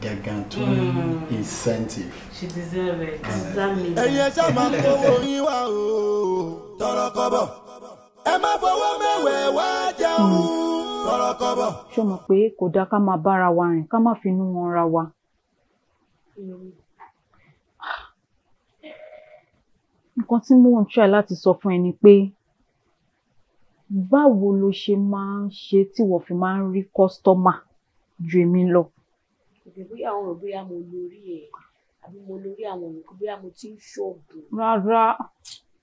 gargantuan mm. incentive. she deserve it. ẹyẹ sábà ń kówó yín wá o tọrọ kọ́bọ̀ ẹ má fọwọ́ mẹ́wẹ̀ẹ́ wá jẹun tọrọ kọ́bọ̀. ṣé o mọ̀ pé kò dáa ká máa bára wa rìn ká má finú wọn ra wa. nǹkan tí mò ń try láti sọ fún ẹ ni pé báwo lo ṣe máa ń ṣe tí wọ́n fi máa ń rí kọ́sítọ́mà ju èmi lọ. ìgbẹ́ bóyá àwọn ọ̀rọ̀ bóyá mo lórí ẹ̀ àbí mo lórí àwọn nǹkan bóyá mo ti ń ṣọ́ọ̀bù. rárá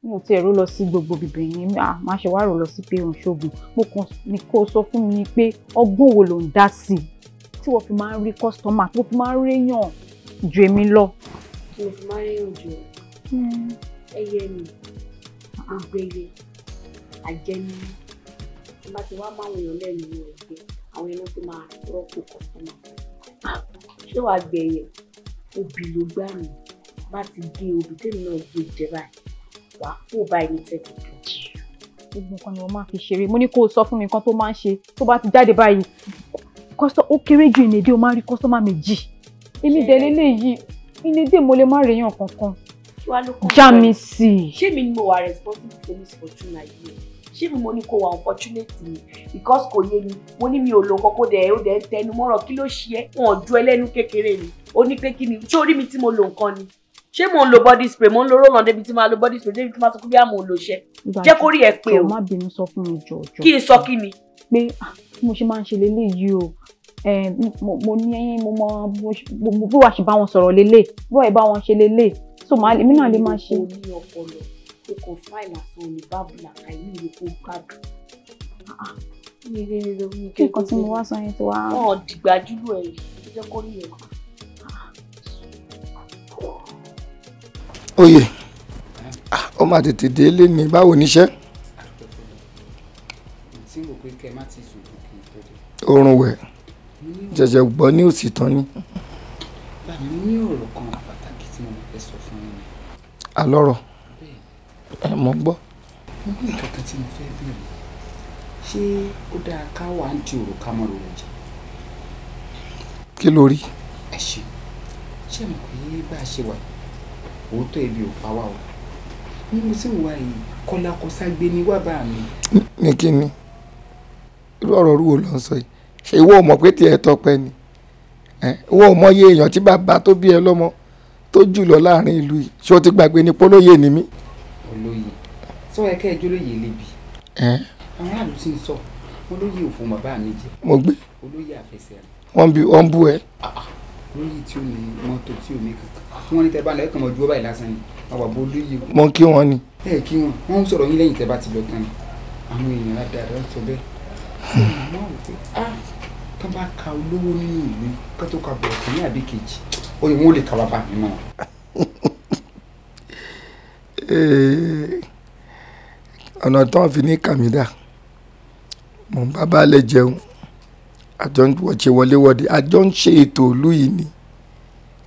mi ò tiẹ̀ ró lọ sí gbogbo bìbẹ̀ yẹn má ṣe wá rò lọ sí pé òun ṣoògùn mo kàn ní kó sọ fún mi pé ọgbọ́n wo ló ń dá sí i tí wọ́n fi máa ń rí kọ́sítọ́mà tó fi máa ń réyàn ju èmi lọ. tí mo fi máa ń réyàn ju ẹ̀. Hmm ẹyẹ ni ah. gbogbo ẹyẹ àjẹni tí bá ti wá bá àwọn èèyàn lẹ́nu ẹ̀gbẹ́ àwọn ẹni tó máa rọ́pò kọ̀ọ̀tọ́mà ṣé wàá gbẹ ẹyẹ obì ló gbà mí bá ti gé e, obì tèmi náà gbé e jẹ báyìí wàá fò báyìí ní tẹ́tù tó jì. gbogbo nǹkan ni wọ́n máa fi ṣeré mo ní kó o sọ fún mi nǹkan tó máa ń ṣe tó bá ti jáde báyìí kọ́sọ́ ó kéré ju ìnèdè o máa rí kọ́sọ́mà méjì èmi dẹ̀ lélẹ́yìí ìnèdè mo lè má rèéyàn kankan wá ló kọ́ já mi sí i. ṣé mi ni mo wà responsible for misfortune ayé ẹ ṣé mi mo ní kó wà unfortunate ni because kò yé mi mo ní mi ò lo nǹkan kó dẹ̀ ó dẹ̀ ń tẹnu mọ́rọ̀ kí ló ṣe é wọn ò ju ẹlẹ́nu kékeré ni ó ní pé kí ni ṣé orí mi tí mo lo nǹkan ni ṣé mò ń lo body spray mò ń lo roll on débi tí máa lo body spray débi tí máa sọ pé bí a lo iṣẹ́ jẹ́ kó ẹ pé o má bínú sọ fún mi kí n sọ kí ni. pé ah, mo ṣe máa ń ṣe leléyìí o mo ní mo mọ bó wàá ṣe bá wọn sọ̀rọ̀ lélẹ̀ bó wàá bá wọn ṣe lélẹ̀ so màá lè mí náà lè máa ṣe. o ní ọpọlọ o kò fáìlì àtàn ní báàbù làkà ah, ah. yìí ló kó gbádùn. kí nǹkan tí mo wá sọ yẹn ti wá. wọn ò dìgbà júlù ẹ yìí ó jẹ kó ní ẹkọ. oyè ah, ó máa tètè dé lé ní báwo níṣẹ́. oorun wẹ̀ jẹjẹ gbọ́ ní òsì tán ni. bàbá mi ní ọ̀rọ̀ kan alọ́rọ̀ ẹ mọ̀ gbọ́. mo ní nǹkan kan tí mo fẹ́ bèèrè ṣé ó dáa ká wà á di òrò ká mọ̀ lórí ọjà. kí ló rí. ẹ ṣe ṣé mo pé bá a ṣe wà òótọ́ ibi ò pa wá o ní mo sì wà yìí kọ́lá kọ́sá gbé ní wá bá mi. ní kí ni irú ọ̀rọ̀ rúwo ló ń sọ yìí ṣé ìwọ ò mọ̀ pé tiẹ̀ tọpẹ ni ìwọ ò mọ̀ iye èèyàn tí bàbá tó bí ẹ lọ́mọ tó jùlọ láàrin ìlú yìí ṣé o ti gbàgbé ni polóyè ni mí. olóyè sọ ẹ kẹ́ ẹ jólóyè lébi. àwọn aráàlú ti ń sọ olóyè òfò bàbá mi jẹ. mo gbé. olóyè àfẹsẹ̀ rẹ. wọ́n bí wọ́n bú ẹ. olóyè ah, ah. tí ò ní mọ́tò tí ò ní kankan ah, tí wọ́n ní tẹ́ bá lọ ẹ̀kan mọ̀ ju ọba ìlàsàn ni àwọn àbò olóyè. mo kí wọn ni. ẹ kí wọn wọn ń sọ̀rọ̀ yín lẹ́yìn tẹ́ bá ti lọ tán àwọn èèyàn ládàá sọ bẹ́ẹ̀ tó ka olówó nínú ìlú kó tó ka bọ̀ọ̀kì ní àbí kejì ó yẹ wọn ò lè tọrọ bá mi mọ́. Eh, ọ̀nà tó ń fi ní kàmídà mò ń bá balẹ̀ jẹun àjọ ń ṣe wọléwọ̀de àjọ ń ṣe ètò òlú yìí ni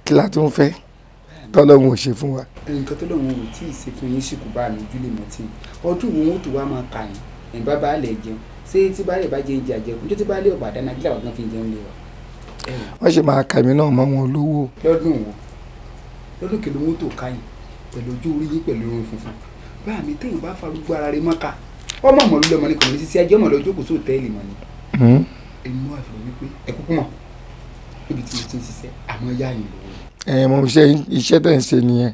kí la tún fẹ́ tọ́lọ́hún ò ṣe fún wa. nǹkan tó lóun ò tí ì ṣe fún yín ṣìkú bá mi júlẹ̀ mọ́ tí ọdún òun ò tó wá máa kà yín ẹ̀ bá balẹ̀ jẹun ṣé tí bá lè bá jẹun jẹ àjẹkùn tó ti bá lè ọ̀bà dáná kí làwọn fi jẹun lè wà wọ́n sì máa kà mí náà mọ́ wọn lówó. lọ́dún wo lọ́dún kìlọ̀ mọ́tò káyìn pẹ̀lú ojú orí yín pẹ̀lú irun funfun báà mi téèyàn bá farúgbó ara rẹ̀ mọ́ka ọmọ ọmọ ló lọmọ ní kò ní sísí ajé ọmọ lọ́jọ́ kò sí òtẹ́ẹ̀lì mọ́ ni. Hmm? èmi wà fún ẹ kúkú mọ̀ níbi tí mo ti ń ṣiṣẹ́ àmọ́ yá yìí lọ́wọ́. ẹ mo ṣe iṣẹ́ tẹ̀ ń ṣe nìyẹn.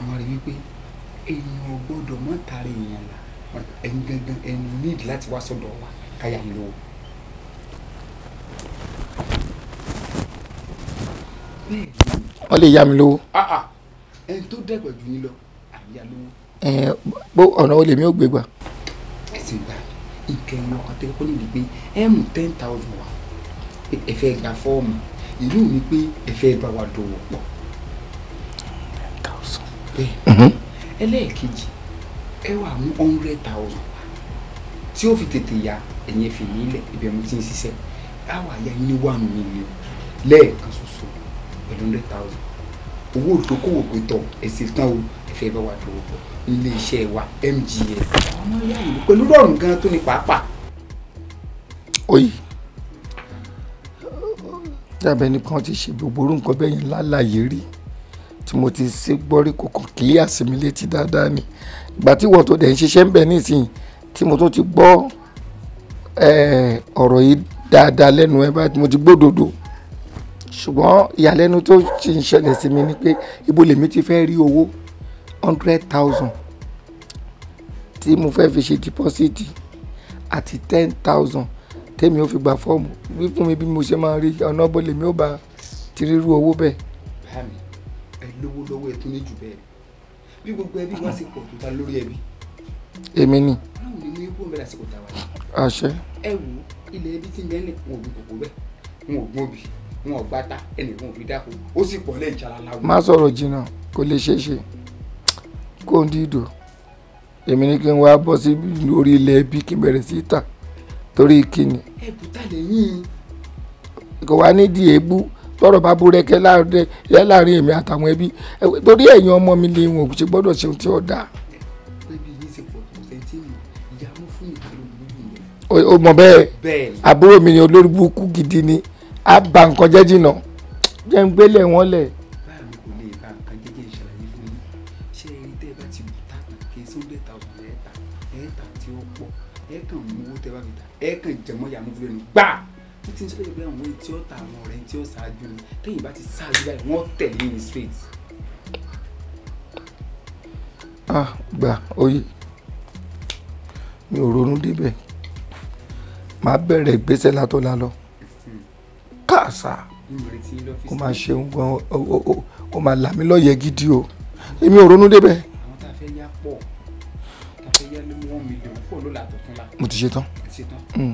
àwọn rẹ̀ wípé èèyàn ò gbọ́dọ̀ mọ́ èèyàn là ẹ̀yin gangan ẹ̀yin níìdí láti wá sọ́dọ̀ wa káyà ń lọ́wọ́ wọ́n lè yá mi lówó. Ah, ah. ẹni tó dẹ̀gbẹ̀ jù yín lọ àyà lówó. ẹ bó ọ̀nà olè mi ò gbé gbà. ẹ sì gba ìkẹyìn ọkọ tẹ kó lè lè gbé m ten thousand wa ẹ fẹ́ gba fọ́ọ̀mù ìlú mi pé ẹ fẹ́ bá wa dòwò pọ̀. ten thousand. bẹ́ẹ̀ mhm. ẹlẹ́ẹ̀kejì ẹ wà mú hundred thousand tí ó fi tètè ya ẹ̀yìn ẹ̀fìn nílẹ̀ ibẹ̀ mo ti ń ṣiṣẹ́ á wà ya yín ní one million lẹ́ẹ̀kan ṣoṣo pẹ̀lú hundred thousand owó ìdókòwò pé tọ̀ ẹ̀sìn tán o ẹ̀fẹ́ bá wà dúró pọ̀ nílé iṣẹ́ wa MGA pẹ̀lú rọrùn gan tó ní pàápàá. oyi dábẹ́ nìkan ti ṣe gbogbo nǹkan bẹ́ẹ̀ yẹn lálàyé rí tí mo ti ṣe gbọ́ rí kò kàn kílí dáadáa ni ìgbà tí wọ́n tó dẹ̀ ń ṣiṣẹ́ ń bẹ̀ nísìnyí tí mo tó ti gbọ́ ọ̀rọ̀ yìí dáadáa lẹ́nu ẹ̀ báyìí mo ti gbódòdó ṣùgbọ́n ìyàlẹ́nu tó ṣì ń ṣẹlẹ̀ sí mi ni pé ibo lèmi ti fẹ́ rí owó hundred thousand tí mo fẹ́ fi ṣe deposit àti ten thousand tẹ́mi ó fi gba fọ́ọ̀mù bí fún mi bí mo ṣe máa rí ọ̀nà bó lèmi ó bá ti rírú owó bẹ́ẹ̀. báàmì ẹ lówó lọ́wọ́ ẹ tún ní jù bẹ́ẹ̀ bí gbogbo ẹbí wá sí pọ̀ tó ta lórí ẹbí. èmi ni. báwo ni mo yẹ kó ń bẹ̀rẹ̀ àsìkò tàwa yìí. àṣẹ. ẹ wo ilẹ̀ ẹbí ti ń wọn ò gbin bẹ́ẹ̀ wọn ò gbọ́n bì wọn ò gbáta ẹnìkan ò fi dáko ó sì pọ̀ lẹ́yìn ìjàláláwọ̀. má sọ̀rọ̀ jìnnà kó lè ṣeé ṣe kó ń dìdò èmi ní kí n wá bọ́ sí orí ilẹ̀ ẹbí kí n bẹ̀rẹ̀ sí tà torí kíni. ẹ bùtà lẹ́yìn. kò wá nídìí èébú tọrọ bá búrẹ́kẹ́ láàrin èmi àtàwọn ẹbí torí ẹ̀yin ọmọ mi lè wọn òkùnṣe gbọ́dọ̀ ṣe ohun tí ó dáa. o mọ̀ bẹ́ẹ̀ àbúrò mi ni olórí burúkú gidi ni á ba nǹkan jẹ́ jìnnà jẹ́ ń gbélé wọn lẹ̀. ba ah gbà oyè mi ò ronú débẹ̀ màá bẹ̀rẹ̀ ìgbésẹ̀ látọ̀la lọ kàṣà ó máa ṣeun gan ó máa là mí lọ́yẹ̀ gidi o èmi ò ronú débẹ̀. àwọn tá a fẹ́ yá pọ̀ tá a fẹ́ yá lé one million pọ̀ ló là tó tún la. mo ti ṣe tán. mo ti ṣe tán. ẹ̀kọ́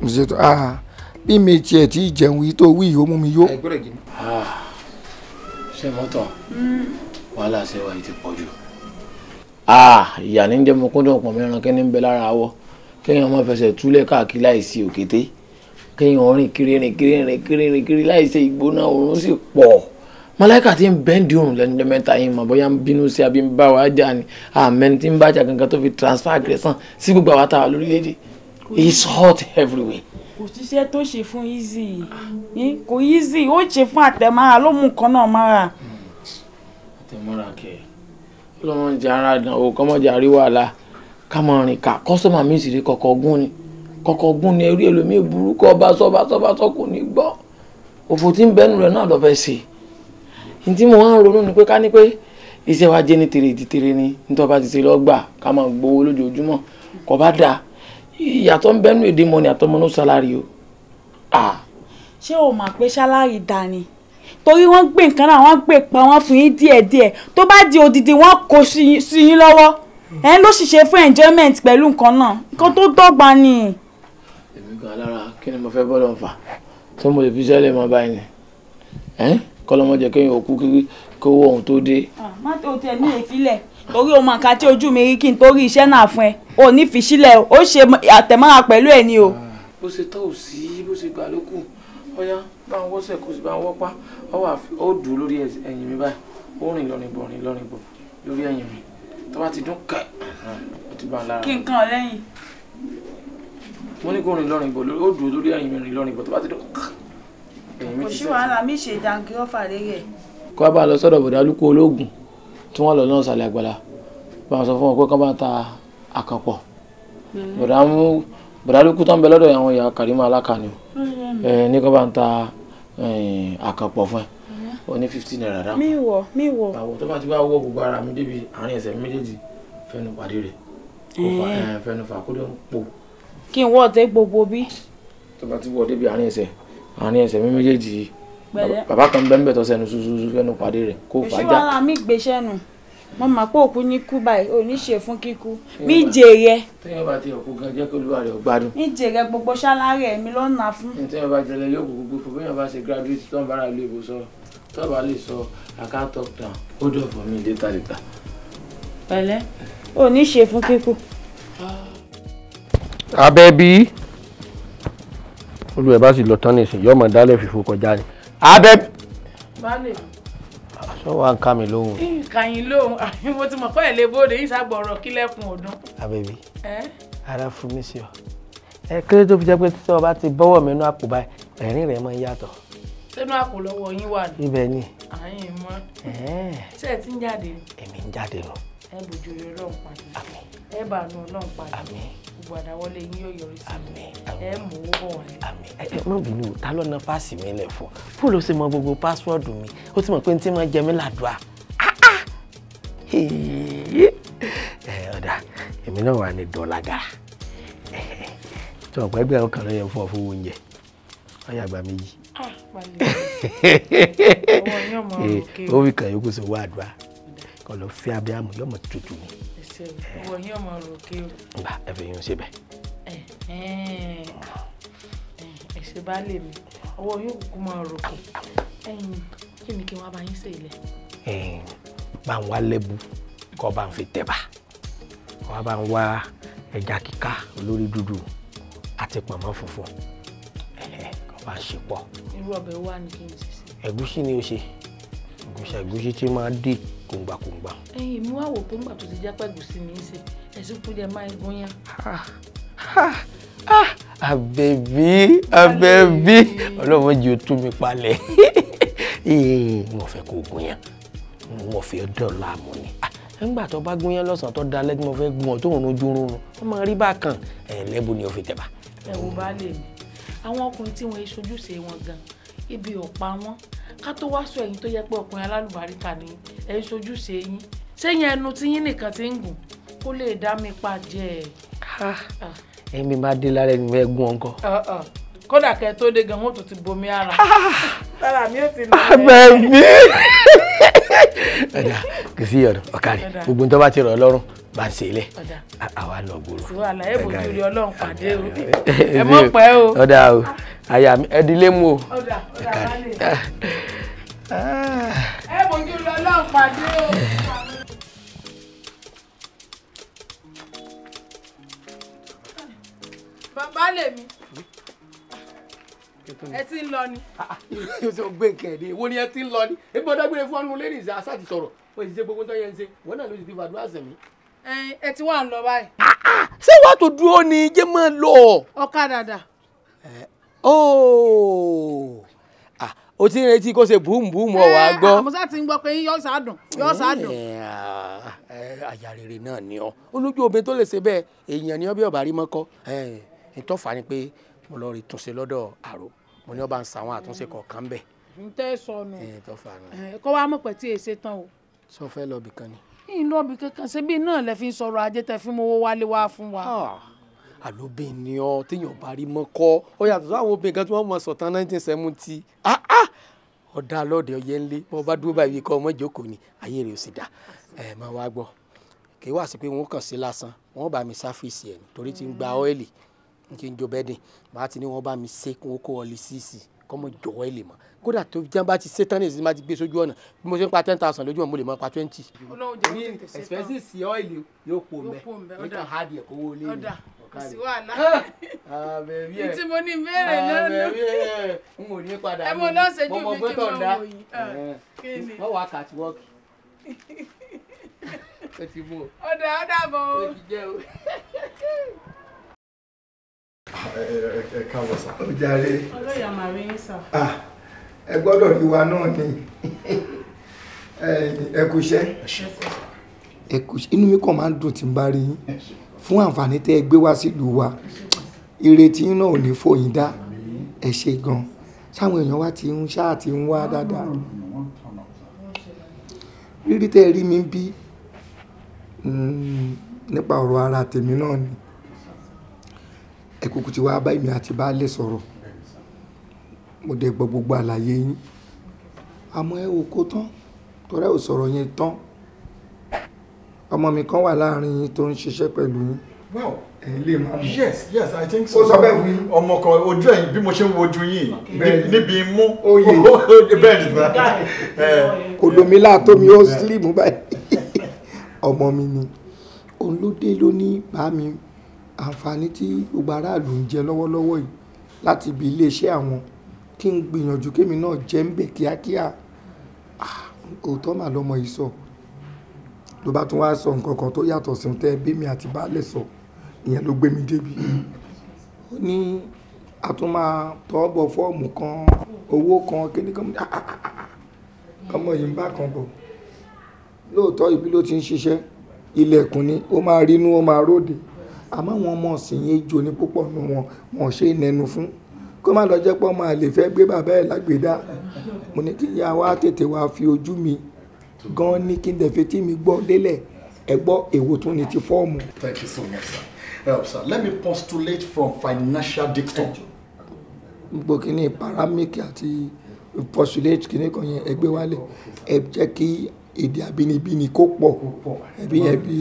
mo ti ṣe tán ah bí mi tiẹ̀ ti jẹun yìí tó wí yìí ó mú mi yó. ẹgbẹ́rẹ̀ jẹ́ mi. Ah, ṣé mọ́tò mm. wàhálà ṣe wáyé ti pọ̀ jù. Ah, ìyá ní jẹ́ mo kúndùn ọ̀pọ̀ mìíràn kí ní bẹ lára àwọ̀ kéèyàn máa fẹsẹ̀ túlẹ̀ káàkiri láìsí òkété kéèyàn rìn kiri rìn kiri rìn kiri rìn kiri láì ṣe ìgbóná oorun sì pọ̀ mọláìkà tí ń bẹ́ǹdì oorun lẹ́nu mẹ́ta yìí mọ̀ bóyá ń bínú sí àbí ń bá wa jà ni àmẹ́ni tí ń bàjá gangan tó fi transfer aggression sí gbogbo àwa tá a lórílẹ̀‐èdè it's hot everywhere kò síṣẹ́ tó ṣe fún yìí kò easy ó ṣe fún àtẹ̀mára ló mú nǹkan náà mára. àtẹ̀mára kẹ̀ ló mọ̀ ń jẹ́ ara ìdánwò kọ́mọ́jà rí wàhálà ká ká kọ́sọ́mà mi sì rí kọ̀ọ̀kan ogún ni kọ̀ọ̀kan gún ni ẹrí ẹlòmíì burúkú ọba sọba sọba sọkò ní gbọ́ òfò tí ń bẹ́nu rẹ̀ náà lọ fẹ́ ṣe ní tí mo wá ń ronú ni pé ká ní pé iṣẹ́ wa jẹ́ ní tèrè ìdítèrè ni nítorí ọba ti ṣe lọ́gbà ká máa gbowó lójoojúmọ́ kò bá dáa ìyàtọ̀ ń bẹ́nu èdè mọ́ni àtọmọ́nú sálárì o. ṣé o mọ̀ pé sálárì dáa torí wọ́n gbé nǹkan náà wọ́n gbé pa wọ́n fún yín díẹ̀díẹ̀ tó bá di odidi wọ́n kó sí yín lọ́wọ́ ẹ̀ ló sì fún enjoyment pẹ̀lú nǹkan náà nǹkan tó dọ́gba ni èmi gan alára kí ni mo fẹ́ bọ́lọ̀ fà tí mo lè fi sẹ́lẹ̀ mọ́ báyìí ni kọ́lọ́mọdé kéèyàn òkú kiri kówó ohun tó dé. má tó tẹ ní ìfilẹ̀ torí o mọ nǹkan tí ojú mi rí kí n torí iṣẹ́ náà fún ẹ o ní fi o ṣe àtẹ̀mọ́ra pẹ̀lú ẹ̀ ni o. bó ṣe tọ́ ò sí bó ṣe gbà ló kù ọyá bá ń wọ́sẹ̀ kó sì bá ń wọ́pá ó dùn lórí ẹ̀yìn mi báyìí ó rìn lọ́rin bọ̀ rìn lọ́rin bọ̀ lórí ẹ̀yìn mi tó bá ti dún kẹ́ ó ti bá a lára. kí n kàn lẹ́yìn wọ́n ní kó rìn lọ́rìn bọ̀ ó dùn lórí ẹ̀yìn rìn lọ́rìn bọ̀ tó bá ti dùn. kò sí wàhálà mi ṣe jàǹkì ọ̀fà rẹ̀ kó wá bá a lọ sọ́dọ̀ bọ̀dá lúkú ológun tí wọ́n lọ lọ́nà sàlẹ̀ àgbàlá bá wọn sọ fún wọn pé kán bá ta àkànpọ̀ hmm. bọ̀dá mú bọ̀dá lúkú tó bẹ lọ́dọ̀ àwọn ìyá Karima aláka ni hmm. ẹ ní kán bá ń ta àkànpọ̀ fún ẹ hmm. ó ní fifteen naira dáhùn. mi wọ mi wọ. àwọ̀ tó bá ti wá wọ gbogbo ara mi débi àárín ẹsẹ̀ méjèèjì fẹ́nu pàdé rẹ̀ eh. fẹ́nu fà kó dé ń pò kí n wọ́ọ̀dé gbogbo bí. tó bá ti wọ́ọ̀dé bí àárín ẹsẹ̀ àárín ẹsẹ̀ mi méjèèjì yìí bàbá kan bẹ́ẹ̀ bẹ́ẹ̀ tó sẹ́nu ṣuṣuṣu fẹ́nu pàdé rẹ̀ kó fàájà. èsì wàhálà mi gbèsè nù mo mà pé òkú ní kú báyìí ò ní ṣe fún kíkú mi jèrè. tẹ́yọ̀ bá ti òkú gan jẹ́ kó lu àrẹ̀ ọ̀gbádùn. mi jèrè gbogbo ṣáláàrẹ̀ ẹ̀mí ló ń na fún. tẹ́yọ̀ bá jẹlẹ yóò kúkú gbé fún bẹ́ẹ̀ bá ṣe graduate tó ń bára ilé ìbò sọ tó bá lè sọ I can't talk down hold up for me later later. pẹ̀lẹ́ ò ní ṣe fún kíkú. Ah abẹ́bí olú ẹ̀ bá sì lọ tán nìsín yọmọ dálẹ̀ fìfò kọjá ni abẹ́. baálé. aṣọ wa ń ká mi lóhùn. kàyín lóhùn àbí mo ti mọ̀ pé ẹ̀ lè bóde yìí ṣàgbọ̀rọ̀ kílẹ̀kùn ọdún. abẹ́bí ara fún mi sí ọ ẹ kéré tó fi jẹ́ pé títí ọba ti bọ́wọ́ mi nú àpò báyìí ẹ̀rín rẹ̀ máa ń yàtọ̀. sínú àpò lọ́wọ́ yín wà ní. ibẹ̀ ni. àyìn mọ́. ṣé ẹ ti ń jáde. èmi ń jáde lọ ẹ bójú rẹ ọlọ́run pàdé ẹ bá nu ọlọ́run pàdé gbogbo àdáwọlé yín yóò yọrí sí i ẹ mú owó bọ̀ wọlé. ẹ má bínú ta ló na páàsì mi lẹ̀ fọ́ fóònù ó sì mọ gbogbo pásíwọ́ọ̀dù mi ó ti mọ̀ pé ní tí mo jẹ mí làdùá ah, ah. ọ̀dà èmi náà wà ní dọ́làgàrà tí ọ̀pọ̀ ẹgbẹ́ ọkàn ló yẹ fún ọ fún oúnjẹ ọyà àgbà méjì ah, ó fi kàn yókù sọ wá àdúrà ọlọ́fẹ́ abiamu yọmọ tutù ni. ọwọ́ yín ọmọ rò kí o. nba ẹfẹ yín ṣe bẹ́ẹ̀. ẹsẹ bá lè mi ọwọ́ yóò kúkú máa rò kí kí ni kí wọn bá yín ṣe ilẹ̀. bá ń wá lẹ́bù kọ́ bá ń fi tẹ̀bà kọ́ bá ń wá ẹja kíká olórí dúdú àti pọ̀nmọ́ funfun kọ́ bá ń ṣe pọ̀. irú ọbẹ̀ wa ni kí n ṣe. ẹ̀gúsí ni o ṣe ìgúnṣà ìgúnṣe tí máa dé kòǹgbàkòǹgbà. ẹyin mú àwò tó ń gbà tó ti jápẹ́ gùsì mi ń ṣe ẹ̀sùn kú dẹ̀ máa ń gún yẹn. àbẹ̀bí àbẹ̀bí ọlọ́run jẹ́ o mi palẹ̀ mo fẹ́ kó gún yẹn mo fẹ́ dọ̀la mọ́ ni nígbà ah, tó bá gún yẹn lọ́sàn-án tó dalẹ́ tí mo fẹ́ gún ọ tó ń rojú rúnrún ó máa rí bákan ẹ̀ lẹ́bù ni ó fi tẹ̀ bá. ẹ wo baálé mi àwọn ọkùnrin tí wọn ṣojúṣe wọn gan-an ibi ò pa wọ́n ká tó wá sọ ẹ̀yin tó yẹ pé ọkùnrin alálùbáríkà ni ẹ̀yin sojú ṣe yín sẹ́yìn ẹnu tí yín nìkan ti ń gùn kó lè dá mi pa jẹ ẹ̀. ẹ̀mí máa dé lára ẹni fẹ́ gún ọkọ. kódà kẹ́ tó dé gan-an ó tún ti bomi ara. sára mi ò ti lọ. àbẹ̀mí. ẹ̀dá kìí sí ọ̀dọ̀ ọ̀kàrí gbogbo ní tó bá ti rọ̀ ọ́ lọ́rùn bá ń ṣe ilé àwa lọ gbòòrò. sùúrù àlàyé bòjú rí o ẹ mọ̀ pẹ́ o. ọ̀dà o àyà mi ẹ̀dílé mu o. ọ̀dà ọ̀dà bá ẹ bòjú ah. rí ọlọ́run pàdé o. bàbá lèmi ẹ ti ń lọ ni. Ah, ah, yóò ṣe gbé nǹkan ẹ̀ dé wo ni ẹ ti ń lọ ni ebi ọdọ gbére fún ọdún lẹ́yìn ìṣe àṣà ti sọ̀rọ̀ wọ́n ti ṣe gbogbo tó yẹ ń ṣe wọ́n náà ló ti ti fàdúrà sẹ̀mí ẹ ti wà ń lọ báyìí. ṣé wàá tó dúró ni jẹ́ máa lọ. ọ̀kadà dà. Oh. o ti ń retí kó ṣe búùmùbúùmù ọ̀wá gbọ́. àmọ́sá ti ń gbọ́ pé yọ sàádùn yọ sàádùn. àyà rere náà ni ọ olójú obìnrin tó lè ṣe bẹ́ẹ̀ èèyàn ni ọ bí ọ̀bà rí mọ́kọ́ ìtọ́fà ni pé mo lọ rí túnṣe lọ́dọ̀ àrò mo ní ọba ń sàwọn àtúnṣe kọ̀ọ̀kan bẹ́ẹ̀. n tẹ́ sọnù kọ́ wa mọ̀ pẹ̀ tí èsè tán o. sọ fẹ́ lọ bìkan ni ìlọ́ọ̀bì kankan ṣebí náà lẹ fi ń sọ̀rọ̀ ajé tẹ fi mowó wálé wá fún wa. Ah, àlóbìn ni ọ téèyàn bá rí mọ kọ ọ yàtọ̀ sáwọn obìnrin kan tí wọ́n mọ sọ̀tàn nineteen seventy ah, ah! ọ̀dà lọ́ọ̀dẹ̀ ọ̀yẹ́ ńlẹ̀ mọ bá dúró báyìí kọ́ ọmọ ìjókòó ni ayé rẹ̀ ò sì dá ẹ̀ mọ wá gbọ́ kì í wá sí pé wọ́n kàn sí lásán wọ́n bá mi sáfíìsì ẹ̀ torí ti ń gba ọ́ẹ̀lì kí n jo bẹ́ẹ̀dì màá ti ní wọ́n bá mi ṣe kí wọ́n kó ọ́ọ̀lì kódà tó jẹun bá ti ṣe tán nìyẹn má ti gbé sójú ọ̀nà bí mo ṣe ń pa ten thousand lójúmọ̀ mo lè máa pa twenty. olóhùn jẹ́ ní ọ́ìlì yóò pò mẹ́ níta hard yẹ kówó lé mi kàlẹ̀. sí wàhálà ìtí mo ní ìbéèrè náà ló ń wò ní padà mi mo mọ pé tó ń dá ah, wọ́n wà kàtíwọ́ọ̀kì. ó ti mú o. ọ̀dà ọ̀dà bọ̀ o. ó ti ẹ káàbọ̀ sá. ó jàre. ọlọ́yà màrí ń sà ẹ gbọ́dọ̀ rí wa náà ni ẹ kú iṣẹ́ ẹ kú iṣẹ́ inú mi kàn máa ń dùn tí n bá rí yín fún àǹfààní tẹ́ ẹ gbé wá sílùú wa ìrètí náà ò ní fòyín dá ẹ ṣe gan sáwọn èèyàn wa ti ń ṣáà ti ń wá dáadáa rírí tẹ́ ẹ rí mi bí hmm, nípa ọ̀rọ̀ ara tèmi náà ni ẹ kúkú ti wá bá èmi àti baálé sọ̀rọ̀ mo dẹ̀ gbọ́ gbogbo àlàyé yín àmọ́ ẹ ò kó tán tọ́rẹ́ ò sọ̀rọ̀ yẹn tán ọmọ mi kan wà láàrin yín tó ń ṣiṣẹ́ pẹ̀lú yín. well ẹ lè máa mọ. yes yes i think so. ó sọ bẹ́ẹ̀ wí. ọmọ kan ojú ẹ̀yìn bí mo ṣe ń wojú yín níbi imú. oyè bẹ́ẹ̀ ni sá. Eh. kò lómi láàtó mi ó sílíìmù báyìí ọmọ mi ni òun ló dé ló ní bá mi àǹfààní tí gbogbo aráàlú ń jẹ lọ́wọ́lọ́wọ́ yìí láti ibi iléeṣẹ́ àwọn kí n gbìyànjú kémi náà jẹ́ ń bẹ̀ kíákíá ah, òótọ́ mà lọ́mọ yìí sọ ló bá tún wá sọ nǹkan kan tó yàtọ̀ sí tẹ́ bẹ́mi àti baálẹ̀ sọ ìyẹn ló gbé mi débi ó ní a tún máa tọ́ọ̀bọ̀ fọ́ọ̀mù kan owó kan kíní kan ah, ah, ọmọ yìí ń bá kan bọ̀ lóòótọ́ ibi ló ti ń ṣiṣẹ́ ilẹ̀kùn ni ó máa rínú ó máa róde àmọ́ àwọn ọmọ ọ̀sìn yẹn jò púpọ̀ nù wọn wọn ò ṣe é nẹnu fún kó má lọ jẹ́ pọ́ máa lè fẹ́ gbé bàbá ẹ̀ lágbèdá mo ní kí n ya wá tètè wá fi ojú mi gan ní kí n dẹ̀ fi tí mi gbọ́ délẹ̀ ẹ gbọ́ èwo tún ni ti fọ́ọ̀mù. thank you so much sir. Help, sir. let me postulate from financial dictum. gbogbo kìíní paramedic àti postulate kìíní kan yẹn ẹgbẹ́ wálé ẹ jẹ́ kí èdè àbínibíni kó pọ̀ ẹbí yẹn bí.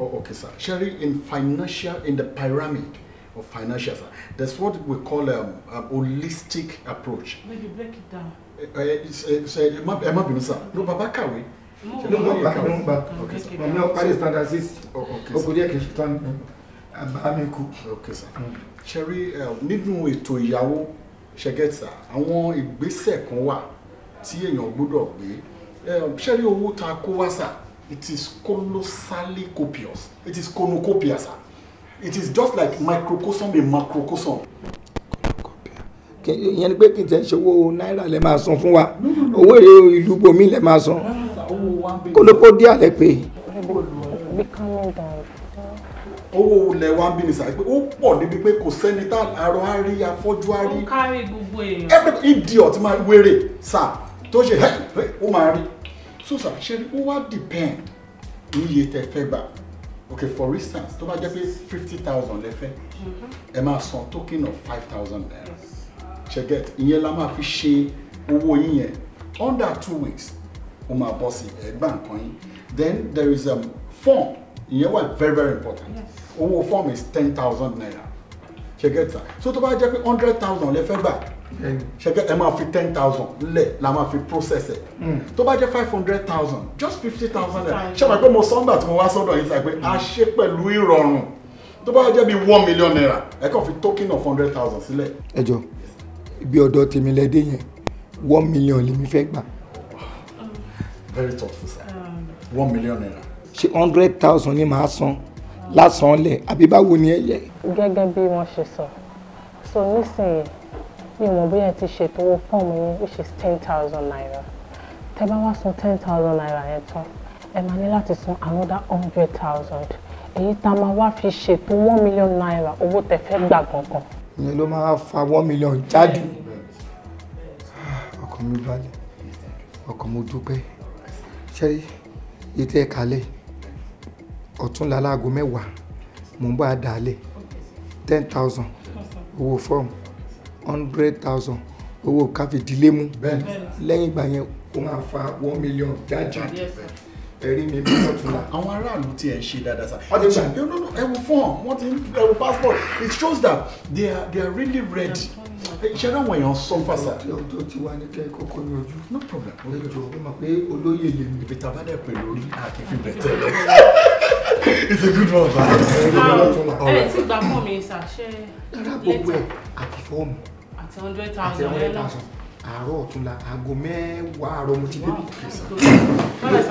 Oh, okay sir. sherry in financial in the pyramid of financials. That's what we call um, a holistic approach. Maybe break it down. No, Ẹ no, no, no, no, bàbá kàwé. Ló bá bá ló ń bá. Màmí ọ parí standard six. Okòdí ẹ̀kẹ́ tán àbá mi kú. Ṣẹ̀rí eh, nínú ètò ìyàwó ṣẹ̀gẹ́ta, àwọn ìgbésẹ̀ kan wà tí èèyàn gbọ́dọ̀ gbé. Eh, Ṣẹ̀rí owó ta kó wá sá, it is colossally copious, it is cornucopia sá it is just like microcosm a macrocosm. ìyẹn ni pé kì í tẹ̀ ṣe owó náírà lè máa san fún wa owó èrè ìlú bomi lè máa san kólópó díà lè pè. owó ilẹ̀ wa ń bí mi sàrí pé ó pọ̀ níbi pé kò sẹ́ni tá àrò á rí afọ́jú á rí. ó kárí gbogbo èèyàn. idiot máa wéré sáà tó ṣe ó máa rí so sàṣẹ́rí ó wá depend ní iye tẹ fẹ́ gbà okay for instance tó bá jẹ́ pé fifty thousand lẹ fẹ́ ẹ token of five thousand naira ṣe get ìyẹn la máa fi ṣe owó yín yẹn under two weeks ó máa bọ́ sí Bank nǹkan then there is a um, form ìyẹn wà very very important owó form is ten thousand naira ṣe get that so tó bá jẹ́ pé hundred thousand lẹ fẹ́ ṣẹkẹ ẹ máa fi ten thousand lẹ la máa fi process ẹ hmm. tó bá jẹ five hundred thousand just fifty thousand naira ṣé wàá pé mo sọ́ńgbà tí mo wá sọ́dọ̀ yìí sáré pé a ṣe pẹ̀lú ìrọ̀rùn tó bá jẹ́ bíi one million naira ẹ kàn fi token of hundred thousand sílẹ̀. ẹ jọ ibi ọ̀dọ̀ tèmi lẹdẹ yẹn one million lèmi fẹ́ gbà. very thoughtful sir one million naira. ṣe hundred thousand ni màá san lásán lẹ àbí báwo ni ẹ yẹ. gẹ́gẹ́ bí wọ́n ṣe sọ so nísìnyí mi ò mọ̀ bóyá ẹ ti ṣètò owó fọ́ọ̀mù yín which is ten thousand naira tẹ́ bá wá san ten thousand naira yẹn tán ẹ máa ní láti san another hundred thousand èyí tá a máa wá fi ṣètò one million naira owó tẹ́ fẹ́ gbà gangan. ìyẹn ló máa fa one million jáde ọkàn mi balẹ̀ ọkàn mo dúpẹ́ ṣẹ́rí ètò ẹ̀ka lẹ̀ ọ̀túnla láago mẹ́wàá mò ń bá a dà á lẹ̀ ten thousand owó fọ́ọ̀mù hundred thousand owó káfíńdílé mú lẹ́yìn ìgbà yẹn ó máa fa one million jáde ẹ̀rí mi bí wọ́n tún la. àwọn aráàlú tí ẹ ṣe dáadáa sa. ọdún ìgbà no no no ẹ wo form wọ́n ti ẹ wo passport it shows that they are they are really ready. ṣé àwọn èèyàn sọ fàṣà. ọjọ́ tí wàá ní kẹ́kọ̀ọ́ kọ́ ní ojú. no problem. ẹjọ́ ó máa pé olóyè lè mi. ibi tàbá dẹ̀ pè lórí àkẹ́fì bẹ̀ tẹ́lẹ̀. it's a good one. ẹ ti gbà fún mi sà ṣe. rárá gbogbo ẹ àti fọ́ọ̀mù àti hundred thousand lẹ́nu àárọ̀ ọ̀túnla aago mẹ́wàá àárọ̀ mo ti débi.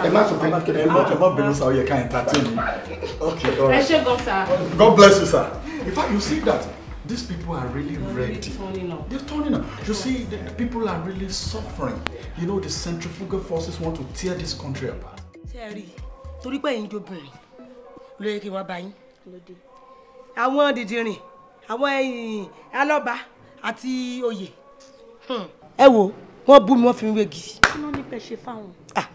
ẹ má sọ fún mi kẹlẹ ẹ má ah, ẹ má bínú sa oyè ká entertain me. okay all right. ẹ ṣe gan sa. God bless you sir. In fact you see that these people are really ready. They're turning up. You see the people are really suffering. You know the centrifugal forces want to tear this country apart. ṣe rí i torí pé ẹ̀yin jóbìnrin ló yẹ kí wọ́n bá yín àwọn dìdìrìn àwọn ẹ̀yìn alọ́ba àti oyè. Hmm. ẹ wo wọn bú mi wọn fi mi wégi. kí ló ní pẹ ṣe fáwọn. ah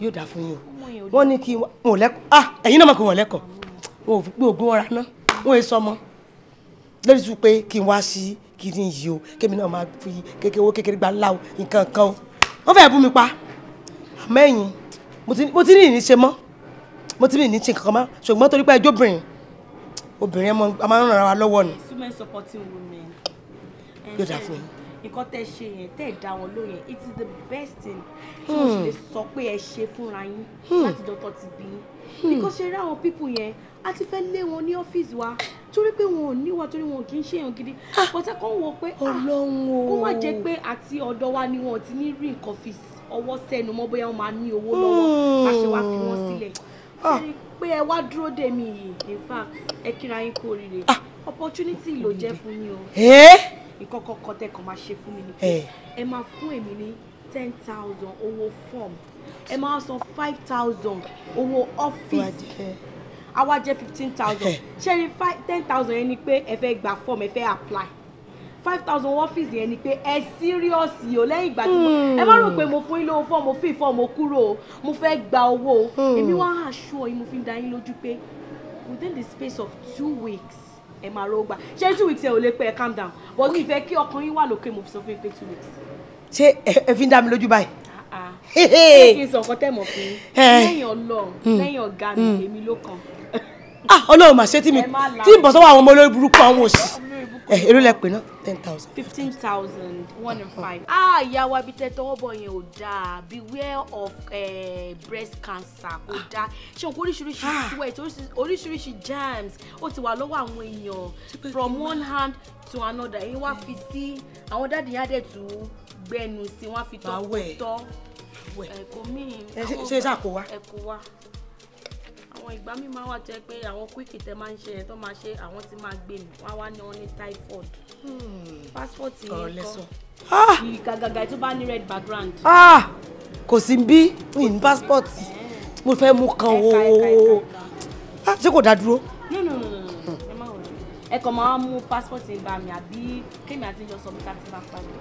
yóò dáa fún yín o wọn ní kí wọn ò ah ẹ̀yin náà mọ̀ pé wọn lẹkọọ wọn ò fi pé ògùn ọra ná wọn èso ọmọ lórí tún pé kí n wá sí kí n yí o kémi náà máa fi kékeré owó kékeré gba ńlá o nǹkan kan o wọn fẹẹ bú mi pa àmọ́ ẹ̀yin mo ti ní ìní ṣe mọ́ mo ti ní ìní ṣe kankan mọ́ ṣùgbọ́n torí pé ẹjọ́ obìnrin obìnrin ẹ máa ń ràn wá lọ́wọ́ ni yóò dáa fún yín nǹkan tẹ ṣe yẹn tẹ dá wọn ló it is the best thing tí mo hmm. ṣe lè sọ pé ẹ ṣe fúnra yín hmm. láti dọ́tọ̀ ti bí yín hmm. because ṣe rí àwọn people yẹn a ti fẹ́ lé wọn ní ọ́fíìsì wa torí pé wọn ò níwà torí wọn kì í ṣe èèyàn gidi pọtẹ ah. kan wọ pé ah, kó má jẹ pé àti ọ̀dọ̀ wa ni wọn ti ní rí nǹkan fi ọwọ́ sẹ́nu mọ́ bóyá wọn máa ní owó lọ́wọ́ má ṣe wá fi wọn sílẹ̀ ah. ṣe pé ẹ wá dúró dè mí yìí in fact ẹ kíra yín kú oríire opportunity ló jẹ́ fún yín o. Eh? ìkọkọkọ tẹ kàn máa ṣe fún mi ni pé eh. ẹ máa fún èmi ní ten thousand owó form ẹ máa san five thousand owó ọ́fíìsì àwa eh. jẹ́ fifteen thousand eh. ṣe rí ten thousand yẹn ni pé ẹ fẹ́ gba form ẹ fẹ́ apply five thousand owó ọ́fíìsì yẹn ni pé ẹ serious yìí o lẹ́yìn ìgbà tí mo hmm. ẹ má rò pé mo fún yín lówó fọ́ọ̀mù mo fi fọ́ọ̀mù mo kúrò o mo fẹ́ gba owó o hmm. èmi wá aṣọ yìí mo fi ń da yín lójú pé within the space of two weeks ẹ máa rówó gbà ṣé two weeks ẹ ò lè pẹ́ ẹ calm down but mi fẹ́ kí ọkàn yín wà lókè mo fi sọ fún yín pé two weeks. ṣé ẹ fi ń dá mi lójú báyìí. Ah, ah. ṣé kí n sọ nǹkan tẹ́ mọ̀ fún yín eh. lẹ́yìn ọlọ́run hmm. lẹ́yìn ọ̀gá mi hmm. èmi ló kàn ah ọlọ́run mà ṣe tí mi tí n bọ̀ sọ́wọ́ àwọn ọmọ olórí burúkú àwọn òsì ẹ̀ èrò lẹ pè náà ten thousand. fifteen thousand one and five. ah ìyàwó abitẹ tọwọ́ bọ̀ yẹn ò dáa beware of uh, breast cancer kò dáa ṣé òun kò oríṣiríṣi ah. sweat oríṣiríṣi germs ó ti wà lọ́wọ́ àwọn èèyàn from one hand to another èyí wá fi sí àwọn dáàdì yá dẹ̀ tún gbẹnu sí wọ́n á fi tọ́ tọ́ ẹ̀kọ́ míì. ṣé ṣáà kò wá. ẹ̀kọ́ wá àwọn ìgbà mi máa wà tó pé àwọn kúìkì tẹ máa ń ṣe yẹn tó máa ṣe àwọn tí máa gbé mi wá wá ní wọn ní typhoid hmm. passport yẹn kọ ah! ìgàgàgà tó bá ní red background. Ah! kò sí bí mi passport eh. mo fẹ́ mú kan o ah, ṣé kò dá dúró. Hmm. ẹ kàn máa mú passport yẹn bá mi àbí kémi àti ìjọ sọ mi ká ti bá parí.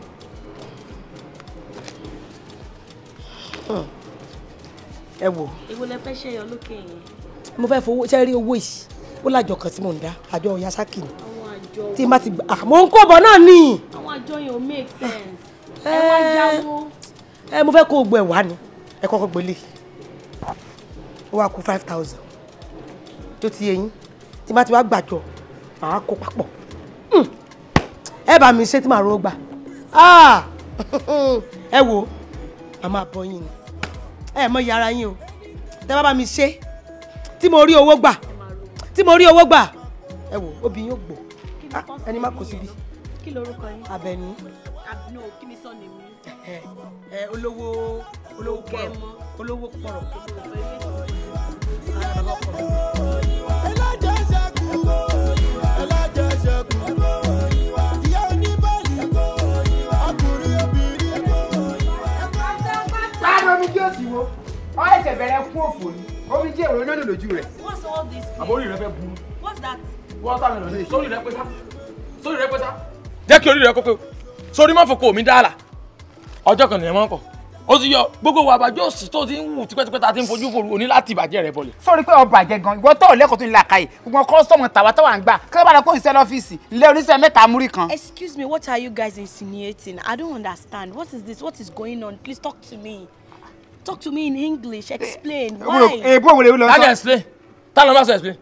Hmm. ẹ wò. èwo lẹ fẹ́ ṣe yọ lókè yẹn mo fẹ́ fowó ṣe rí owó yìí ó lájọ kan tí mò ń dá àjọ Yasaki ni tí n bá ti gbà ah, mò ń kó bọ̀ náà ni. àwọn àjọ yẹn ò make ah, sense ẹ wá eh, jáwó. ẹ eh, mo fẹ́ kó o gbọ́ ẹ̀ wá ni ẹ kọ́kọ́ gbélé ó wá kú five thousand tó ti yẹ tí n bá ti wá gbàjọ màá kó papọ̀ hmm. ẹ bá mi ṣe tí màá ro gbà ah! ẹ wo a máa yín ni ẹ mọ iye ara yín o tẹ bá bá mi ṣe tí mo rí owó gbà tí mo rí owó gbà ẹ wò obìnrin yóò gbò ah, ẹni má kó síbi kí mi. ẹ eh, olówó olówó pọ̀rọ̀ olówó pọ̀rọ̀. ẹlẹ́jọ́ ṣẹ́kù kú òfò ni omi díẹ̀ wọ́n lónìí lójú rẹ̀. what's all this place. àbórí rẹ fẹ́ burú. what's that. wọ́tà mi lọ́dún sórí rẹ pẹ́sà sórí rẹ pẹ́sà. jẹ́ kí orí rẹ kókó sórí má fòkó mi dáàlà ọjọ́ kan nìyẹn máa ń kọ̀ ó ti yọ gbogbo wa àbájọ òsì tó ti ń wù tipẹ́tipẹ́ ta ti ń fojú fòru òní láti ìbàjẹ́ rẹ bọ̀lẹ̀. sọ́ọ́rí pé ọba àjẹ gan ìwọ tó lẹ́kọ̀ọ́ tó ń la kàyè gbogbo kọ́sọ̀mù tàwa tó wà ń gbà kí ló bá lọ kó iṣẹ́ lọ́fíìsì ilé oníṣẹ́ mẹ́ta múrí kan. excuse me what are you guys insinuating i don't understand what is this what is going on please talk to me talk to me in English eh, explain eh, why. ebo wo le lọ sọ. explain ta ló ma sọ explain.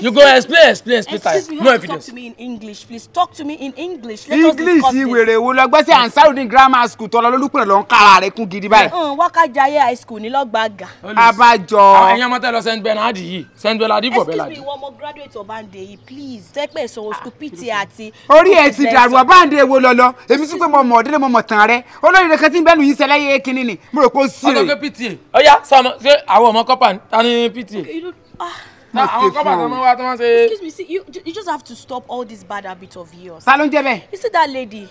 You go explain, explain, explain. Excuse me, no evidence. Talk to me in English, please. Talk to me in English. Let English yìí wèrè wo lọ gbọ́ sí Ansarudin grammar school tọ́lọ lólùpẹ̀ lọ ń kára rẹ̀ kún gidi báyìí. Wákàjáyé high school ní lọ́gbàgà. Abájọ. Ẹ̀yin ọmọ tẹ́lọ St. Bernard yìí, St. Bernard ibò bẹ́ẹ̀ láti. Excuse me, wọ́n mọ graduate Ọ̀báǹdé yìí, please. One more. school PT àti. Orí ẹ̀ ti dàrú Ọ̀báǹdé wo lọ lọ. Èmi sì pé mo mọ̀ ọ̀dẹ́lẹ̀ mo mọ̀ tàn rẹ. Olórí kan more. ń bẹ́nu yìí sẹ́lẹ̀ yé kinní ni. Mo rò pé ó sí rè. Ọlọ́gbẹ́ PTA. Ó yá, sọ àwọn ọmọ kọ́pà ta ni PTA? Ah no safe now. excuse me see you, you just have to stop all this bad habit of yours. ta ló ń jẹ́ bẹ́ẹ̀. you see that lady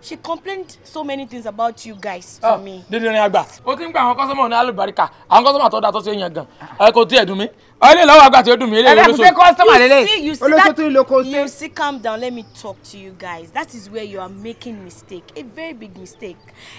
she complained so many things about you guys to oh, me. dídìrín àgbà ó ti ń gba àwọn kọ́sọ́mọ̀ ní alùbáríkà àwọn kọ́sọ́mọ̀ àtọ́dá tó ṣe é yan gan ẹ kò tí ẹ̀ dùn ọlẹ lọ́wọ́ àgbà tí ó dùn mí eléyìí olóso. olóso tún lo kóso. you see calm down let me talk to you guys that is where you are making mistake a very big mistake.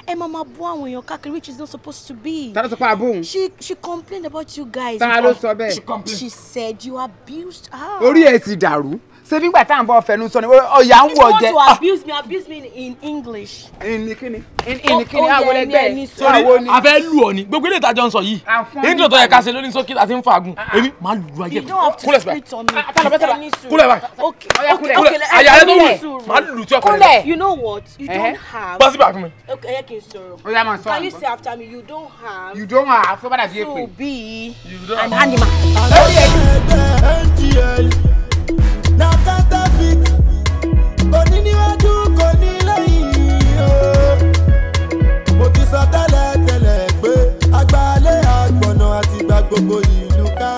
ẹ máa ma bú àwọn èèyàn káàkiri which is not supposed to be. tàbí a àbùn. she she complained about you guys. ta ló sọ bẹ́ẹ̀. she said you abused her. orí ẹ ti dàrú ṣé nígbà tá à ń bọ̀ fẹnu sọ ni ọ̀yà ń wọ̀ jẹ́. if you want to ah. abuse me abuse me in english. ìní kíni ìní oh, kíni oh, àwọn ẹgbẹ́ ẹ̀ sọ̀rọ̀ ni. a fẹ́ lù ọ ni gbogbo ilé ìtajà ń sọ yìí nítorí ọ̀tọ̀ ẹ̀ka ṣe lórí sókè àti ń fàágùn ah, ah. èmi máa lù ayé kúlẹ̀ síbẹ̀ kúlẹ̀ síbẹ̀ kúlẹ̀ báyìí kúlẹ̀ àyà rẹ tó wù máa lù ọkọ rẹ. you know what you don't have. gbọ́ síbẹ̀ mi. okay kì í sọ̀rọ̀ can you say after me you don't have. you don't have fún bàdà fi é pè. to be an animal na counterfeit òní níwájú kò ní lẹ́yìn o mo ti sọ tẹ́lẹ̀ tẹ́lẹ̀ pé agbálẹ̀ àgbọ̀nà àti gbàgbogbo ìlú ká.